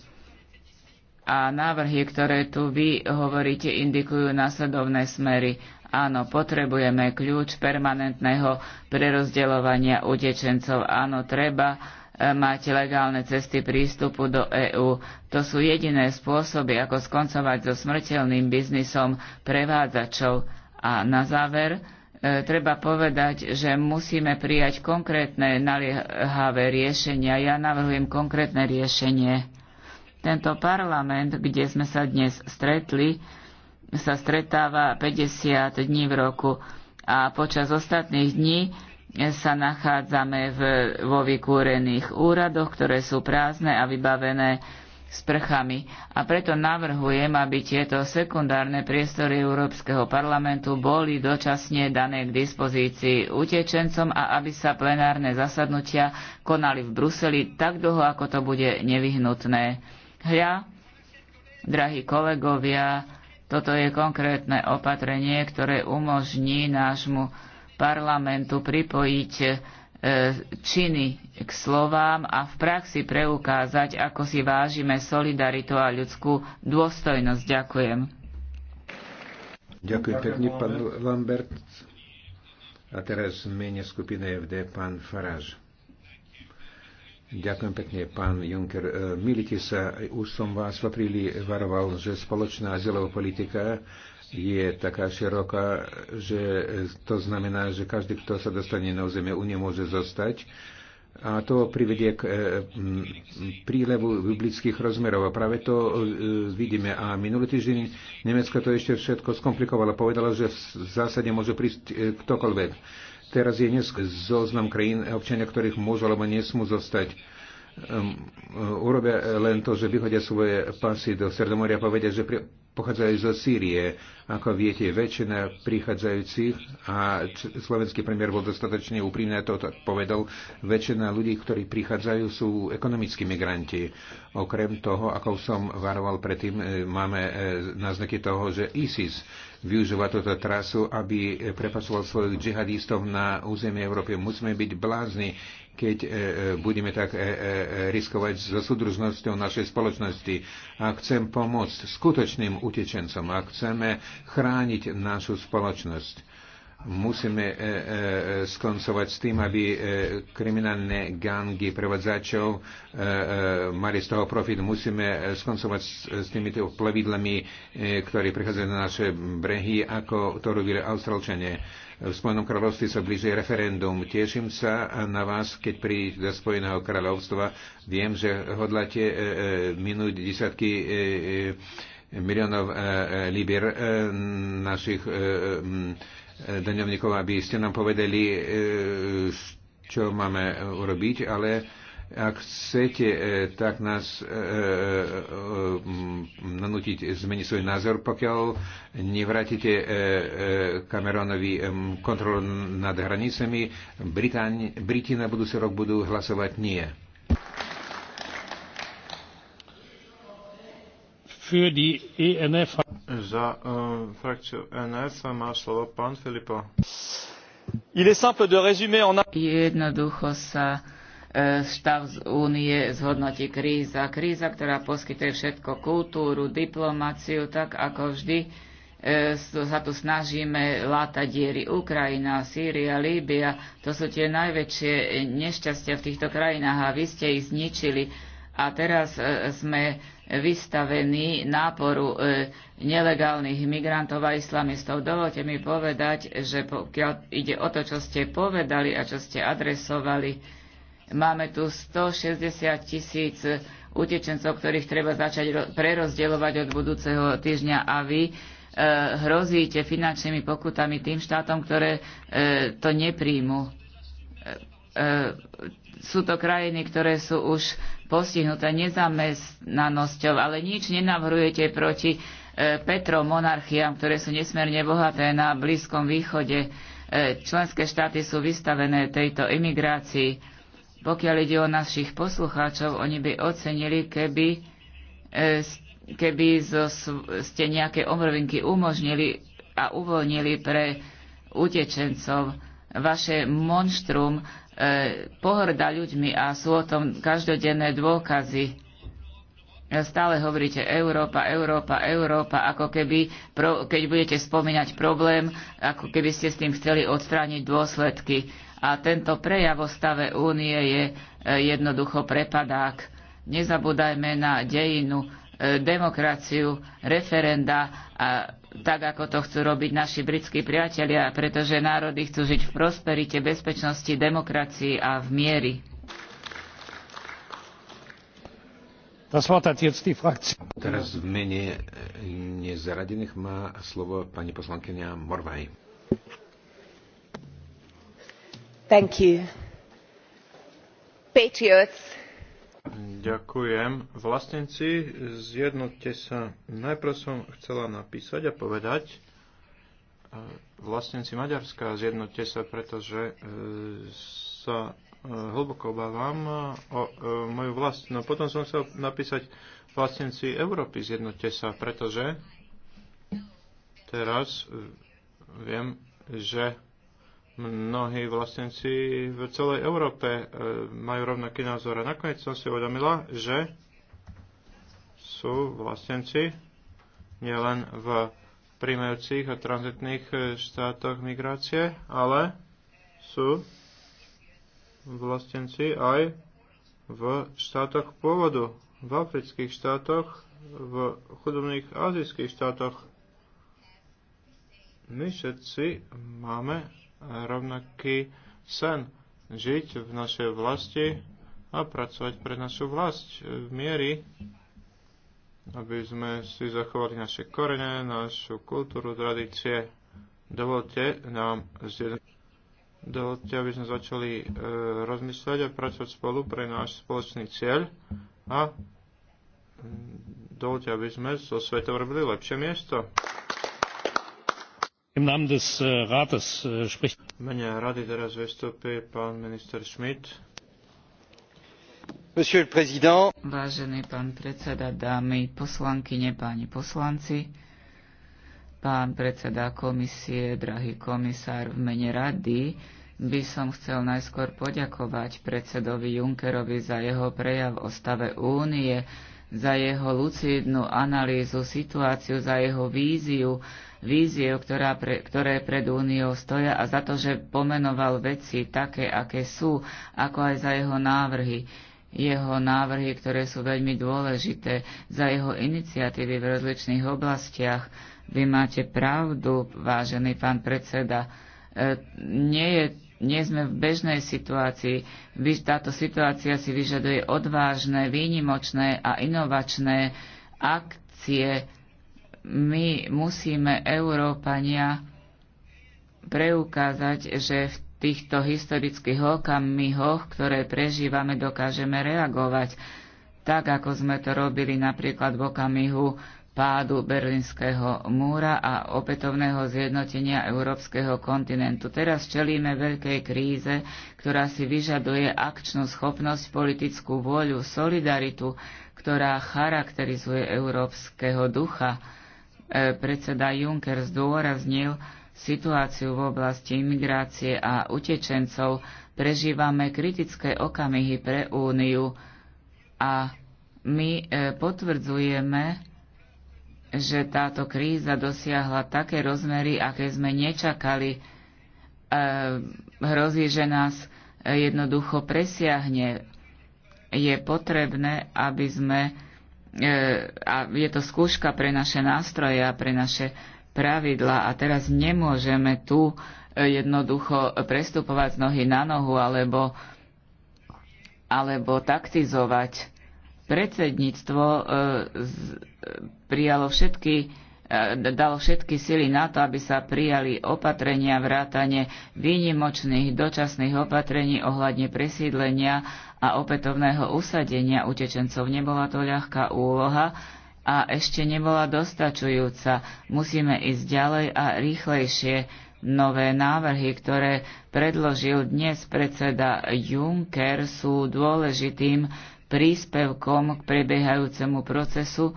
A návrhy, ktoré tu vy hovoríte, indikujú následovné smery. Áno, potrebujeme kľúč permanentného prerozdeľovania utečencov. Áno, treba mať legálne cesty prístupu do EÚ. To sú jediné spôsoby, ako skoncovať so smrteľným biznisom prevádzačov. A na záver, e, treba povedať, že musíme prijať konkrétne naliehavé riešenia. Ja navrhujem konkrétne riešenie. Tento parlament, kde sme sa dnes stretli, sa stretáva 50 dní v roku a počas ostatných dní sa nachádzame v, vo vykúrených úradoch, ktoré sú prázdne a vybavené sprchami. A preto navrhujem, aby tieto sekundárne priestory Európskeho parlamentu boli dočasne dané k dispozícii utečencom a aby sa plenárne zasadnutia konali v Bruseli tak dlho, ako to bude nevyhnutné. Hľa, drahí kolegovia, toto je konkrétne opatrenie, ktoré umožní nášmu parlamentu pripojiť e, činy k slovám a v praxi preukázať, ako si vážime solidaritu a ľudskú dôstojnosť. Ďakujem. Ďakujem pekne, pán Lambert. A teraz v mene skupiny FD pán Faráž. Ďakujem pekne, pán Juncker. E, milite sa, už som vás v apríli varoval, že spoločná azylová politika je taká široká, že to znamená, že každý, kto sa dostane na územie Unie, môže zostať. A to privedie k e, prílevu biblických rozmerov. A práve to e, vidíme. A minulý týždeň Nemecko to ešte všetko skomplikovalo. Povedalo, že v zásade môže prísť e, ktokoľvek. Teraz je dnes zoznam krajín občania, ktorých môžu alebo nesmú zostať Ehm, eh, urobia eh, len to, že vyhodia svoje pasy do Sredomoria a povedia, že pochádzajú zo Sýrie. Ako viete, väčšina prichádzajúcich, a slovenský premiér bol dostatočne úprimný to povedal, väčšina ľudí, ktorí prichádzajú, sú ekonomickí migranti. Okrem toho, ako som varoval predtým, eh, máme náznaky toho, že ISIS využíva túto trasu, aby prepasoval svojich džihadistov na územie Európy. Musíme byť blázni, keď e, e, budeme tak e, e, e riskovať so súdružnosťou našej spoločnosti. A chcem pomôcť skutočným utečencom a chceme chrániť našu spoločnosť musíme e, e, skoncovať s tým, aby e, kriminálne gangy prevádzačov e, e, mali z toho profit. Musíme e, skoncovať s s tými plavidlami, e, ktorí prichádzajú na naše brehy, ako to robili Austrálčania v Spojenom kráľovstve sa blíži referendum. Teším sa na vás, keď prídete do Spojeného kráľovstva. Viem, že hodláte e, e, minúť desiatky e, miliónov libier našich daňovníkov, aby ste nám povedali, čo máme urobiť, ale ak chcete, e, tak nás e, e, nanútiť zmeniť svoj názor, pokiaľ nevrátite Cameronovi kontrolu nad hranicami. Briti na budúci rok budú hlasovať nie. Za frakciu ENF má slovo pán Filipo. Il est simple de résumer en... Jednoducho sa štáv z únie zhodnotí kríza. Kríza, ktorá poskytuje všetko kultúru, diplomáciu, tak ako vždy e, sa tu snažíme látať diery Ukrajina, Sýria, Líbia. To sú tie najväčšie nešťastia v týchto krajinách a vy ste ich zničili. A teraz e, sme vystavení náporu e, nelegálnych migrantov a islamistov. Dovolte mi povedať, že pokiaľ ide o to, čo ste povedali a čo ste adresovali, Máme tu 160 tisíc utečencov, ktorých treba začať prerozdeľovať od budúceho týždňa a vy e, hrozíte finančnými pokutami tým štátom, ktoré e, to nepríjmu. E, e sú to krajiny, ktoré sú už postihnuté nezamestnanosťou, ale nič nenavrujete proti e, Petro monarchiám, ktoré sú nesmierne bohaté na Blízkom východe. E, členské štáty sú vystavené tejto imigrácii pokiaľ ide o našich poslucháčov, oni by ocenili, keby, e, keby zo, ste nejaké omrvinky umožnili a uvoľnili pre utečencov. Vaše monštrum e, pohrda ľuďmi a sú o tom každodenné dôkazy. Stále hovoríte Európa, Európa, Európa, ako keby, keď budete spomínať problém, ako keby ste s tým chceli odstrániť dôsledky a tento prejav o stave únie je e, jednoducho prepadák. Nezabúdajme na dejinu, e, demokraciu, referenda a tak, ako to chcú robiť naši britskí priatelia, pretože národy chcú žiť v prosperite, bezpečnosti, demokracii a v miery. Teraz v mene nezaradených má slovo pani poslankyňa Morvaj. Ďakujem. Vlastníci, sa. Najprv som chcela napísať a povedať, e, vlastníci Maďarska, zjednoťte sa, pretože e, sa e, hlboko obávam o moju vlast. No potom som chcel napísať vlastníci Európy, zjednoťte sa, pretože teraz viem, že mnohí vlastníci v celej Európe e, majú rovnaký názor. A nakoniec som si uvedomila, že sú vlastníci nielen v príjmajúcich a tranzitných e, štátoch migrácie, ale sú vlastníci aj v štátoch pôvodu, v afrických štátoch, v chudobných azijských štátoch. My všetci máme rovnaký sen. Žiť v našej vlasti a pracovať pre našu vlast v miery, aby sme si zachovali naše korene, našu kultúru, tradície. Dovolte nám zjednotiť Dovolte, aby sme začali e, rozmýšľať a pracovať spolu pre náš spoločný cieľ a mm, dovolte, aby sme so svetom robili lepšie miesto. Im Namen des äh, Rates äh, spricht. Mene rady Monsieur le Président. Vážený pán predseda, dámy poslankyne, páni poslanci, pán predseda komisie, drahý komisár v mene rady, by som chcel najskôr poďakovať predsedovi Junckerovi za jeho prejav o stave únie, za jeho lucidnú analýzu situáciu, za jeho víziu víziev, ktorá pre, ktoré pred úniou stoja a za to, že pomenoval veci také, aké sú, ako aj za jeho návrhy. Jeho návrhy, ktoré sú veľmi dôležité, za jeho iniciatívy v rozličných oblastiach. Vy máte pravdu, vážený pán predseda. E, nie je nie sme v bežnej situácii. Táto situácia si vyžaduje odvážne, výnimočné a inovačné akcie my musíme Európania preukázať, že v týchto historických okamihoch, ktoré prežívame, dokážeme reagovať, tak ako sme to robili napríklad v okamihu pádu Berlínskeho múra a opätovného zjednotenia európskeho kontinentu. Teraz čelíme veľkej kríze, ktorá si vyžaduje akčnú schopnosť, politickú vôľu, solidaritu, ktorá charakterizuje európskeho ducha. E, predseda Juncker zdôraznil situáciu v oblasti imigrácie a utečencov, prežívame kritické okamihy pre Úniu a my e, potvrdzujeme, že táto kríza dosiahla také rozmery, aké sme nečakali. E, hrozí, že nás jednoducho presiahne. Je potrebné, aby sme E, a je to skúška pre naše nástroje a pre naše pravidla a teraz nemôžeme tu e, jednoducho prestupovať z nohy na nohu alebo, alebo taktizovať. Predsedníctvo e, prijalo všetky dalo všetky sily na to, aby sa prijali opatrenia vrátane výnimočných dočasných opatrení ohľadne presídlenia a opätovného usadenia utečencov. Nebola to ľahká úloha a ešte nebola dostačujúca. Musíme ísť ďalej a rýchlejšie. Nové návrhy, ktoré predložil dnes predseda Juncker, sú dôležitým príspevkom k prebiehajúcemu procesu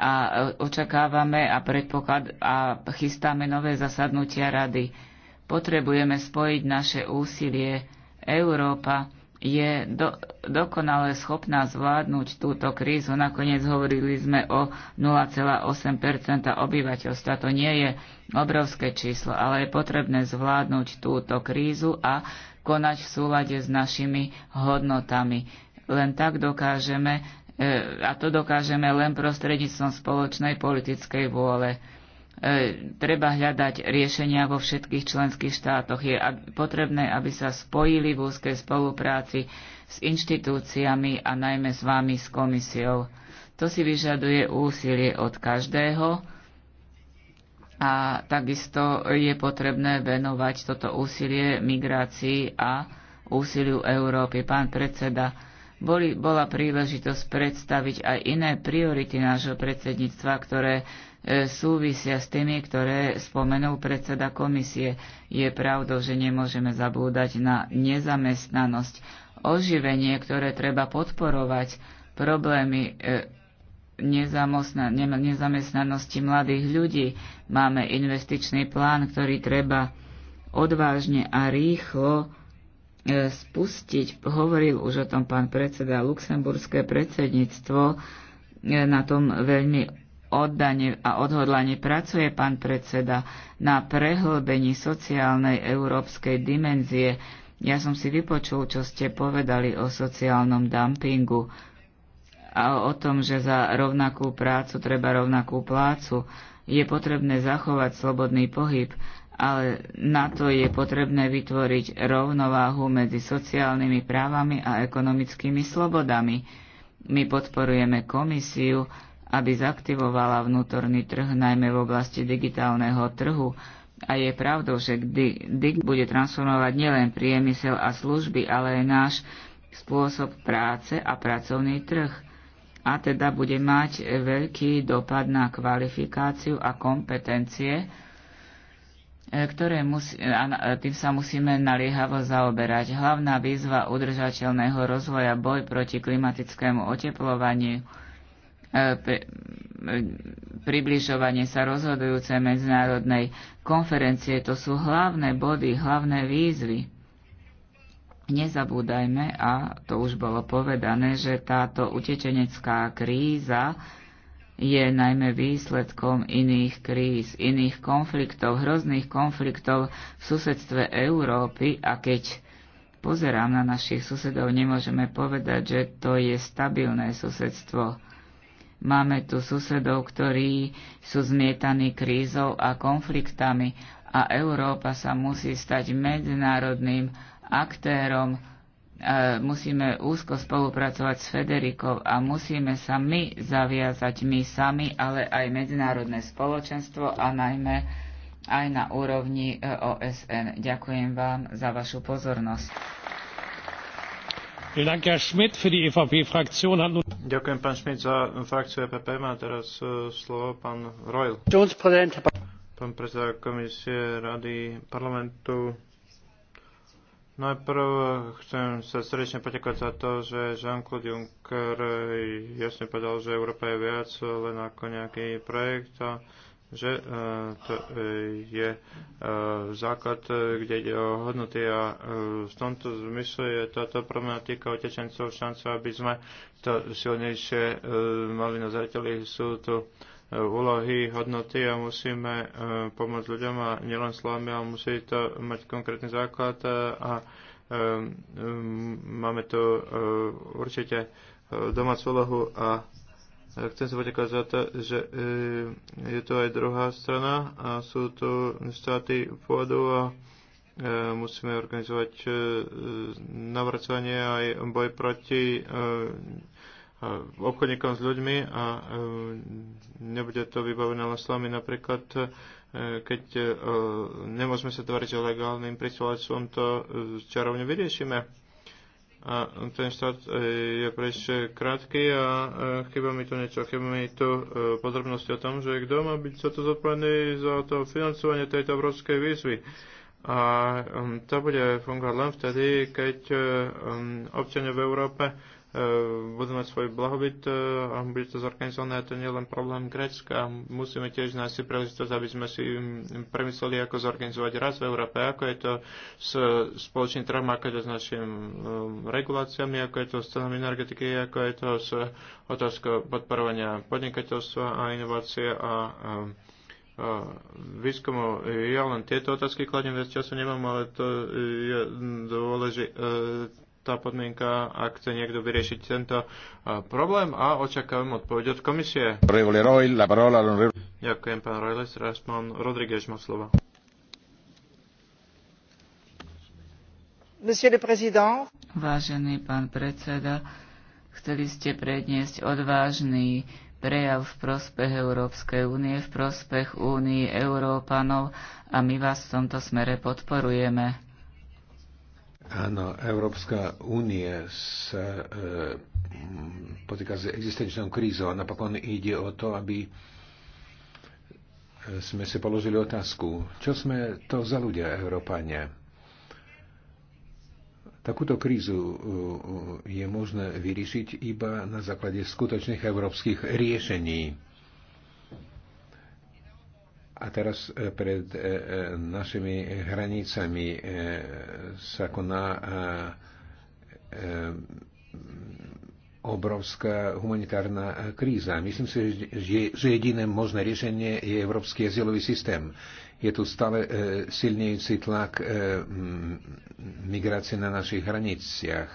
a e, očakávame a, predpoklad, a chystáme nové zasadnutia rady. Potrebujeme spojiť naše úsilie. Európa je do, dokonale schopná zvládnuť túto krízu. Nakoniec hovorili sme o 0,8 obyvateľstva. To nie je obrovské číslo, ale je potrebné zvládnuť túto krízu a konať v súlade s našimi hodnotami. Len tak dokážeme, e, a to dokážeme len prostredníctvom spoločnej politickej vôle treba hľadať riešenia vo všetkých členských štátoch. Je potrebné, aby sa spojili v úzkej spolupráci s inštitúciami a najmä s vami, s komisiou. To si vyžaduje úsilie od každého a takisto je potrebné venovať toto úsilie migrácii a úsiliu Európy. Pán predseda, boli, bola príležitosť predstaviť aj iné priority nášho predsedníctva, ktoré E, súvisia s tými, ktoré spomenul predseda komisie. Je pravdou, že nemôžeme zabúdať na nezamestnanosť, oživenie, ktoré treba podporovať, problémy e, nezamestnanosti mladých ľudí. Máme investičný plán, ktorý treba odvážne a rýchlo e, spustiť. Hovoril už o tom pán predseda, luxemburské predsedníctvo na tom veľmi oddane a odhodlane pracuje pán predseda na prehlbení sociálnej európskej dimenzie. Ja som si vypočul, čo ste povedali o sociálnom dumpingu a o tom, že za rovnakú prácu treba rovnakú plácu. Je potrebné zachovať slobodný pohyb, ale na to je potrebné vytvoriť rovnováhu medzi sociálnymi právami a ekonomickými slobodami. My podporujeme komisiu, aby zaktivovala vnútorný trh, najmä v oblasti digitálneho trhu. A je pravdou, že DIG bude transformovať nielen priemysel a služby, ale aj náš spôsob práce a pracovný trh. A teda bude mať veľký dopad na kvalifikáciu a kompetencie, ktoré musí, a tým sa musíme naliehavo zaoberať. Hlavná výzva udržateľného rozvoja boj proti klimatickému oteplovaniu približovanie sa rozhodujúcej medzinárodnej konferencie. To sú hlavné body, hlavné výzvy. Nezabúdajme, a to už bolo povedané, že táto utečenecká kríza je najmä výsledkom iných kríz, iných konfliktov, hrozných konfliktov v susedstve Európy a keď pozerám na našich susedov, nemôžeme povedať, že to je stabilné susedstvo Máme tu susedov, ktorí sú zmietaní krízou a konfliktami a Európa sa musí stať medzinárodným aktérom. E, musíme úzko spolupracovať s Federikou a musíme sa my zaviazať, my sami, ale aj medzinárodné spoločenstvo a najmä aj na úrovni e, OSN. Ďakujem vám za vašu pozornosť. E Ďakujem, pán Schmidt, za frakciu EPP. Má teraz e, slovo pán Royal. Pán predseda komisie rady parlamentu. Najprv chcem sa srdečne poďakovať za to, že Jean-Claude Juncker jasne povedal, že Európa je viac len ako nejaký projekt a že e, to e, je e, základ, kde ide o hodnoty a v tomto zmysle je táto problematika otečencov šanca, aby sme to silnejšie mali na zreteli. Sú tu úlohy, hodnoty a musíme pomôcť ľuďom a nielen slovami, ale musí to mať konkrétny základ a máme tu určite domácu úlohu a Chcem sa poďakovať za to, že e, je to aj druhá strana a sú tu štáty pôdov a e, musíme organizovať e, navracovanie aj boj proti obchodníkom s ľuďmi a nebude to vybavené slami napríklad keď nemôžeme sa tvariť, legálnym prisúvačstvom to čarovne vyriešime a ten štát e, je preč krátky a e, chyba mi tu niečo, chyba mi tu e, podrobnosti o tom, že kto má byť toto zodpovedný za to financovanie tejto obrovskej výzvy. A to bude fungovať len vtedy, keď občania v Európe Eh, budú mať svoj blahobyt eh, a bude to zorganizované. A to nie je len problém Grécka. Musíme tiež nájsť si príležitosť, aby sme si mm, premysleli, ako zorganizovať raz v Európe, ako je to s spoločným trhom, ako je to s našimi mm, reguláciami, ako je to s cenami energetiky, ako je to s otázkou podporovania podnikateľstva a inovácie a výskumu. Ja len tieto otázky kladiem, veď času nemám, ale to je dôležité eh, tá podmienka, ak chce niekto vyriešiť tento problém a očakávam odpoveď od komisie. Ďakujem, pán Rojles. Raz pán Rodríguez má slovo. Vážený pán predseda, chceli ste predniesť odvážny prejav v prospech Európskej únie, v prospech únii Európanov a my vás v tomto smere podporujeme. Áno, Európska únie sa e, potýka s existenčnou krízou a napokon ide o to, aby e, sme si položili otázku, čo sme to za ľudia, Európania. Takúto krízu e, e, je možné vyriešiť iba na základe skutočných európskych riešení a teraz e, pred e, e, našimi hranicami sa koná obrovská humanitárna kríza. Myslím si, že jediné možné riešenie je európsky azylový systém. Je tu stále silnejúci tlak migrácie na našich hraniciach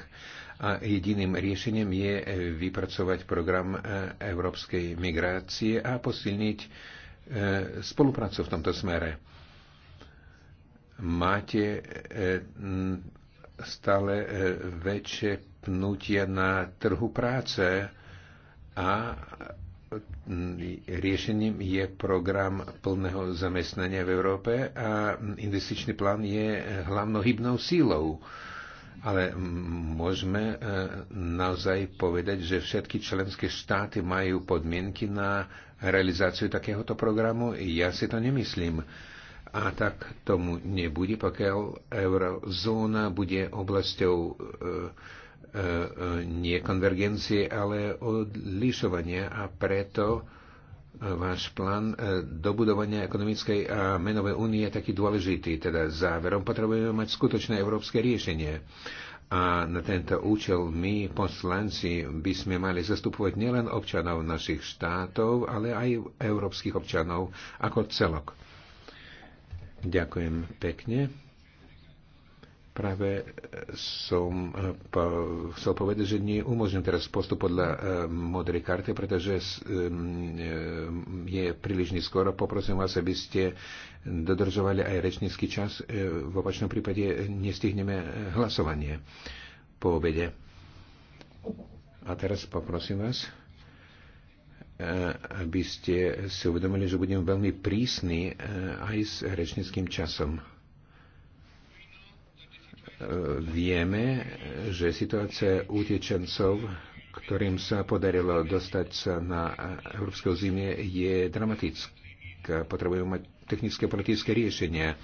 a jediným riešením je vypracovať program európskej migrácie a posilniť E, spoluprácu v tomto smere. Máte e, stále e, väčšie pnutie na trhu práce a riešením je program plného zamestnania v Európe a investičný plán je hlavnou hybnou sílou ale môžeme e, naozaj povedať, že všetky členské štáty majú podmienky na realizáciu takéhoto programu? Ja si to nemyslím. A tak tomu nebude, pokiaľ eurozóna bude oblasťou e, e, e nie konvergencie, ale odlišovania a preto váš plán e, dobudovania ekonomickej a menovej únie je taký dôležitý. Teda záverom potrebujeme mať skutočné európske riešenie. A na tento účel my, poslanci, by sme mali zastupovať nielen občanov našich štátov, ale aj európskych občanov ako celok. Ďakujem pekne. Práve som eh, chcel povedať, že nie umožňujem teraz postup podľa eh, modrej karty, pretože eh, je príliš neskoro. Poprosím vás, aby ste dodržovali aj rečnícky čas. V opačnom prípade nestihneme hlasovanie po obede. A teraz poprosím vás, aby ste si uvedomili, že budem veľmi prísny aj s rečnickým časom vieme, že situácia utečencov, ktorým sa podarilo dostať sa na európske územie, je dramatická. Potrebujeme mať technické a politické riešenia.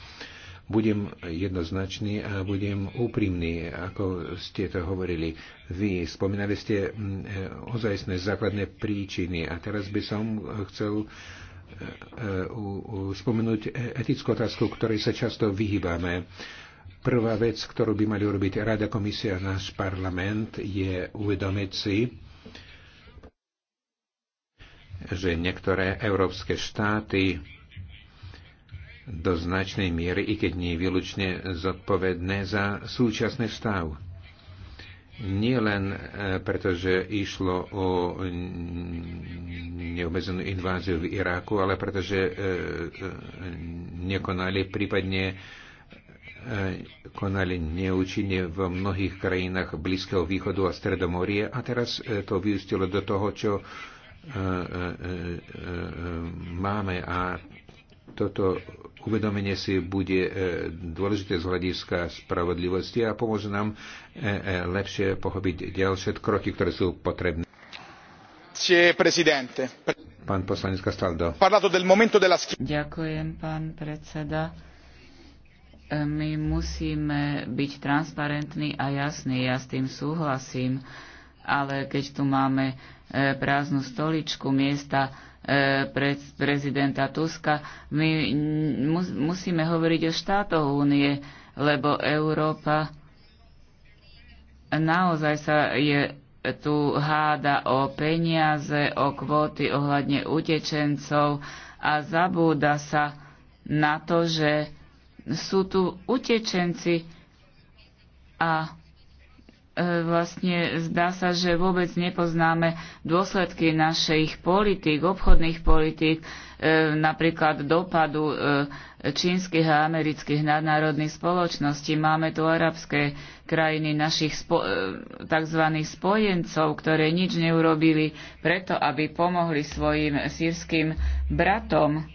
Budem jednoznačný a budem úprimný, ako ste to hovorili. Vy spomínali ste mm, ozajstné základné príčiny a teraz by som chcel e, e, spomenúť e, etickú otázku, ktorej sa často vyhýbame Prvá vec, ktorú by mali urobiť Rada, Komisia a náš parlament, je uvedomiť si, že niektoré európske štáty do značnej miery, i keď nie výlučne, zodpovedné za súčasný stav. Nie len e, preto, že išlo o neobezenú inváziu v Iraku, ale pretože e, e, nekonali, prípadne E, konali neúčinne v mnohých krajinách Blízkeho východu a Stredomorie a teraz e, to vyústilo do toho, čo e, máme a toto uvedomenie si bude dôležité z hľadiska spravodlivosti a pomôže nám lepšie pochopiť ďalšie kroky, ktoré sú potrebné. Pán poslanec Castaldo. Ďakujem, pán predseda my musíme byť transparentní a jasní, ja s tým súhlasím, ale keď tu máme e, prázdnu stoličku miesta e, prezidenta Tuska, my musíme hovoriť o štátoch únie, lebo Európa naozaj sa je tu háda o peniaze, o kvóty ohľadne utečencov a zabúda sa na to, že sú tu utečenci a e, vlastne zdá sa, že vôbec nepoznáme dôsledky našich politík, obchodných politík, e, napríklad dopadu e, čínskych a amerických nadnárodných spoločností. Máme tu arabské krajiny našich spo, tzv. spojencov, ktoré nič neurobili preto, aby pomohli svojim sírským bratom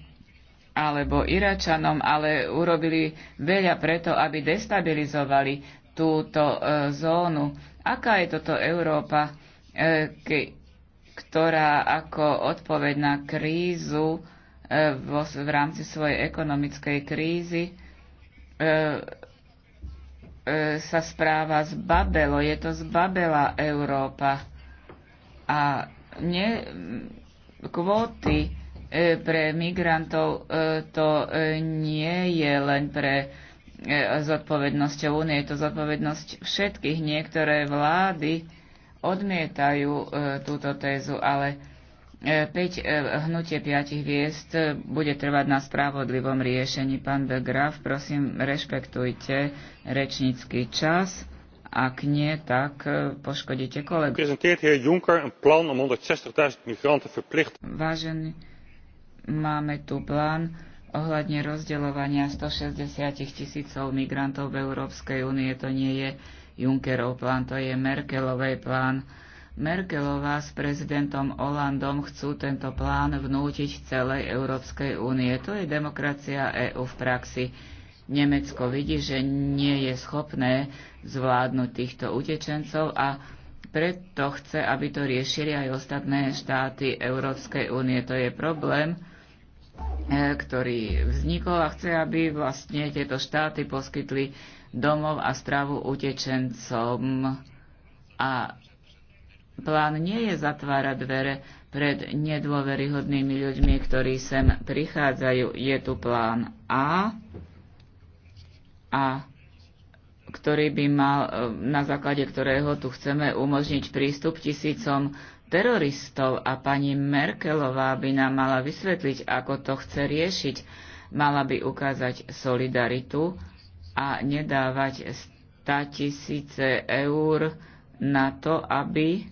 alebo Iračanom, ale urobili veľa preto, aby destabilizovali túto e, zónu. Aká je toto Európa, e, ke, ktorá ako odpoveď na krízu e, vo, v rámci svojej ekonomickej krízy e, e, sa správa z Babelo, je to z Babela Európa. A ne, kvóty E, pre migrantov e, to e, nie je len pre zodpovednosťou únie, je to zodpovednosť všetkých. Niektoré vlády odmietajú túto tézu, ale 5, hnutie piatich hviezd bude trvať na spravodlivom riešení. Pán Begraf, prosím, rešpektujte rečnícky čas. Ak nie, tak poškodíte kolegu. Vážený Máme tu plán ohľadne rozdeľovania 160 tisícov migrantov v Európskej únie. To nie je Junckerov plán, to je Merkelovej plán. Merkelová s prezidentom Hollandom chcú tento plán vnútiť celej Európskej únie. To je demokracia EÚ v praxi. Nemecko vidí, že nie je schopné zvládnuť týchto utečencov a preto chce, aby to riešili aj ostatné štáty Európskej únie. To je problém, E, ktorý vznikol a chce, aby vlastne tieto štáty poskytli domov a stravu utečencom. A plán nie je zatvárať dvere pred nedôveryhodnými ľuďmi, ktorí sem prichádzajú. Je tu plán A, a ktorý by mal, e, na základe ktorého tu chceme umožniť prístup tisícom teroristov a pani Merkelová by nám mala vysvetliť, ako to chce riešiť. Mala by ukázať solidaritu a nedávať 100 tisíce eur na to, aby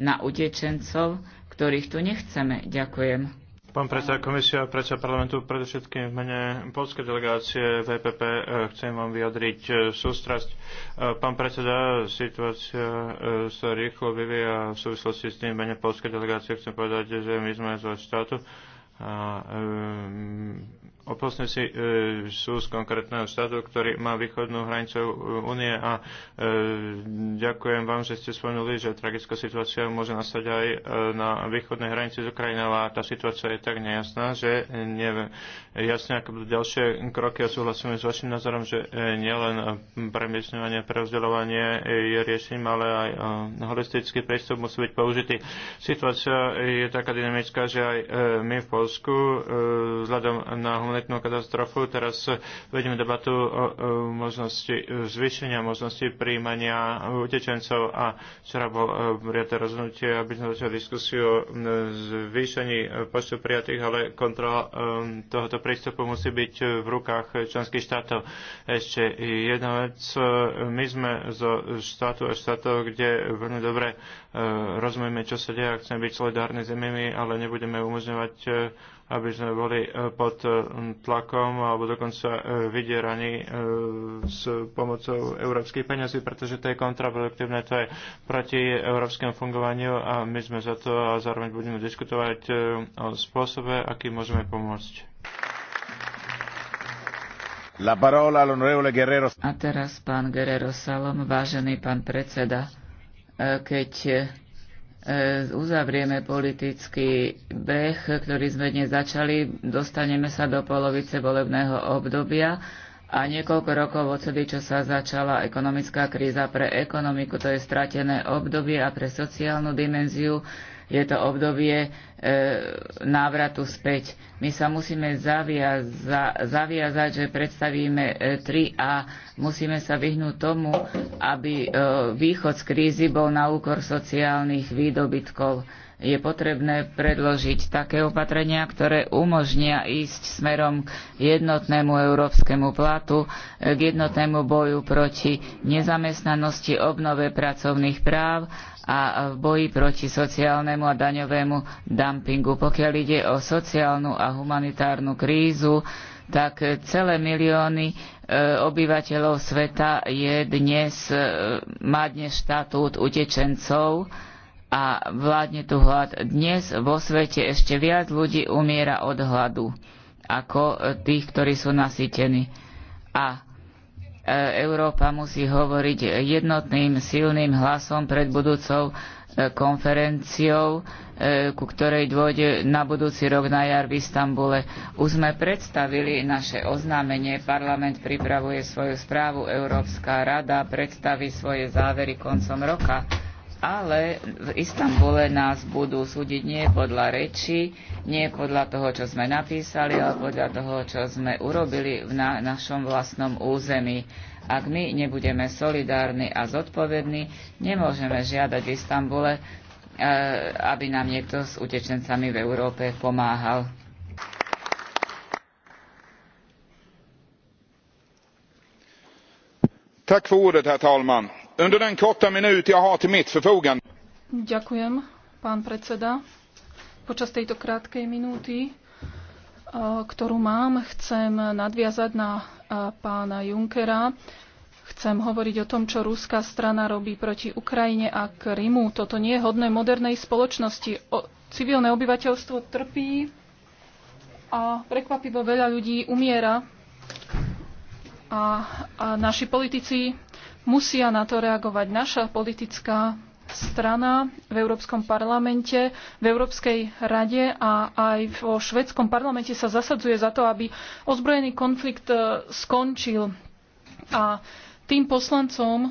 na utečencov, ktorých tu nechceme. Ďakujem. Pán predseda komisia, predseda parlamentu, predovšetkým v mene polskej delegácie VPP eh, chcem vám vyjadriť eh, sústrasť. Eh, pán predseda, situácia sa rýchlo vyvíja v súvislosti s tým v mene polskej delegácie. Chcem povedať, že my sme zo štátu a Oposníci e, sú z konkrétneho štátu, ktorý má východnú hranicu únie e, a e, ďakujem vám, že ste spomenuli, že tragická situácia môže nastať aj e, na východnej hranici z Ukrajiny, ale tá situácia je tak nejasná, že neviem jasne, ako budú ďalšie kroky a súhlasím s vašim názorom, že e, nielen premiesňovanie, prerozdeľovanie je riešením, ale aj e, holistický prístup musí byť použitý. Situácia je taká dynamická, že aj e, my v Polsku e, vzhľadom na letnú katastrofu. Teraz eh, vedeme debatu o možnosti eh, zvýšenia, možnosti príjmania utečencov a včera bol eh, prijaté rozhodnutie, aby sme začali diskusiu o zvýšení počtu prijatých, ale kontrola tohoto prístupu musí byť v rukách členských štátov. Ešte jedna vec, my sme zo štátu a štátov, kde veľmi dobre rozumieme, čo sa deje a chceme byť solidárni s inými, ale nebudeme umožňovať aby sme boli e, pod e, tlakom alebo dokonca e, vydieraní s pomocou európskej peniazy, pretože to je kontraproduktívne, to je proti európskemu fungovaniu a my sme za to a zároveň budeme diskutovať o spôsobe, aký môžeme pomôcť. La parola all'onorevole Guerrero. A teraz pán Guerrero Salom, vážený pán predseda, keď E, uzavrieme politický beh, ktorý sme dnes začali, dostaneme sa do polovice volebného obdobia a niekoľko rokov odsedy, čo sa začala ekonomická kríza pre ekonomiku, to je stratené obdobie a pre sociálnu dimenziu je to obdobie e, návratu späť. My sa musíme zaviaza, zaviazať, že predstavíme e, 3A. Musíme sa vyhnúť tomu, aby e, východ z krízy bol na úkor sociálnych výdobytkov. Je potrebné predložiť také opatrenia, ktoré umožnia ísť smerom k jednotnému európskemu platu, e, k jednotnému boju proti nezamestnanosti, obnove pracovných práv a v boji proti sociálnemu a daňovému dumpingu. Pokiaľ ide o sociálnu a humanitárnu krízu, tak celé milióny e, obyvateľov sveta je dnes, e, má dnes štatút utečencov a vládne tu hlad. Dnes vo svete ešte viac ľudí umiera od hladu ako tých, ktorí sú nasýtení. A E, Európa musí hovoriť jednotným, silným hlasom pred budúcou e, konferenciou, e, ku ktorej dôjde na budúci rok na jar v Istambule. Už sme predstavili naše oznámenie, parlament pripravuje svoju správu, Európska rada predstaví svoje závery koncom roka ale v Istambule nás budú súdiť nie podľa reči, nie podľa toho, čo sme napísali, ale podľa toho, čo sme urobili v na- našom vlastnom území. Ak my nebudeme solidárni a zodpovední, nemôžeme žiadať v Istambule, e, aby nám niekto s utečencami v Európe pomáhal. Tak for ordet, herr talman. Ďakujem, pán predseda. Počas tejto krátkej minúty, eh, ktorú mám, chcem nadviazať na eh, pána Junckera. Chcem hovoriť o tom, čo ruská strana robí proti Ukrajine a Krymu. Toto nie je hodné modernej spoločnosti. O, civilné obyvateľstvo trpí a prekvapivo veľa ľudí umiera. A, a naši politici Musia na to reagovať naša politická strana v Európskom parlamente, v Európskej rade a aj vo švedskom parlamente sa zasadzuje za to, aby ozbrojený konflikt e, skončil. A tým poslancom,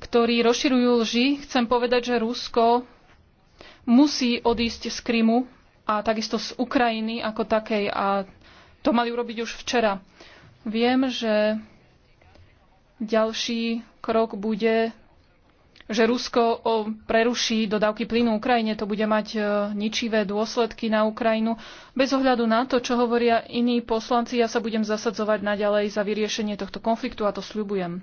ktorí rozširujú lži, chcem povedať, že Rusko musí odísť z Krymu a takisto z Ukrajiny ako takej a to mali urobiť už včera. Viem, že ďalší krok bude, že Rusko preruší dodávky plynu Ukrajine. To bude mať e, ničivé dôsledky na Ukrajinu. Bez ohľadu na to, čo hovoria iní poslanci, ja sa budem zasadzovať naďalej za vyriešenie tohto konfliktu a to sľubujem.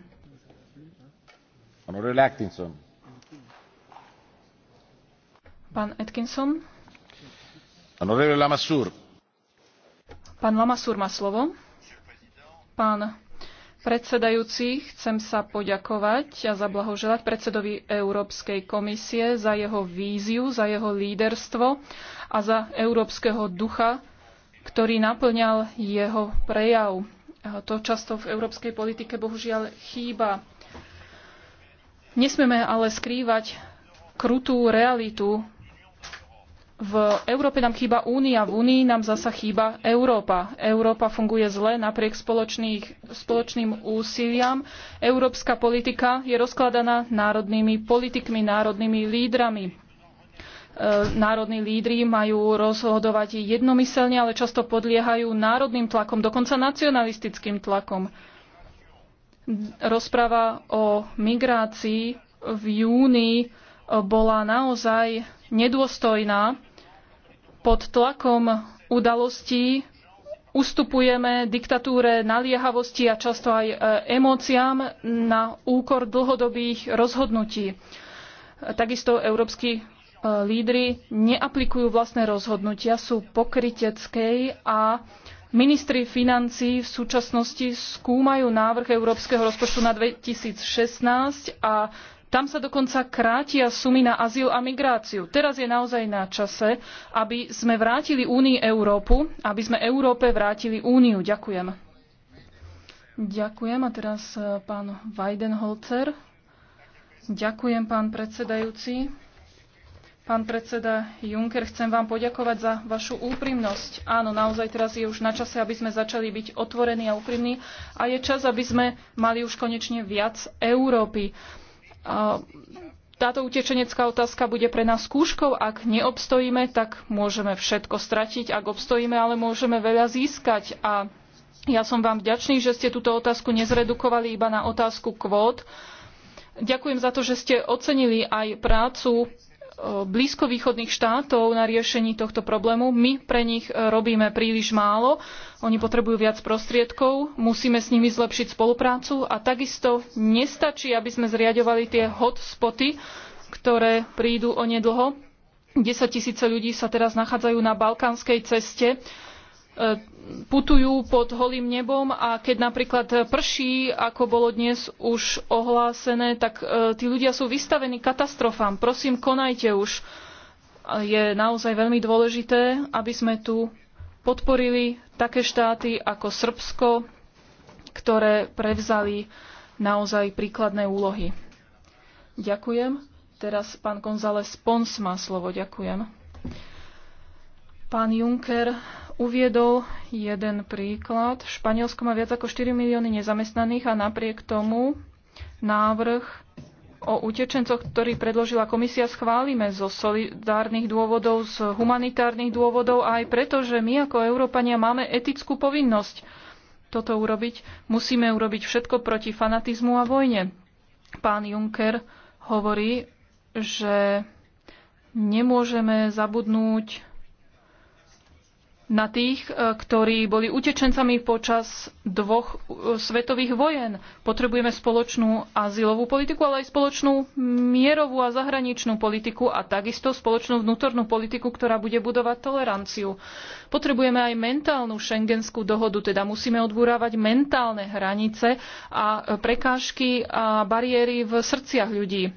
Pán Atkinson. Pán Lamassur má slovo. Pán predsedajúci, chcem sa poďakovať a zablahoželať predsedovi Európskej komisie za jeho víziu, za jeho líderstvo a za európskeho ducha, ktorý naplňal jeho prejav. To často v európskej politike bohužiaľ chýba. Nesmieme ale skrývať krutú realitu v Európe nám chýba únia, v únii nám zasa chýba Európa. Európa funguje zle napriek spoločným úsiliam. Európska politika je rozkladaná národnými politikmi, národnými lídrami. E, národní lídri majú rozhodovať jednomyselne, ale často podliehajú národným tlakom, dokonca nacionalistickým tlakom. Rozprava o migrácii v júni bola naozaj nedôstojná pod tlakom udalostí ustupujeme diktatúre naliehavosti a často aj e, emóciám na úkor dlhodobých rozhodnutí. Takisto európsky e, lídry neaplikujú vlastné rozhodnutia, sú pokryteckej a ministri financií v súčasnosti skúmajú návrh európskeho rozpočtu na 2016 a tam sa dokonca krátia sumy na azyl a migráciu. Teraz je naozaj na čase, aby sme vrátili Únii Európu, aby sme Európe vrátili Úniu. Ďakujem. Ďakujem. A teraz e, pán Weidenholzer. Ďakujem, pán predsedajúci. Pán predseda Juncker, chcem vám poďakovať za vašu úprimnosť. Áno, naozaj teraz je už na čase, aby sme začali byť otvorení a úprimní a je čas, aby sme mali už konečne viac Európy táto utečenecká otázka bude pre nás skúškou. Ak neobstojíme, tak môžeme všetko stratiť. Ak obstojíme, ale môžeme veľa získať. A ja som vám vďačný, že ste túto otázku nezredukovali iba na otázku kvót. Ďakujem za to, že ste ocenili aj prácu E, blízkovýchodných štátov na riešení tohto problému. My pre nich e, robíme príliš málo, oni potrebujú viac prostriedkov, musíme s nimi zlepšiť spoluprácu a takisto nestačí, aby sme zriadovali tie hotspoty, ktoré prídu onedlho. 10 tisíce ľudí sa teraz nachádzajú na balkánskej ceste E, putujú pod holým nebom a keď napríklad prší, ako bolo dnes už ohlásené, tak e, tí ľudia sú vystavení katastrofám. Prosím, konajte už. Je naozaj veľmi dôležité, aby sme tu podporili také štáty ako Srbsko, ktoré prevzali naozaj príkladné úlohy. Ďakujem. Teraz pán González Pons má slovo. Ďakujem. Pán Juncker uviedol jeden príklad. Španielsko má viac ako 4 milióny nezamestnaných a napriek tomu návrh o utečencoch, ktorý predložila komisia, schválime zo solidárnych dôvodov, z humanitárnych dôvodov a aj preto, že my ako Európania máme etickú povinnosť toto urobiť. Musíme urobiť všetko proti fanatizmu a vojne. Pán Juncker hovorí, že nemôžeme zabudnúť na tých, e, ktorí boli utečencami počas dvoch e, svetových vojen. Potrebujeme spoločnú azylovú politiku, ale aj spoločnú mierovú a zahraničnú politiku a takisto spoločnú vnútornú politiku, ktorá bude budovať toleranciu. Potrebujeme aj mentálnu šengenskú dohodu, teda musíme odbúravať mentálne hranice a prekážky a bariéry v srdciach ľudí.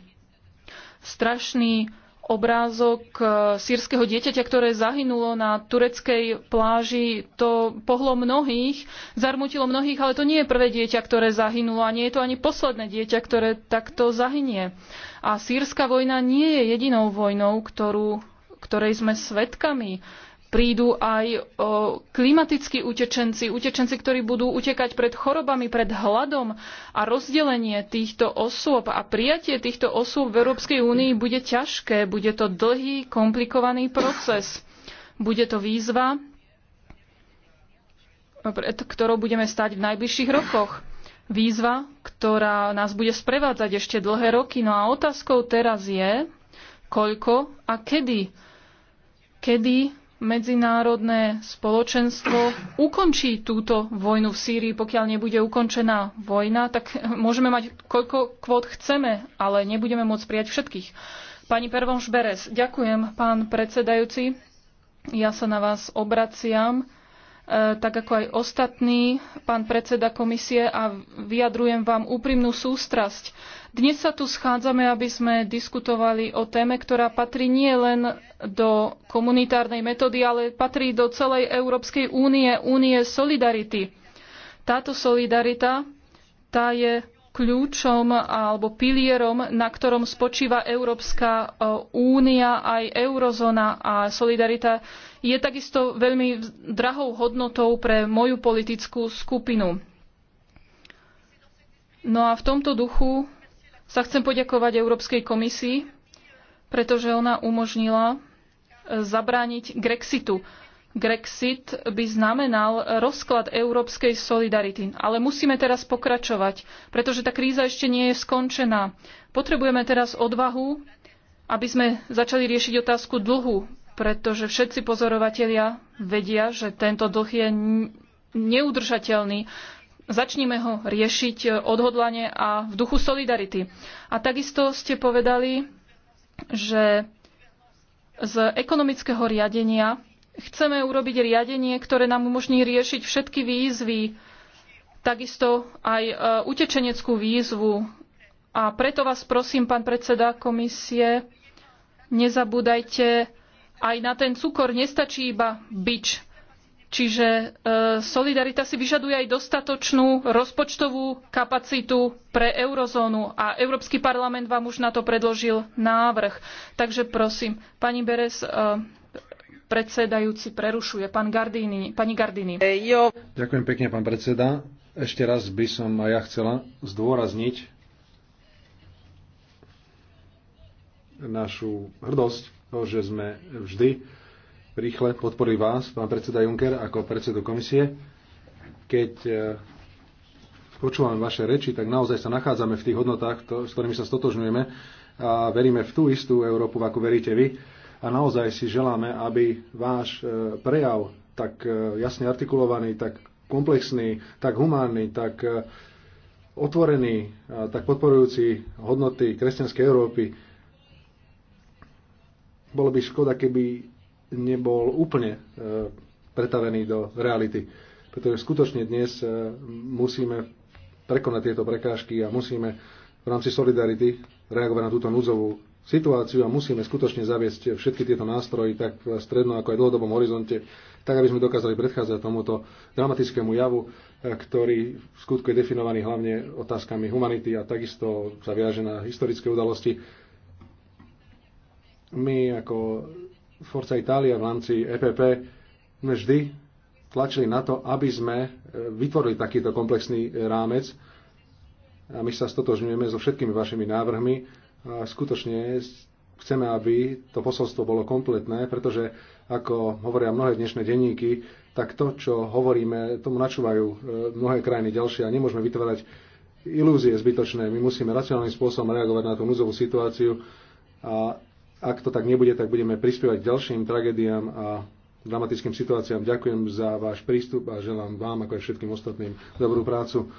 Strašný obrázok e, sírskeho dieťaťa, ktoré zahynulo na tureckej pláži. To pohlo mnohých, zarmutilo mnohých, ale to nie je prvé dieťa, ktoré zahynulo a nie je to ani posledné dieťa, ktoré takto zahynie. A sírska vojna nie je jedinou vojnou, ktorú, ktorej sme svetkami prídu aj o, klimatickí utečenci, utečenci, ktorí budú utekať pred chorobami, pred hladom a rozdelenie týchto osôb a prijatie týchto osôb v Európskej únii bude ťažké, bude to dlhý, komplikovaný proces. Bude to výzva, pred ktorou budeme stať v najbližších rokoch. Výzva, ktorá nás bude sprevádzať ešte dlhé roky. No a otázkou teraz je, koľko a kedy. Kedy medzinárodné spoločenstvo ukončí túto vojnu v Sýrii, pokiaľ nebude ukončená vojna, tak môžeme mať koľko kvót chceme, ale nebudeme môcť prijať všetkých. Pani Pervonš Beres, ďakujem, pán predsedajúci. Ja sa na vás obraciam, e, tak ako aj ostatní, pán predseda komisie, a vyjadrujem vám úprimnú sústrasť dnes sa tu schádzame, aby sme diskutovali o téme, ktorá patrí nie len do komunitárnej metódy, ale patrí do celej Európskej únie, únie solidarity. Táto solidarita, tá je kľúčom alebo pilierom, na ktorom spočíva Európska e, únia, aj eurozóna a solidarita, je takisto veľmi drahou hodnotou pre moju politickú skupinu. No a v tomto duchu sa chcem poďakovať Európskej komisii, pretože ona umožnila e, zabrániť Grexitu. Grexit by znamenal rozklad európskej solidarity. Ale musíme teraz pokračovať, pretože tá kríza ešte nie je skončená. Potrebujeme teraz odvahu, aby sme začali riešiť otázku dlhu, pretože všetci pozorovatelia vedia, že tento dlh je neudržateľný. Začníme ho riešiť e, odhodlane a v duchu solidarity. A takisto ste povedali, že z ekonomického riadenia chceme urobiť riadenie, ktoré nám umožní riešiť všetky výzvy, takisto aj e, utečeneckú výzvu. A preto vás prosím, pán predseda komisie, nezabúdajte aj na ten cukor, nestačí iba bič Čiže e, solidarita si vyžaduje aj dostatočnú rozpočtovú kapacitu pre eurozónu a Európsky parlament vám už na to predložil návrh. Takže prosím, pani Beres, e, predsedajúci prerušuje. Pán Gardini, pani Gardini. E, Ďakujem pekne, pán predseda. Ešte raz by som aj ja chcela zdôrazniť našu hrdosť, to, že sme vždy rýchle podporí vás, pán predseda Juncker, ako predsedu komisie. Keď e, počúvam vaše reči, tak naozaj sa nachádzame v tých hodnotách, to, s ktorými sa stotožňujeme a veríme v tú istú Európu, ako veríte vy. A naozaj si želáme, aby váš e, prejav, tak e, jasne artikulovaný, tak komplexný, tak humánny, tak otvorený, tak podporujúci hodnoty kresťanskej Európy, bolo by škoda, keby nebol úplne e, pretavený do reality. Pretože skutočne dnes e, musíme prekonať tieto prekážky a musíme v rámci solidarity reagovať na túto núdzovú situáciu a musíme skutočne zaviesť všetky tieto nástroje tak v strednom ako aj dlhodobom horizonte, tak aby sme dokázali predchádzať tomuto dramatickému javu, e, ktorý v skutku je definovaný hlavne otázkami humanity a takisto sa viaže na historické udalosti. My ako Forza Italia v rámci EPP sme vždy tlačili na to, aby sme e, vytvorili takýto komplexný e, rámec. A my sa stotožňujeme so všetkými vašimi návrhmi. A skutočne chceme, aby to posolstvo bolo kompletné, pretože, ako hovoria mnohé dnešné denníky, tak to, čo hovoríme, tomu načúvajú e, mnohé krajiny ďalšie a nemôžeme vytvárať ilúzie zbytočné. My musíme racionálnym spôsobom reagovať na tú núzovú situáciu a ak to tak nebude, tak budeme prispievať k ďalším tragédiám a dramatickým situáciám. Ďakujem za váš prístup a želám vám, ako aj všetkým ostatným, dobrú prácu.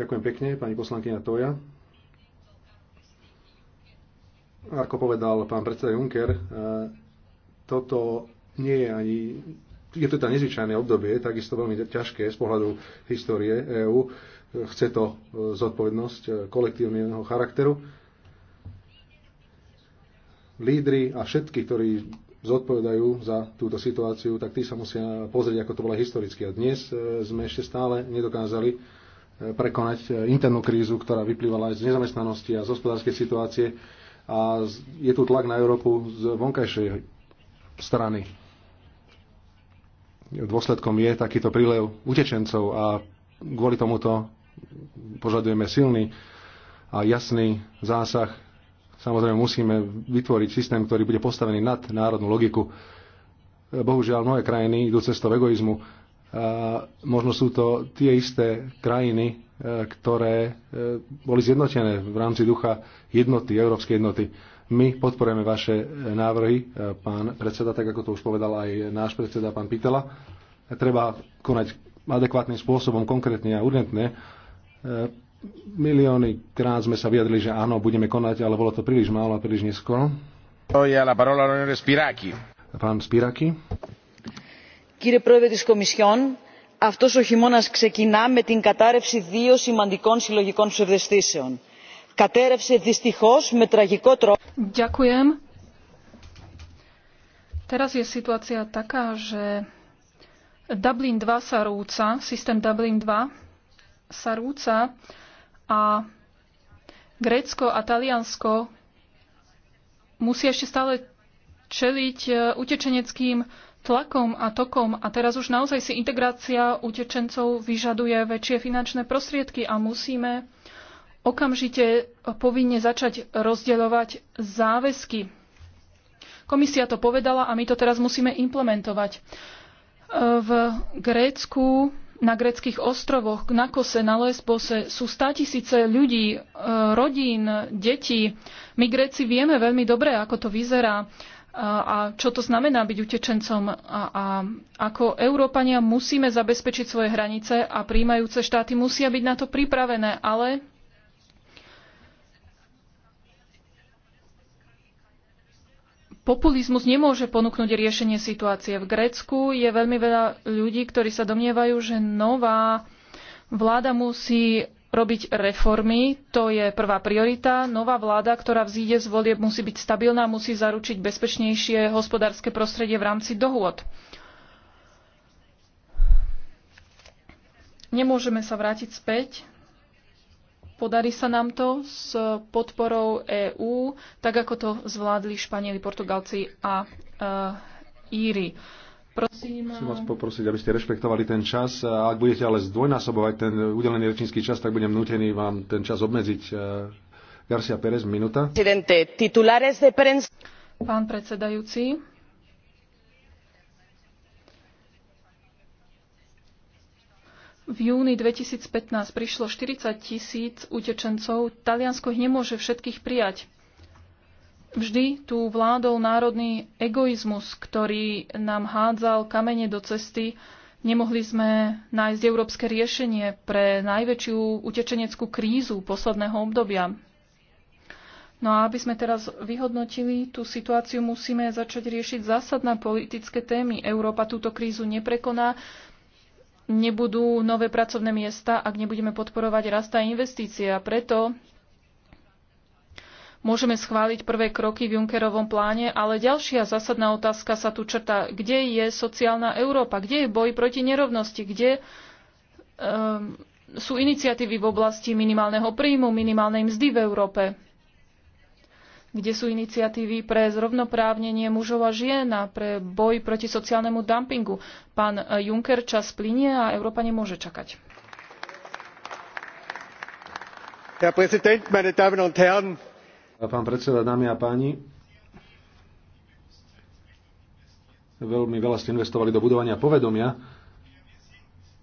Ďakujem pekne, pani poslankyňa Toja. Ako povedal pán predseda Juncker, eh, toto nie je ani je to teda nezvyčajné obdobie, takisto veľmi ťažké z pohľadu histórie EÚ. Chce to eh, zodpovednosť eh, kolektívneho charakteru lídry a všetky, ktorí zodpovedajú za túto situáciu, tak tí sa musia pozrieť, ako to bolo historicky. A dnes e, sme ešte stále nedokázali e, prekonať e, internú krízu, ktorá vyplývala aj z nezamestnanosti a z hospodárskej situácie. A je tu tlak na Európu z vonkajšej strany. Dôsledkom je takýto prílev utečencov a kvôli tomuto požadujeme silný a jasný zásah Samozrejme musíme vytvoriť systém, ktorý bude postavený nad národnú logiku. Bohužiaľ mnohé krajiny idú cestou egoizmu. A možno sú to tie isté krajiny, e, ktoré e, boli zjednotené v rámci ducha jednoty, európskej jednoty. My podporujeme vaše e, návrhy, pán predseda, tak ako to už povedal aj náš predseda, pán Pitela. Treba konať adekvátnym spôsobom, konkrétne a urgentne milióny krát sme sa vyjadrili, že áno, budeme konať, ale bolo to príliš málo a príliš neskoro. To je la parola l'onore Spiraki. Pán Spiraki. Κύριε Πρόεδρε της Κομισιόν, αυτός ο χειμώνας ξεκινά με την κατάρρευση δύο σημαντικών συλλογικών ψευδεστήσεων. Κατέρευσε δυστυχώς με τραγικό τρόπο... Ďakujem. Teraz je situácia taká, že Dublin 2 sa rúca, systém Dublin 2 sa rúca a Grécko a Taliansko musia ešte stále čeliť e, utečeneckým tlakom a tokom a teraz už naozaj si integrácia utečencov vyžaduje väčšie finančné prostriedky a musíme okamžite povinne začať rozdeľovať záväzky. Komisia to povedala a my to teraz musíme implementovať. E, v Grécku na greckých ostrovoch, na Kose, na Lesbose sú státisíce ľudí, e, rodín, detí. My Gréci vieme veľmi dobre, ako to vyzerá e, a čo to znamená byť utečencom. A, a ako Európania musíme zabezpečiť svoje hranice a príjmajúce štáty musia byť na to pripravené, ale Populizmus nemôže ponúknuť riešenie situácie. V Grécku je veľmi veľa ľudí, ktorí sa domnievajú, že nová vláda musí robiť reformy, to je prvá priorita. Nová vláda, ktorá vzíde z volieb, musí byť stabilná, musí zaručiť bezpečnejšie hospodárske prostredie v rámci dohôd. Nemôžeme sa vrátiť späť Podarí sa nám to s podporou EÚ, tak ako to zvládli Španieli, Portugalci a uh, Íri. Prosím. Chcem vás e, poprosiť, aby ste rešpektovali ten čas. E, ak budete ale zdvojnásobovať ten udelený rečnícky čas, tak budem nutený vám ten čas obmedziť. Garcia Pérez, minúta. Pán predsedajúci, V júni 2015 prišlo 40 tisíc utečencov. Taliansko ich nemôže všetkých prijať. Vždy tu vládol národný egoizmus, ktorý nám hádzal kamene do cesty. Nemohli sme nájsť európske riešenie pre najväčšiu utečeneckú krízu posledného obdobia. No a aby sme teraz vyhodnotili tú situáciu, musíme začať riešiť zásadné politické témy. Európa túto krízu neprekoná, nebudú nové pracovné miesta, ak nebudeme podporovať rast a investície. A preto môžeme schváliť prvé kroky v Junckerovom pláne, ale ďalšia zásadná otázka sa tu črta. Kde je sociálna Európa? Kde je boj proti nerovnosti? Kde um, sú iniciatívy v oblasti minimálneho príjmu, minimálnej mzdy v Európe? kde sú iniciatívy pre zrovnoprávnenie mužov a žien a pre boj proti sociálnemu dumpingu. Pán e, Juncker čas plinie a Európa nemôže čakať. Pán predseda, dámy a páni, veľmi veľa ste investovali do budovania povedomia,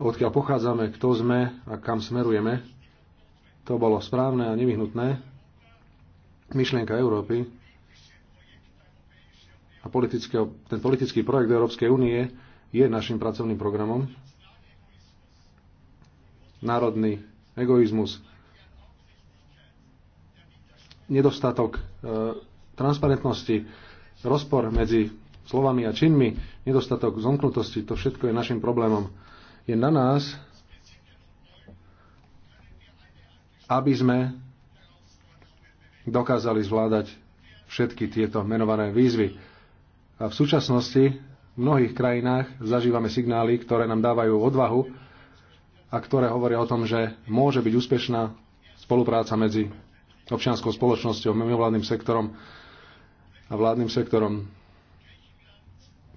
odkiaľ pochádzame, kto sme a kam smerujeme. To bolo správne a nevyhnutné myšlienka Európy a ten politický projekt Európskej únie je našim pracovným programom. Národný egoizmus, nedostatok e, transparentnosti, rozpor medzi slovami a činmi, nedostatok zomknutosti, to všetko je našim problémom. Je na nás, aby sme dokázali zvládať všetky tieto menované výzvy. A v súčasnosti v mnohých krajinách zažívame signály, ktoré nám dávajú odvahu a ktoré hovoria o tom, že môže byť úspešná spolupráca medzi občianskou spoločnosťou, mimovládnym sektorom a vládnym sektorom.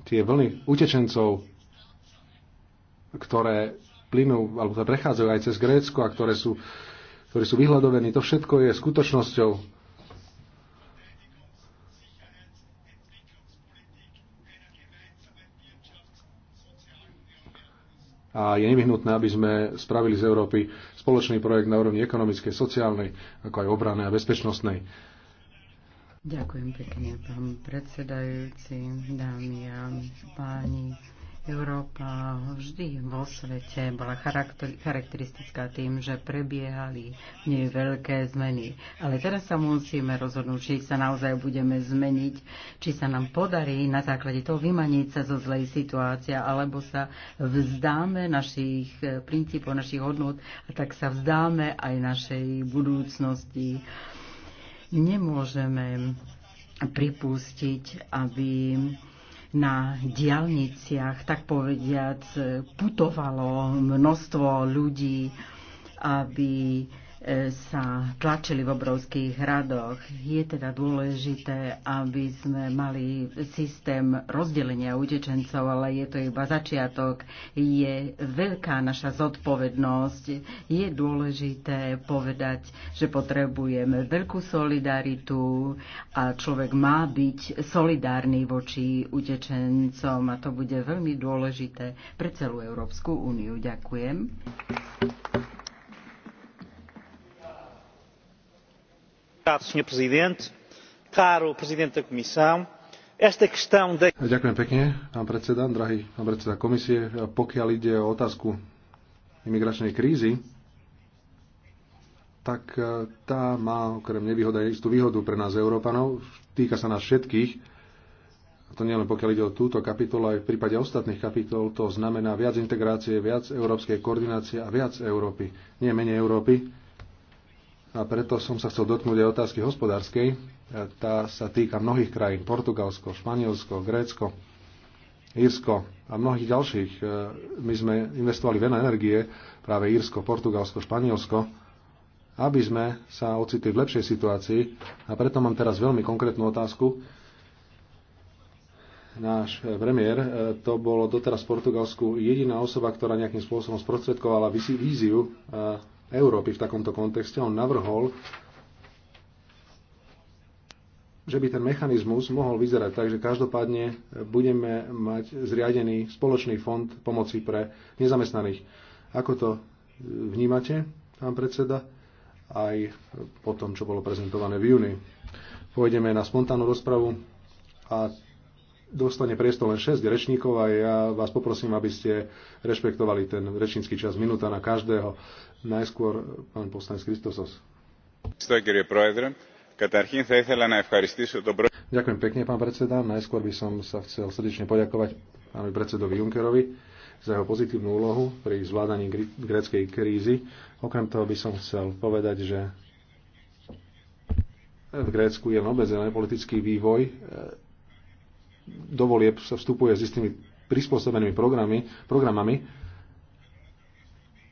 Tie vlny utečencov, ktoré plynú, alebo prechádzajú aj cez Grécko a ktoré sú, ktorí sú vyhľadovení, to všetko je skutočnosťou a je nevyhnutné, aby sme spravili z Európy spoločný projekt na úrovni ekonomickej, sociálnej, ako aj obranej a bezpečnostnej. Ďakujem pekne, pán predsedajúci, dámy a páni. Európa vždy vo svete bola charakteristická tým, že prebiehali v nej veľké zmeny. Ale teraz sa musíme rozhodnúť, či sa naozaj budeme zmeniť, či sa nám podarí na základe toho vymaniť sa zo zlej situácie, alebo sa vzdáme našich princípov, našich hodnot a tak sa vzdáme aj našej budúcnosti. Nemôžeme pripustiť, aby na diálniciach, tak povediac, putovalo množstvo ľudí, aby sa tlačili v obrovských hradoch. Je teda dôležité, aby sme mali systém rozdelenia utečencov, ale je to iba začiatok. Je veľká naša zodpovednosť. Je dôležité povedať, že potrebujeme veľkú solidaritu a človek má byť solidárny voči utečencom a to bude veľmi dôležité pre celú Európsku úniu. Ďakujem. Ďakujem pekne, pán predseda, drahý pán predseda komisie. Pokiaľ ide o otázku imigračnej krízy, tak e, tá má okrem nevýhoda istú výhodu pre nás, Európanov. Týka sa nás všetkých. To nielen pokiaľ ide o túto kapitolu, aj v prípade ostatných kapitol to znamená viac integrácie, viac európskej koordinácie a viac Európy. Nie menej Európy a preto som sa chcel dotknúť aj otázky hospodárskej. Tá sa týka mnohých krajín. Portugalsko, Španielsko, Grécko, Írsko a mnohých ďalších. E, my sme investovali veľa energie, práve Írsko, Portugalsko, Španielsko, aby sme sa ocitli v lepšej situácii. A preto mám teraz veľmi konkrétnu otázku náš premiér, e, to bolo doteraz v Portugalsku jediná osoba, ktorá nejakým spôsobom sprostredkovala víziu e, Európy v takomto kontexte. On navrhol, že by ten mechanizmus mohol vyzerať tak, že každopádne budeme mať zriadený spoločný fond pomoci pre nezamestnaných. Ako to vnímate, pán predseda, aj po tom, čo bolo prezentované v júni? Pôjdeme na spontánnu rozpravu a dostane priestor len 6 rečníkov a ja vás poprosím, aby ste rešpektovali ten rečnícky čas, minúta na každého. Najskôr pán poslanec Kristosos. Ďakujem pekne, pán predseda. Najskôr by som sa chcel srdečne poďakovať pánovi predsedovi Junckerovi za jeho pozitívnu úlohu pri zvládaní gréckej krízy. Okrem toho by som chcel povedať, že v Grécku je obmedzený politický vývoj do volieb sa vstupuje s istými prispôsobenými programy, programami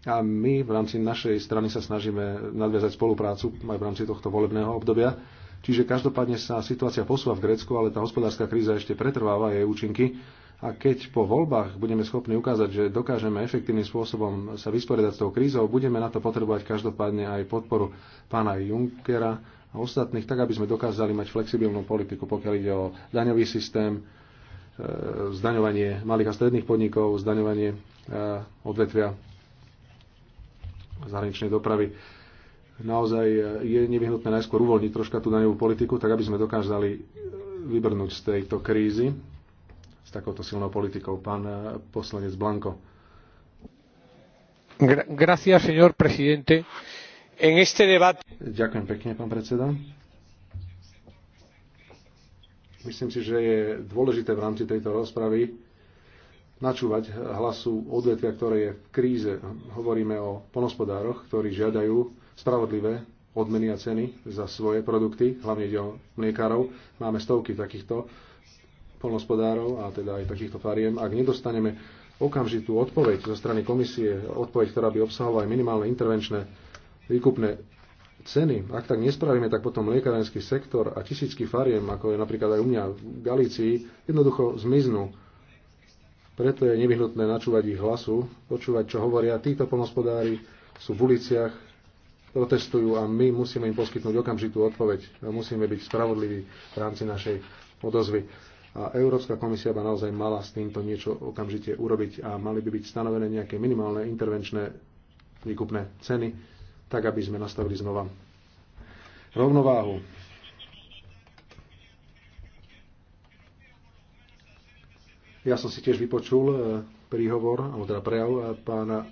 a my v rámci našej strany sa snažíme nadviazať spoluprácu aj v rámci tohto volebného obdobia. Čiže každopádne sa situácia posúva v Grécku, ale tá hospodárska kríza ešte pretrváva jej účinky. A keď po voľbách budeme schopní ukázať, že dokážeme efektívnym spôsobom sa vysporiadať s tou krízou, budeme na to potrebovať každopádne aj podporu pána Junckera ostatných, tak aby sme dokázali mať flexibilnú politiku, pokiaľ ide o daňový systém, e, zdaňovanie malých a stredných podnikov, zdaňovanie e, odvetvia zahraničnej dopravy naozaj e, je nevyhnutné najskôr uvoľniť troška tú daňovú politiku, tak aby sme dokázali vybrnúť z tejto krízy s takouto silnou politikou. Pán poslanec Blanko. gracias, señor presidente. En este Ďakujem pekne, pán predseda. Myslím si, že je dôležité v rámci tejto rozpravy načúvať hlasu odvetvia, ktoré je v kríze. Hovoríme o ponospodároch, ktorí žiadajú spravodlivé odmeny a ceny za svoje produkty, hlavne ide o mliekárov. Máme stovky takýchto polnospodárov a teda aj takýchto fariem. Ak nedostaneme okamžitú odpoveď zo strany komisie, odpoveď, ktorá by obsahovala aj minimálne intervenčné výkupné ceny. Ak tak nespravíme, tak potom liekarenský sektor a tisícky fariem, ako je napríklad aj u mňa v Galícii, jednoducho zmiznú. Preto je nevyhnutné načúvať ich hlasu, počúvať, čo hovoria. Títo polnospodári sú v uliciach, protestujú a my musíme im poskytnúť okamžitú odpoveď. Musíme byť spravodliví v rámci našej odozvy. A Európska komisia by naozaj mala s týmto niečo okamžite urobiť a mali by byť stanovené nejaké minimálne intervenčné výkupné ceny tak aby sme nastavili znova rovnováhu. Ja som si tiež vypočul e, príhovor, alebo teda prejav e, pána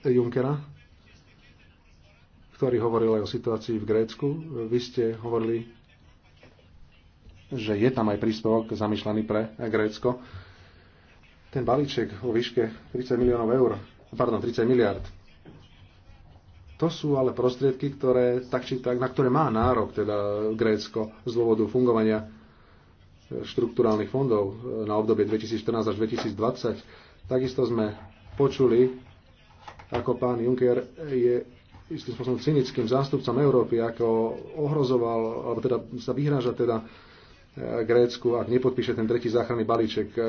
Junkera, ktorý hovoril aj o situácii v Grécku. Vy ste hovorili, že je tam aj príspevok zamýšľaný pre Grécko. Ten balíček o výške 30 miliónov eur, pardon, 30 miliard to sú ale prostriedky, ktoré, tak či tak, na ktoré má nárok teda Grécko z dôvodu fungovania e, štruktúrálnych fondov e, na obdobie 2014 až 2020. Takisto sme počuli, ako pán Juncker je istým spôsobom cynickým zástupcom Európy, ako ohrozoval, alebo teda sa vyhráža teda Grécku, ak nepodpíše ten tretí záchranný balíček. E,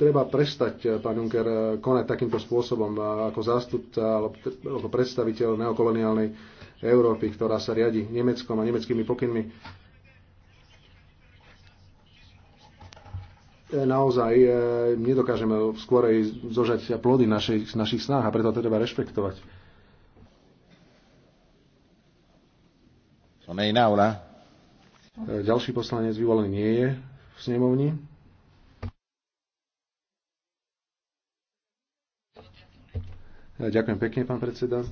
treba prestať, e, pán Juncker, e, konať takýmto spôsobom ako zástupca alebo predstaviteľ neokoloniálnej Európy, ktorá sa riadi Nemeckom a nemeckými pokynmi. Naozaj nedokážeme skorej zožať plody našich, našich snách a preto to treba rešpektovať. Sono in aula? E, ďalší poslanec vyvolený nie je v snemovni. E, ďakujem pekne, pán predseda.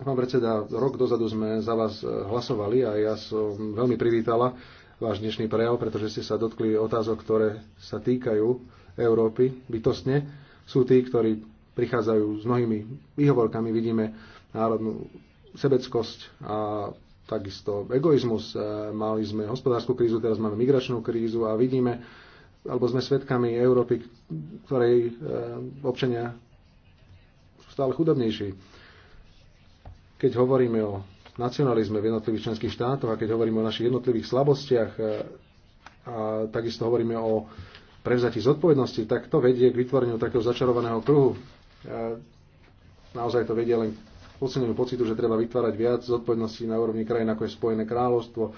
Pán predseda, rok dozadu sme za vás e, hlasovali a ja som veľmi privítala váš dnešný prejav, pretože ste sa dotkli otázok, ktoré sa týkajú Európy bytostne. Sú tí, ktorí prichádzajú s mnohými výhovorkami. Vidíme národnú sebeckosť a takisto egoizmus. E, mali sme hospodárskú krízu, teraz máme migračnú krízu a vidíme, alebo sme svedkami Európy, ktorej e, občania sú stále chudobnejší. Keď hovoríme o nacionalizme v jednotlivých členských štátoch a keď hovoríme o našich jednotlivých slabostiach e, a takisto hovoríme o prevzatí zodpovednosti, tak to vedie k vytvoreniu takého začarovaného kruhu. Naozaj to vedie len posilneniu pocitu, že treba vytvárať viac zodpovedností na úrovni krajín, ako je Spojené kráľovstvo, e,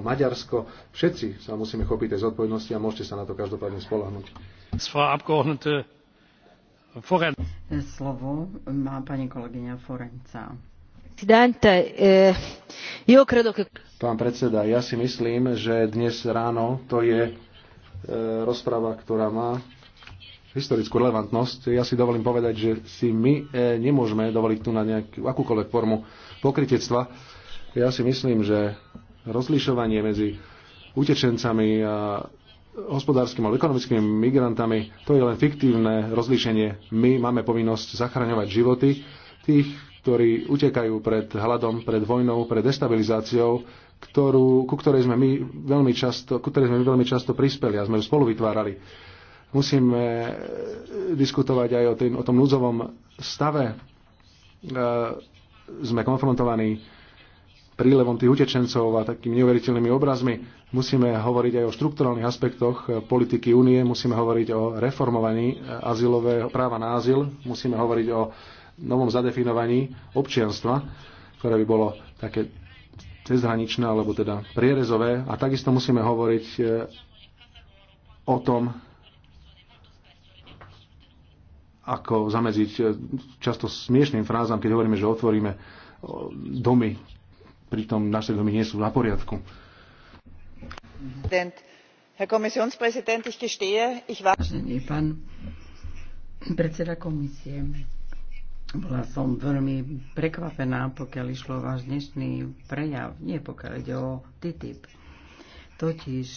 Maďarsko. Všetci sa musíme chopiť tej zodpovednosti a môžete sa na to každopádne spolahnuť. Slovo má pani kolegyňa Forenca. Eh, Pán predseda, ja si myslím, že dnes ráno to je e, rozprava, ktorá má historickú relevantnosť, ja si dovolím povedať, že si my e, nemôžeme dovoliť tu na nejakú akúkoľvek formu pokritectva. Ja si myslím, že rozlišovanie medzi utečencami a hospodárskym alebo ekonomickými migrantami, to je len fiktívne rozlíšenie. My máme povinnosť zachraňovať životy tých, ktorí utekajú pred hladom, pred vojnou, pred destabilizáciou, ktorú, ku ktorej sme my veľmi často, ku ktorej sme my veľmi často prispeli a sme ju spolu vytvárali. Musíme e, diskutovať aj o, tým, o tom núdzovom stave. E, sme konfrontovaní prílevom tých utečencov a takými neuveriteľnými obrazmi. Musíme hovoriť aj o štrukturálnych aspektoch e, politiky únie, musíme hovoriť o reformovaní azylového práva na azyl, musíme hovoriť o novom zadefinovaní občianstva, ktoré by bolo také cezhraničné alebo teda prierezové. A takisto musíme hovoriť o tom, ako zamedziť e, často smiešným frázam, keď hovoríme, že otvoríme e, domy, pritom naše domy nie sú na poriadku. Vážený pán predseda komisie, bola som veľmi prekvapená, pokiaľ išlo váš dnešný prejav, nie pokiaľ ide o TTIP. Totiž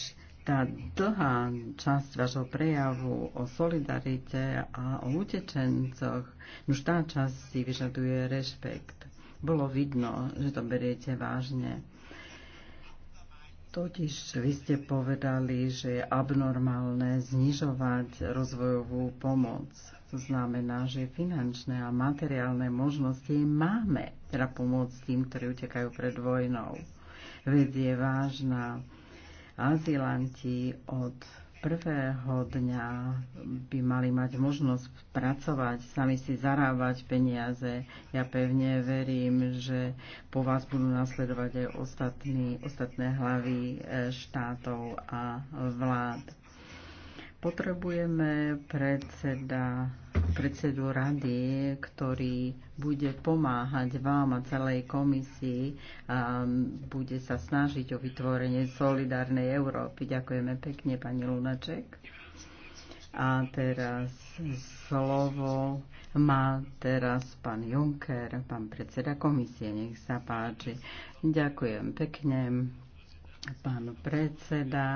tá dlhá časť vašho prejavu o solidarite a o utečencoch, už tá časť si vyžaduje rešpekt. Bolo vidno, že to beriete vážne. Totiž vy ste povedali, že je abnormálne znižovať rozvojovú pomoc. To znamená, že finančné a materiálne možnosti máme, teda pomôcť tým, ktorí utekajú pred vojnou. Veď je vážna azilanti od prvého dňa by mali mať možnosť pracovať, sami si zarábať peniaze. Ja pevne verím, že po vás budú nasledovať aj ostatní, ostatné hlavy eh, štátov a vlád. Potrebujeme predseda, predsedu rady, ktorý bude pomáhať vám a celej komisii a bude sa snažiť o vytvorenie solidárnej Európy. Ďakujeme pekne, pani Lunaček. A teraz slovo má teraz pán Juncker, pán predseda komisie. Nech sa páči. Ďakujem pekne pán predseda.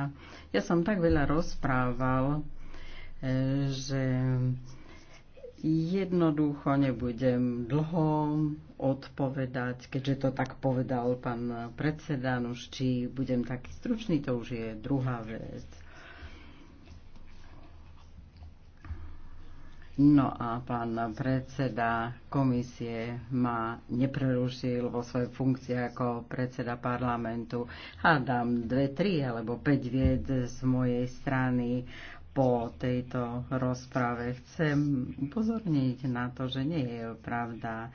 Ja som tak veľa rozprával, e, že jednoducho nebudem dlho odpovedať, keďže to tak povedal pán predseda, no či budem taký stručný, to už je druhá vec. No a pán predseda komisie ma neprerušil vo svojej funkcii ako predseda parlamentu. Hádam dve, tri alebo päť vied z mojej strany po tejto rozprave. Chcem upozorniť na to, že nie je pravda,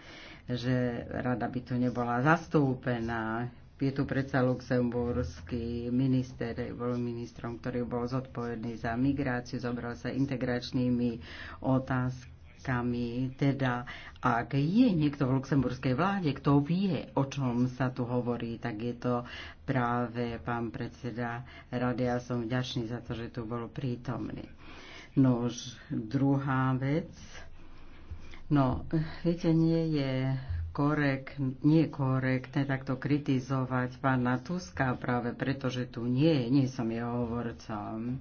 že rada by tu nebola zastúpená je tu predsa luxemburský minister, bol ministrom, ktorý bol zodpovedný za migráciu, zobral sa integračnými otázkami. Teda, ak je niekto v luxemburskej vláde, kto vie, o čom sa tu hovorí, tak je to práve pán predseda rady. Ja som vďačný za to, že tu bol prítomný. Nož, druhá vec. No, viete, nie je nie je korektné takto kritizovať pána Tuska práve preto, že tu nie, nie som jeho hovorcom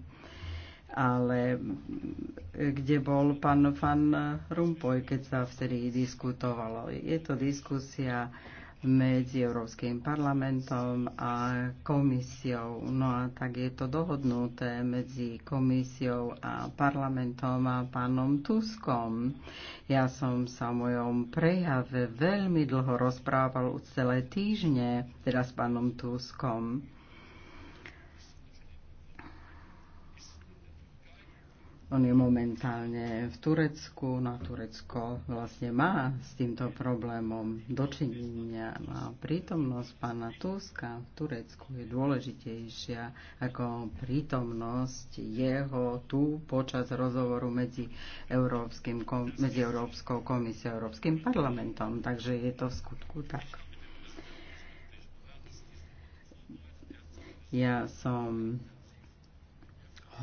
ale mm, kde bol pán Van Rumpuy, keď sa vtedy diskutovalo. Je to diskusia medzi Európskym parlamentom a komisiou. No a tak je to dohodnuté medzi komisiou a parlamentom a pánom Tuskom. Ja som sa o mojom prejave veľmi dlho rozprával celé týždne, teda s pánom Tuskom. On je momentálne v Turecku, no Turecko vlastne má s týmto problémom dočinenia no a prítomnosť pána Tuska v Turecku je dôležitejšia ako prítomnosť jeho tu počas rozhovoru medzi, Európskym, medzi Európskou komisiou a Európskym parlamentom. Takže je to v skutku tak. Ja som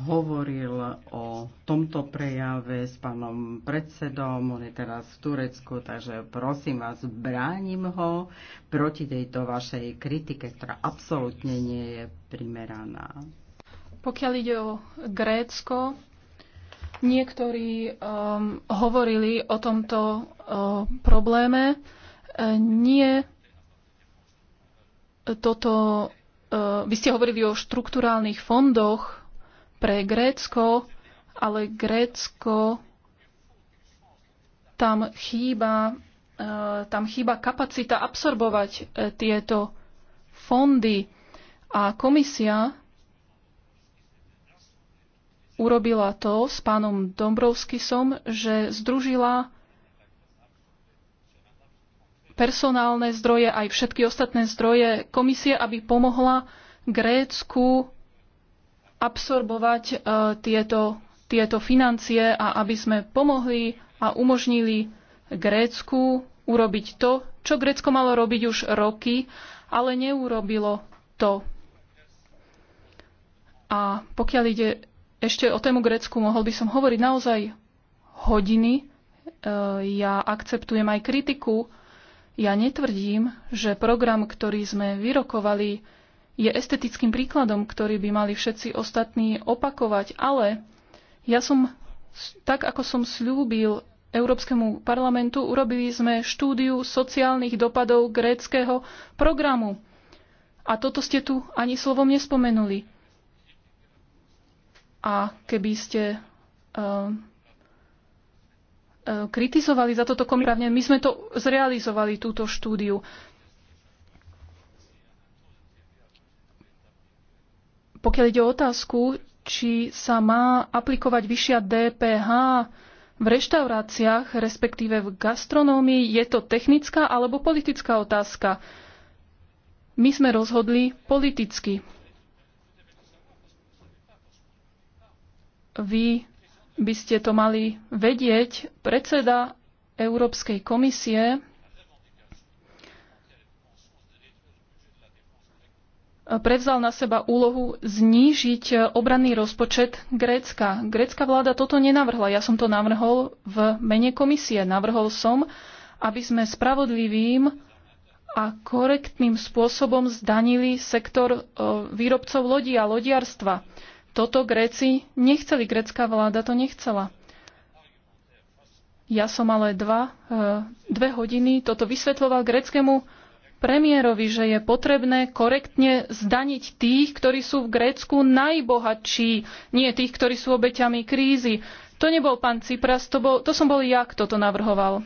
hovoril o tomto prejave s pánom predsedom, on je teraz v Turecku, takže prosím vás, bránim ho proti tejto vašej kritike, ktorá absolútne nie je primeraná. Pokiaľ ide o Grécko, niektorí um, hovorili o tomto um, probléme. E, nie toto, uh, vy ste hovorili o štrukturálnych fondoch pre Grécko, ale Grécko tam chýba, eh, tam chýba kapacita absorbovať eh, tieto fondy. A komisia urobila to s pánom Dombrovskisom, že združila personálne zdroje, aj všetky ostatné zdroje komisie, aby pomohla Grécku absorbovať e, tieto, tieto financie a aby sme pomohli a umožnili Grécku urobiť to, čo Grécko malo robiť už roky, ale neurobilo to. A pokiaľ ide ešte o tému Grécku, mohol by som hovoriť naozaj hodiny. E, ja akceptujem aj kritiku. Ja netvrdím, že program, ktorý sme vyrokovali, je estetickým príkladom, ktorý by mali všetci ostatní opakovať, ale ja som, tak ako som slúbil Európskemu parlamentu, urobili sme štúdiu sociálnych dopadov gréckého programu. A toto ste tu ani slovom nespomenuli. A keby ste uh, kritizovali za toto komprávne. My sme to zrealizovali, túto štúdiu. Pokiaľ ide o otázku, či sa má aplikovať vyššia DPH v reštauráciách, respektíve v gastronómii, je to technická alebo politická otázka. My sme rozhodli politicky. Vy by ste to mali vedieť. Predseda Európskej komisie prevzal na seba úlohu znížiť e, obranný rozpočet Grécka. Grécka vláda toto nenavrhla. Ja som to navrhol v mene komisie. Navrhol som, aby sme spravodlivým a korektným spôsobom zdanili sektor e, výrobcov lodí a lodiarstva. Toto Gréci nechceli, grécka vláda to nechcela. Ja som ale dva, e, dve hodiny toto vysvetloval gréckému premiérovi, že je potrebné korektne zdaniť tých, ktorí sú v Grécku najbohatší, nie tých, ktorí sú obeťami krízy. To nebol pán Cipras, to, bol, to som bol ja, kto to navrhoval.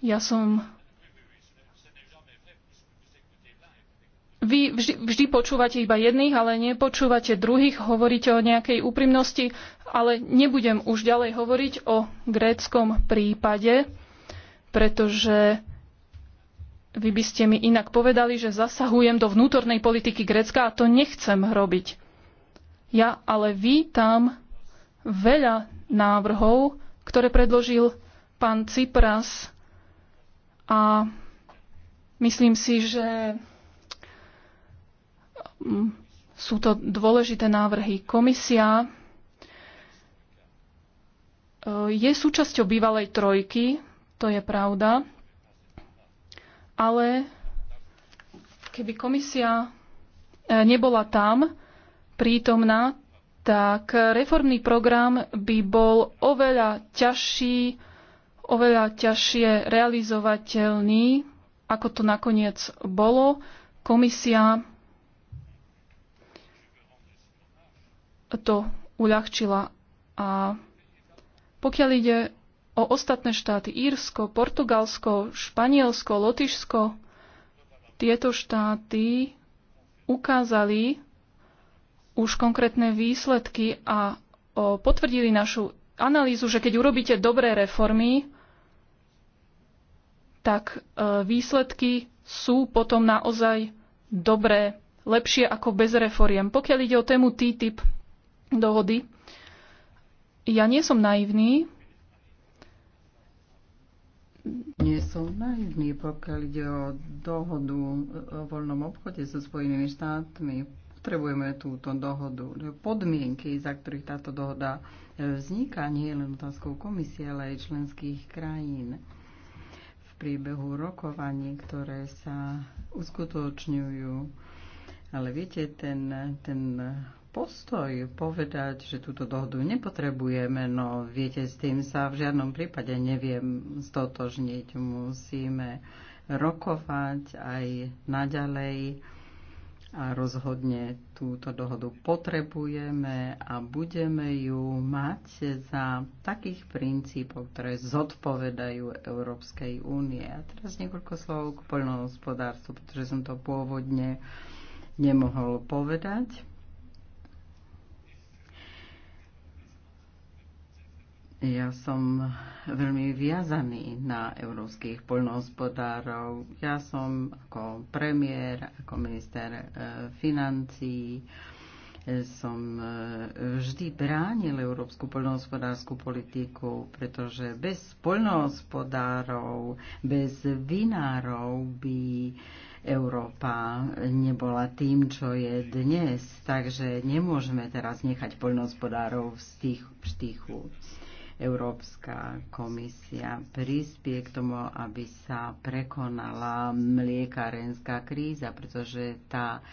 Ja som... Vy vždy, vždy počúvate iba jedných, ale nepočúvate druhých, hovoríte o nejakej úprimnosti, ale nebudem už ďalej hovoriť o gréckom prípade, pretože vy by ste mi inak povedali, že zasahujem do vnútornej politiky Grécka a to nechcem robiť. Ja ale vítam veľa návrhov, ktoré predložil pán Cipras a myslím si, že mm, sú to dôležité návrhy. Komisia e, je súčasťou bývalej trojky, to je pravda, ale keby komisia e, nebola tam prítomná, tak reformný program by bol oveľa ťažší, oveľa ťažšie realizovateľný, ako to nakoniec bolo. Komisia to uľahčila. A pokiaľ ide o ostatné štáty Írsko, Portugalsko, Španielsko, Lotyšsko. Tieto štáty ukázali už konkrétne výsledky a potvrdili našu analýzu, že keď urobíte dobré reformy, tak e, výsledky sú potom naozaj dobré, lepšie ako bez reforiem. Pokiaľ ide o tému TTIP dohody, ja nie som naivný, nie som naivný, pokiaľ ide o dohodu e, o voľnom obchode so Spojenými štátmi. Potrebujeme túto dohodu. Podmienky, za ktorých táto dohoda e, vzniká, nie je len otázkou komisie, ale aj členských krajín. V priebehu rokovaní, ktoré sa uskutočňujú, ale viete, ten, ten postoj povedať, že túto dohodu nepotrebujeme, no viete, s tým sa v žiadnom prípade neviem stotožniť. Musíme rokovať aj naďalej a rozhodne túto dohodu potrebujeme a budeme ju mať za takých princípov, ktoré zodpovedajú Európskej únie. A teraz niekoľko slov k poľnohospodárstvu, pretože som to pôvodne nemohol povedať. Ja som veľmi viazaný na európskych poľnohospodárov. Ja som ako premiér, ako minister e, financí e, som e, vždy bránil európsku poľnohospodárskú politiku, pretože bez poľnohospodárov, bez vinárov by Európa nebola tým, čo je dnes. Takže nemôžeme teraz nechať poľnohospodárov v stichu. Európska komisia prispie k tomu, aby sa prekonala mliekarenská kríza, pretože tá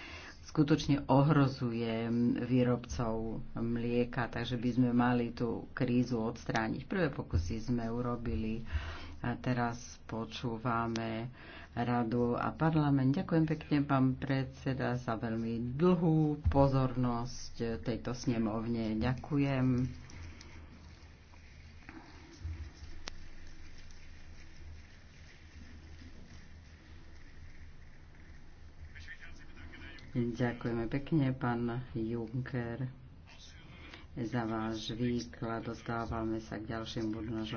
skutočne ohrozuje výrobcov mlieka, takže by sme mali tú krízu odstrániť. Prvé pokusy sme urobili a teraz počúvame radu a parlament. Ďakujem pekne, pán predseda, za veľmi dlhú pozornosť tejto snemovne. Ďakujem. Ďakujeme pekne, pán Juncker, za váš výklad. Dostávame sa k ďalšiemu bodu nášho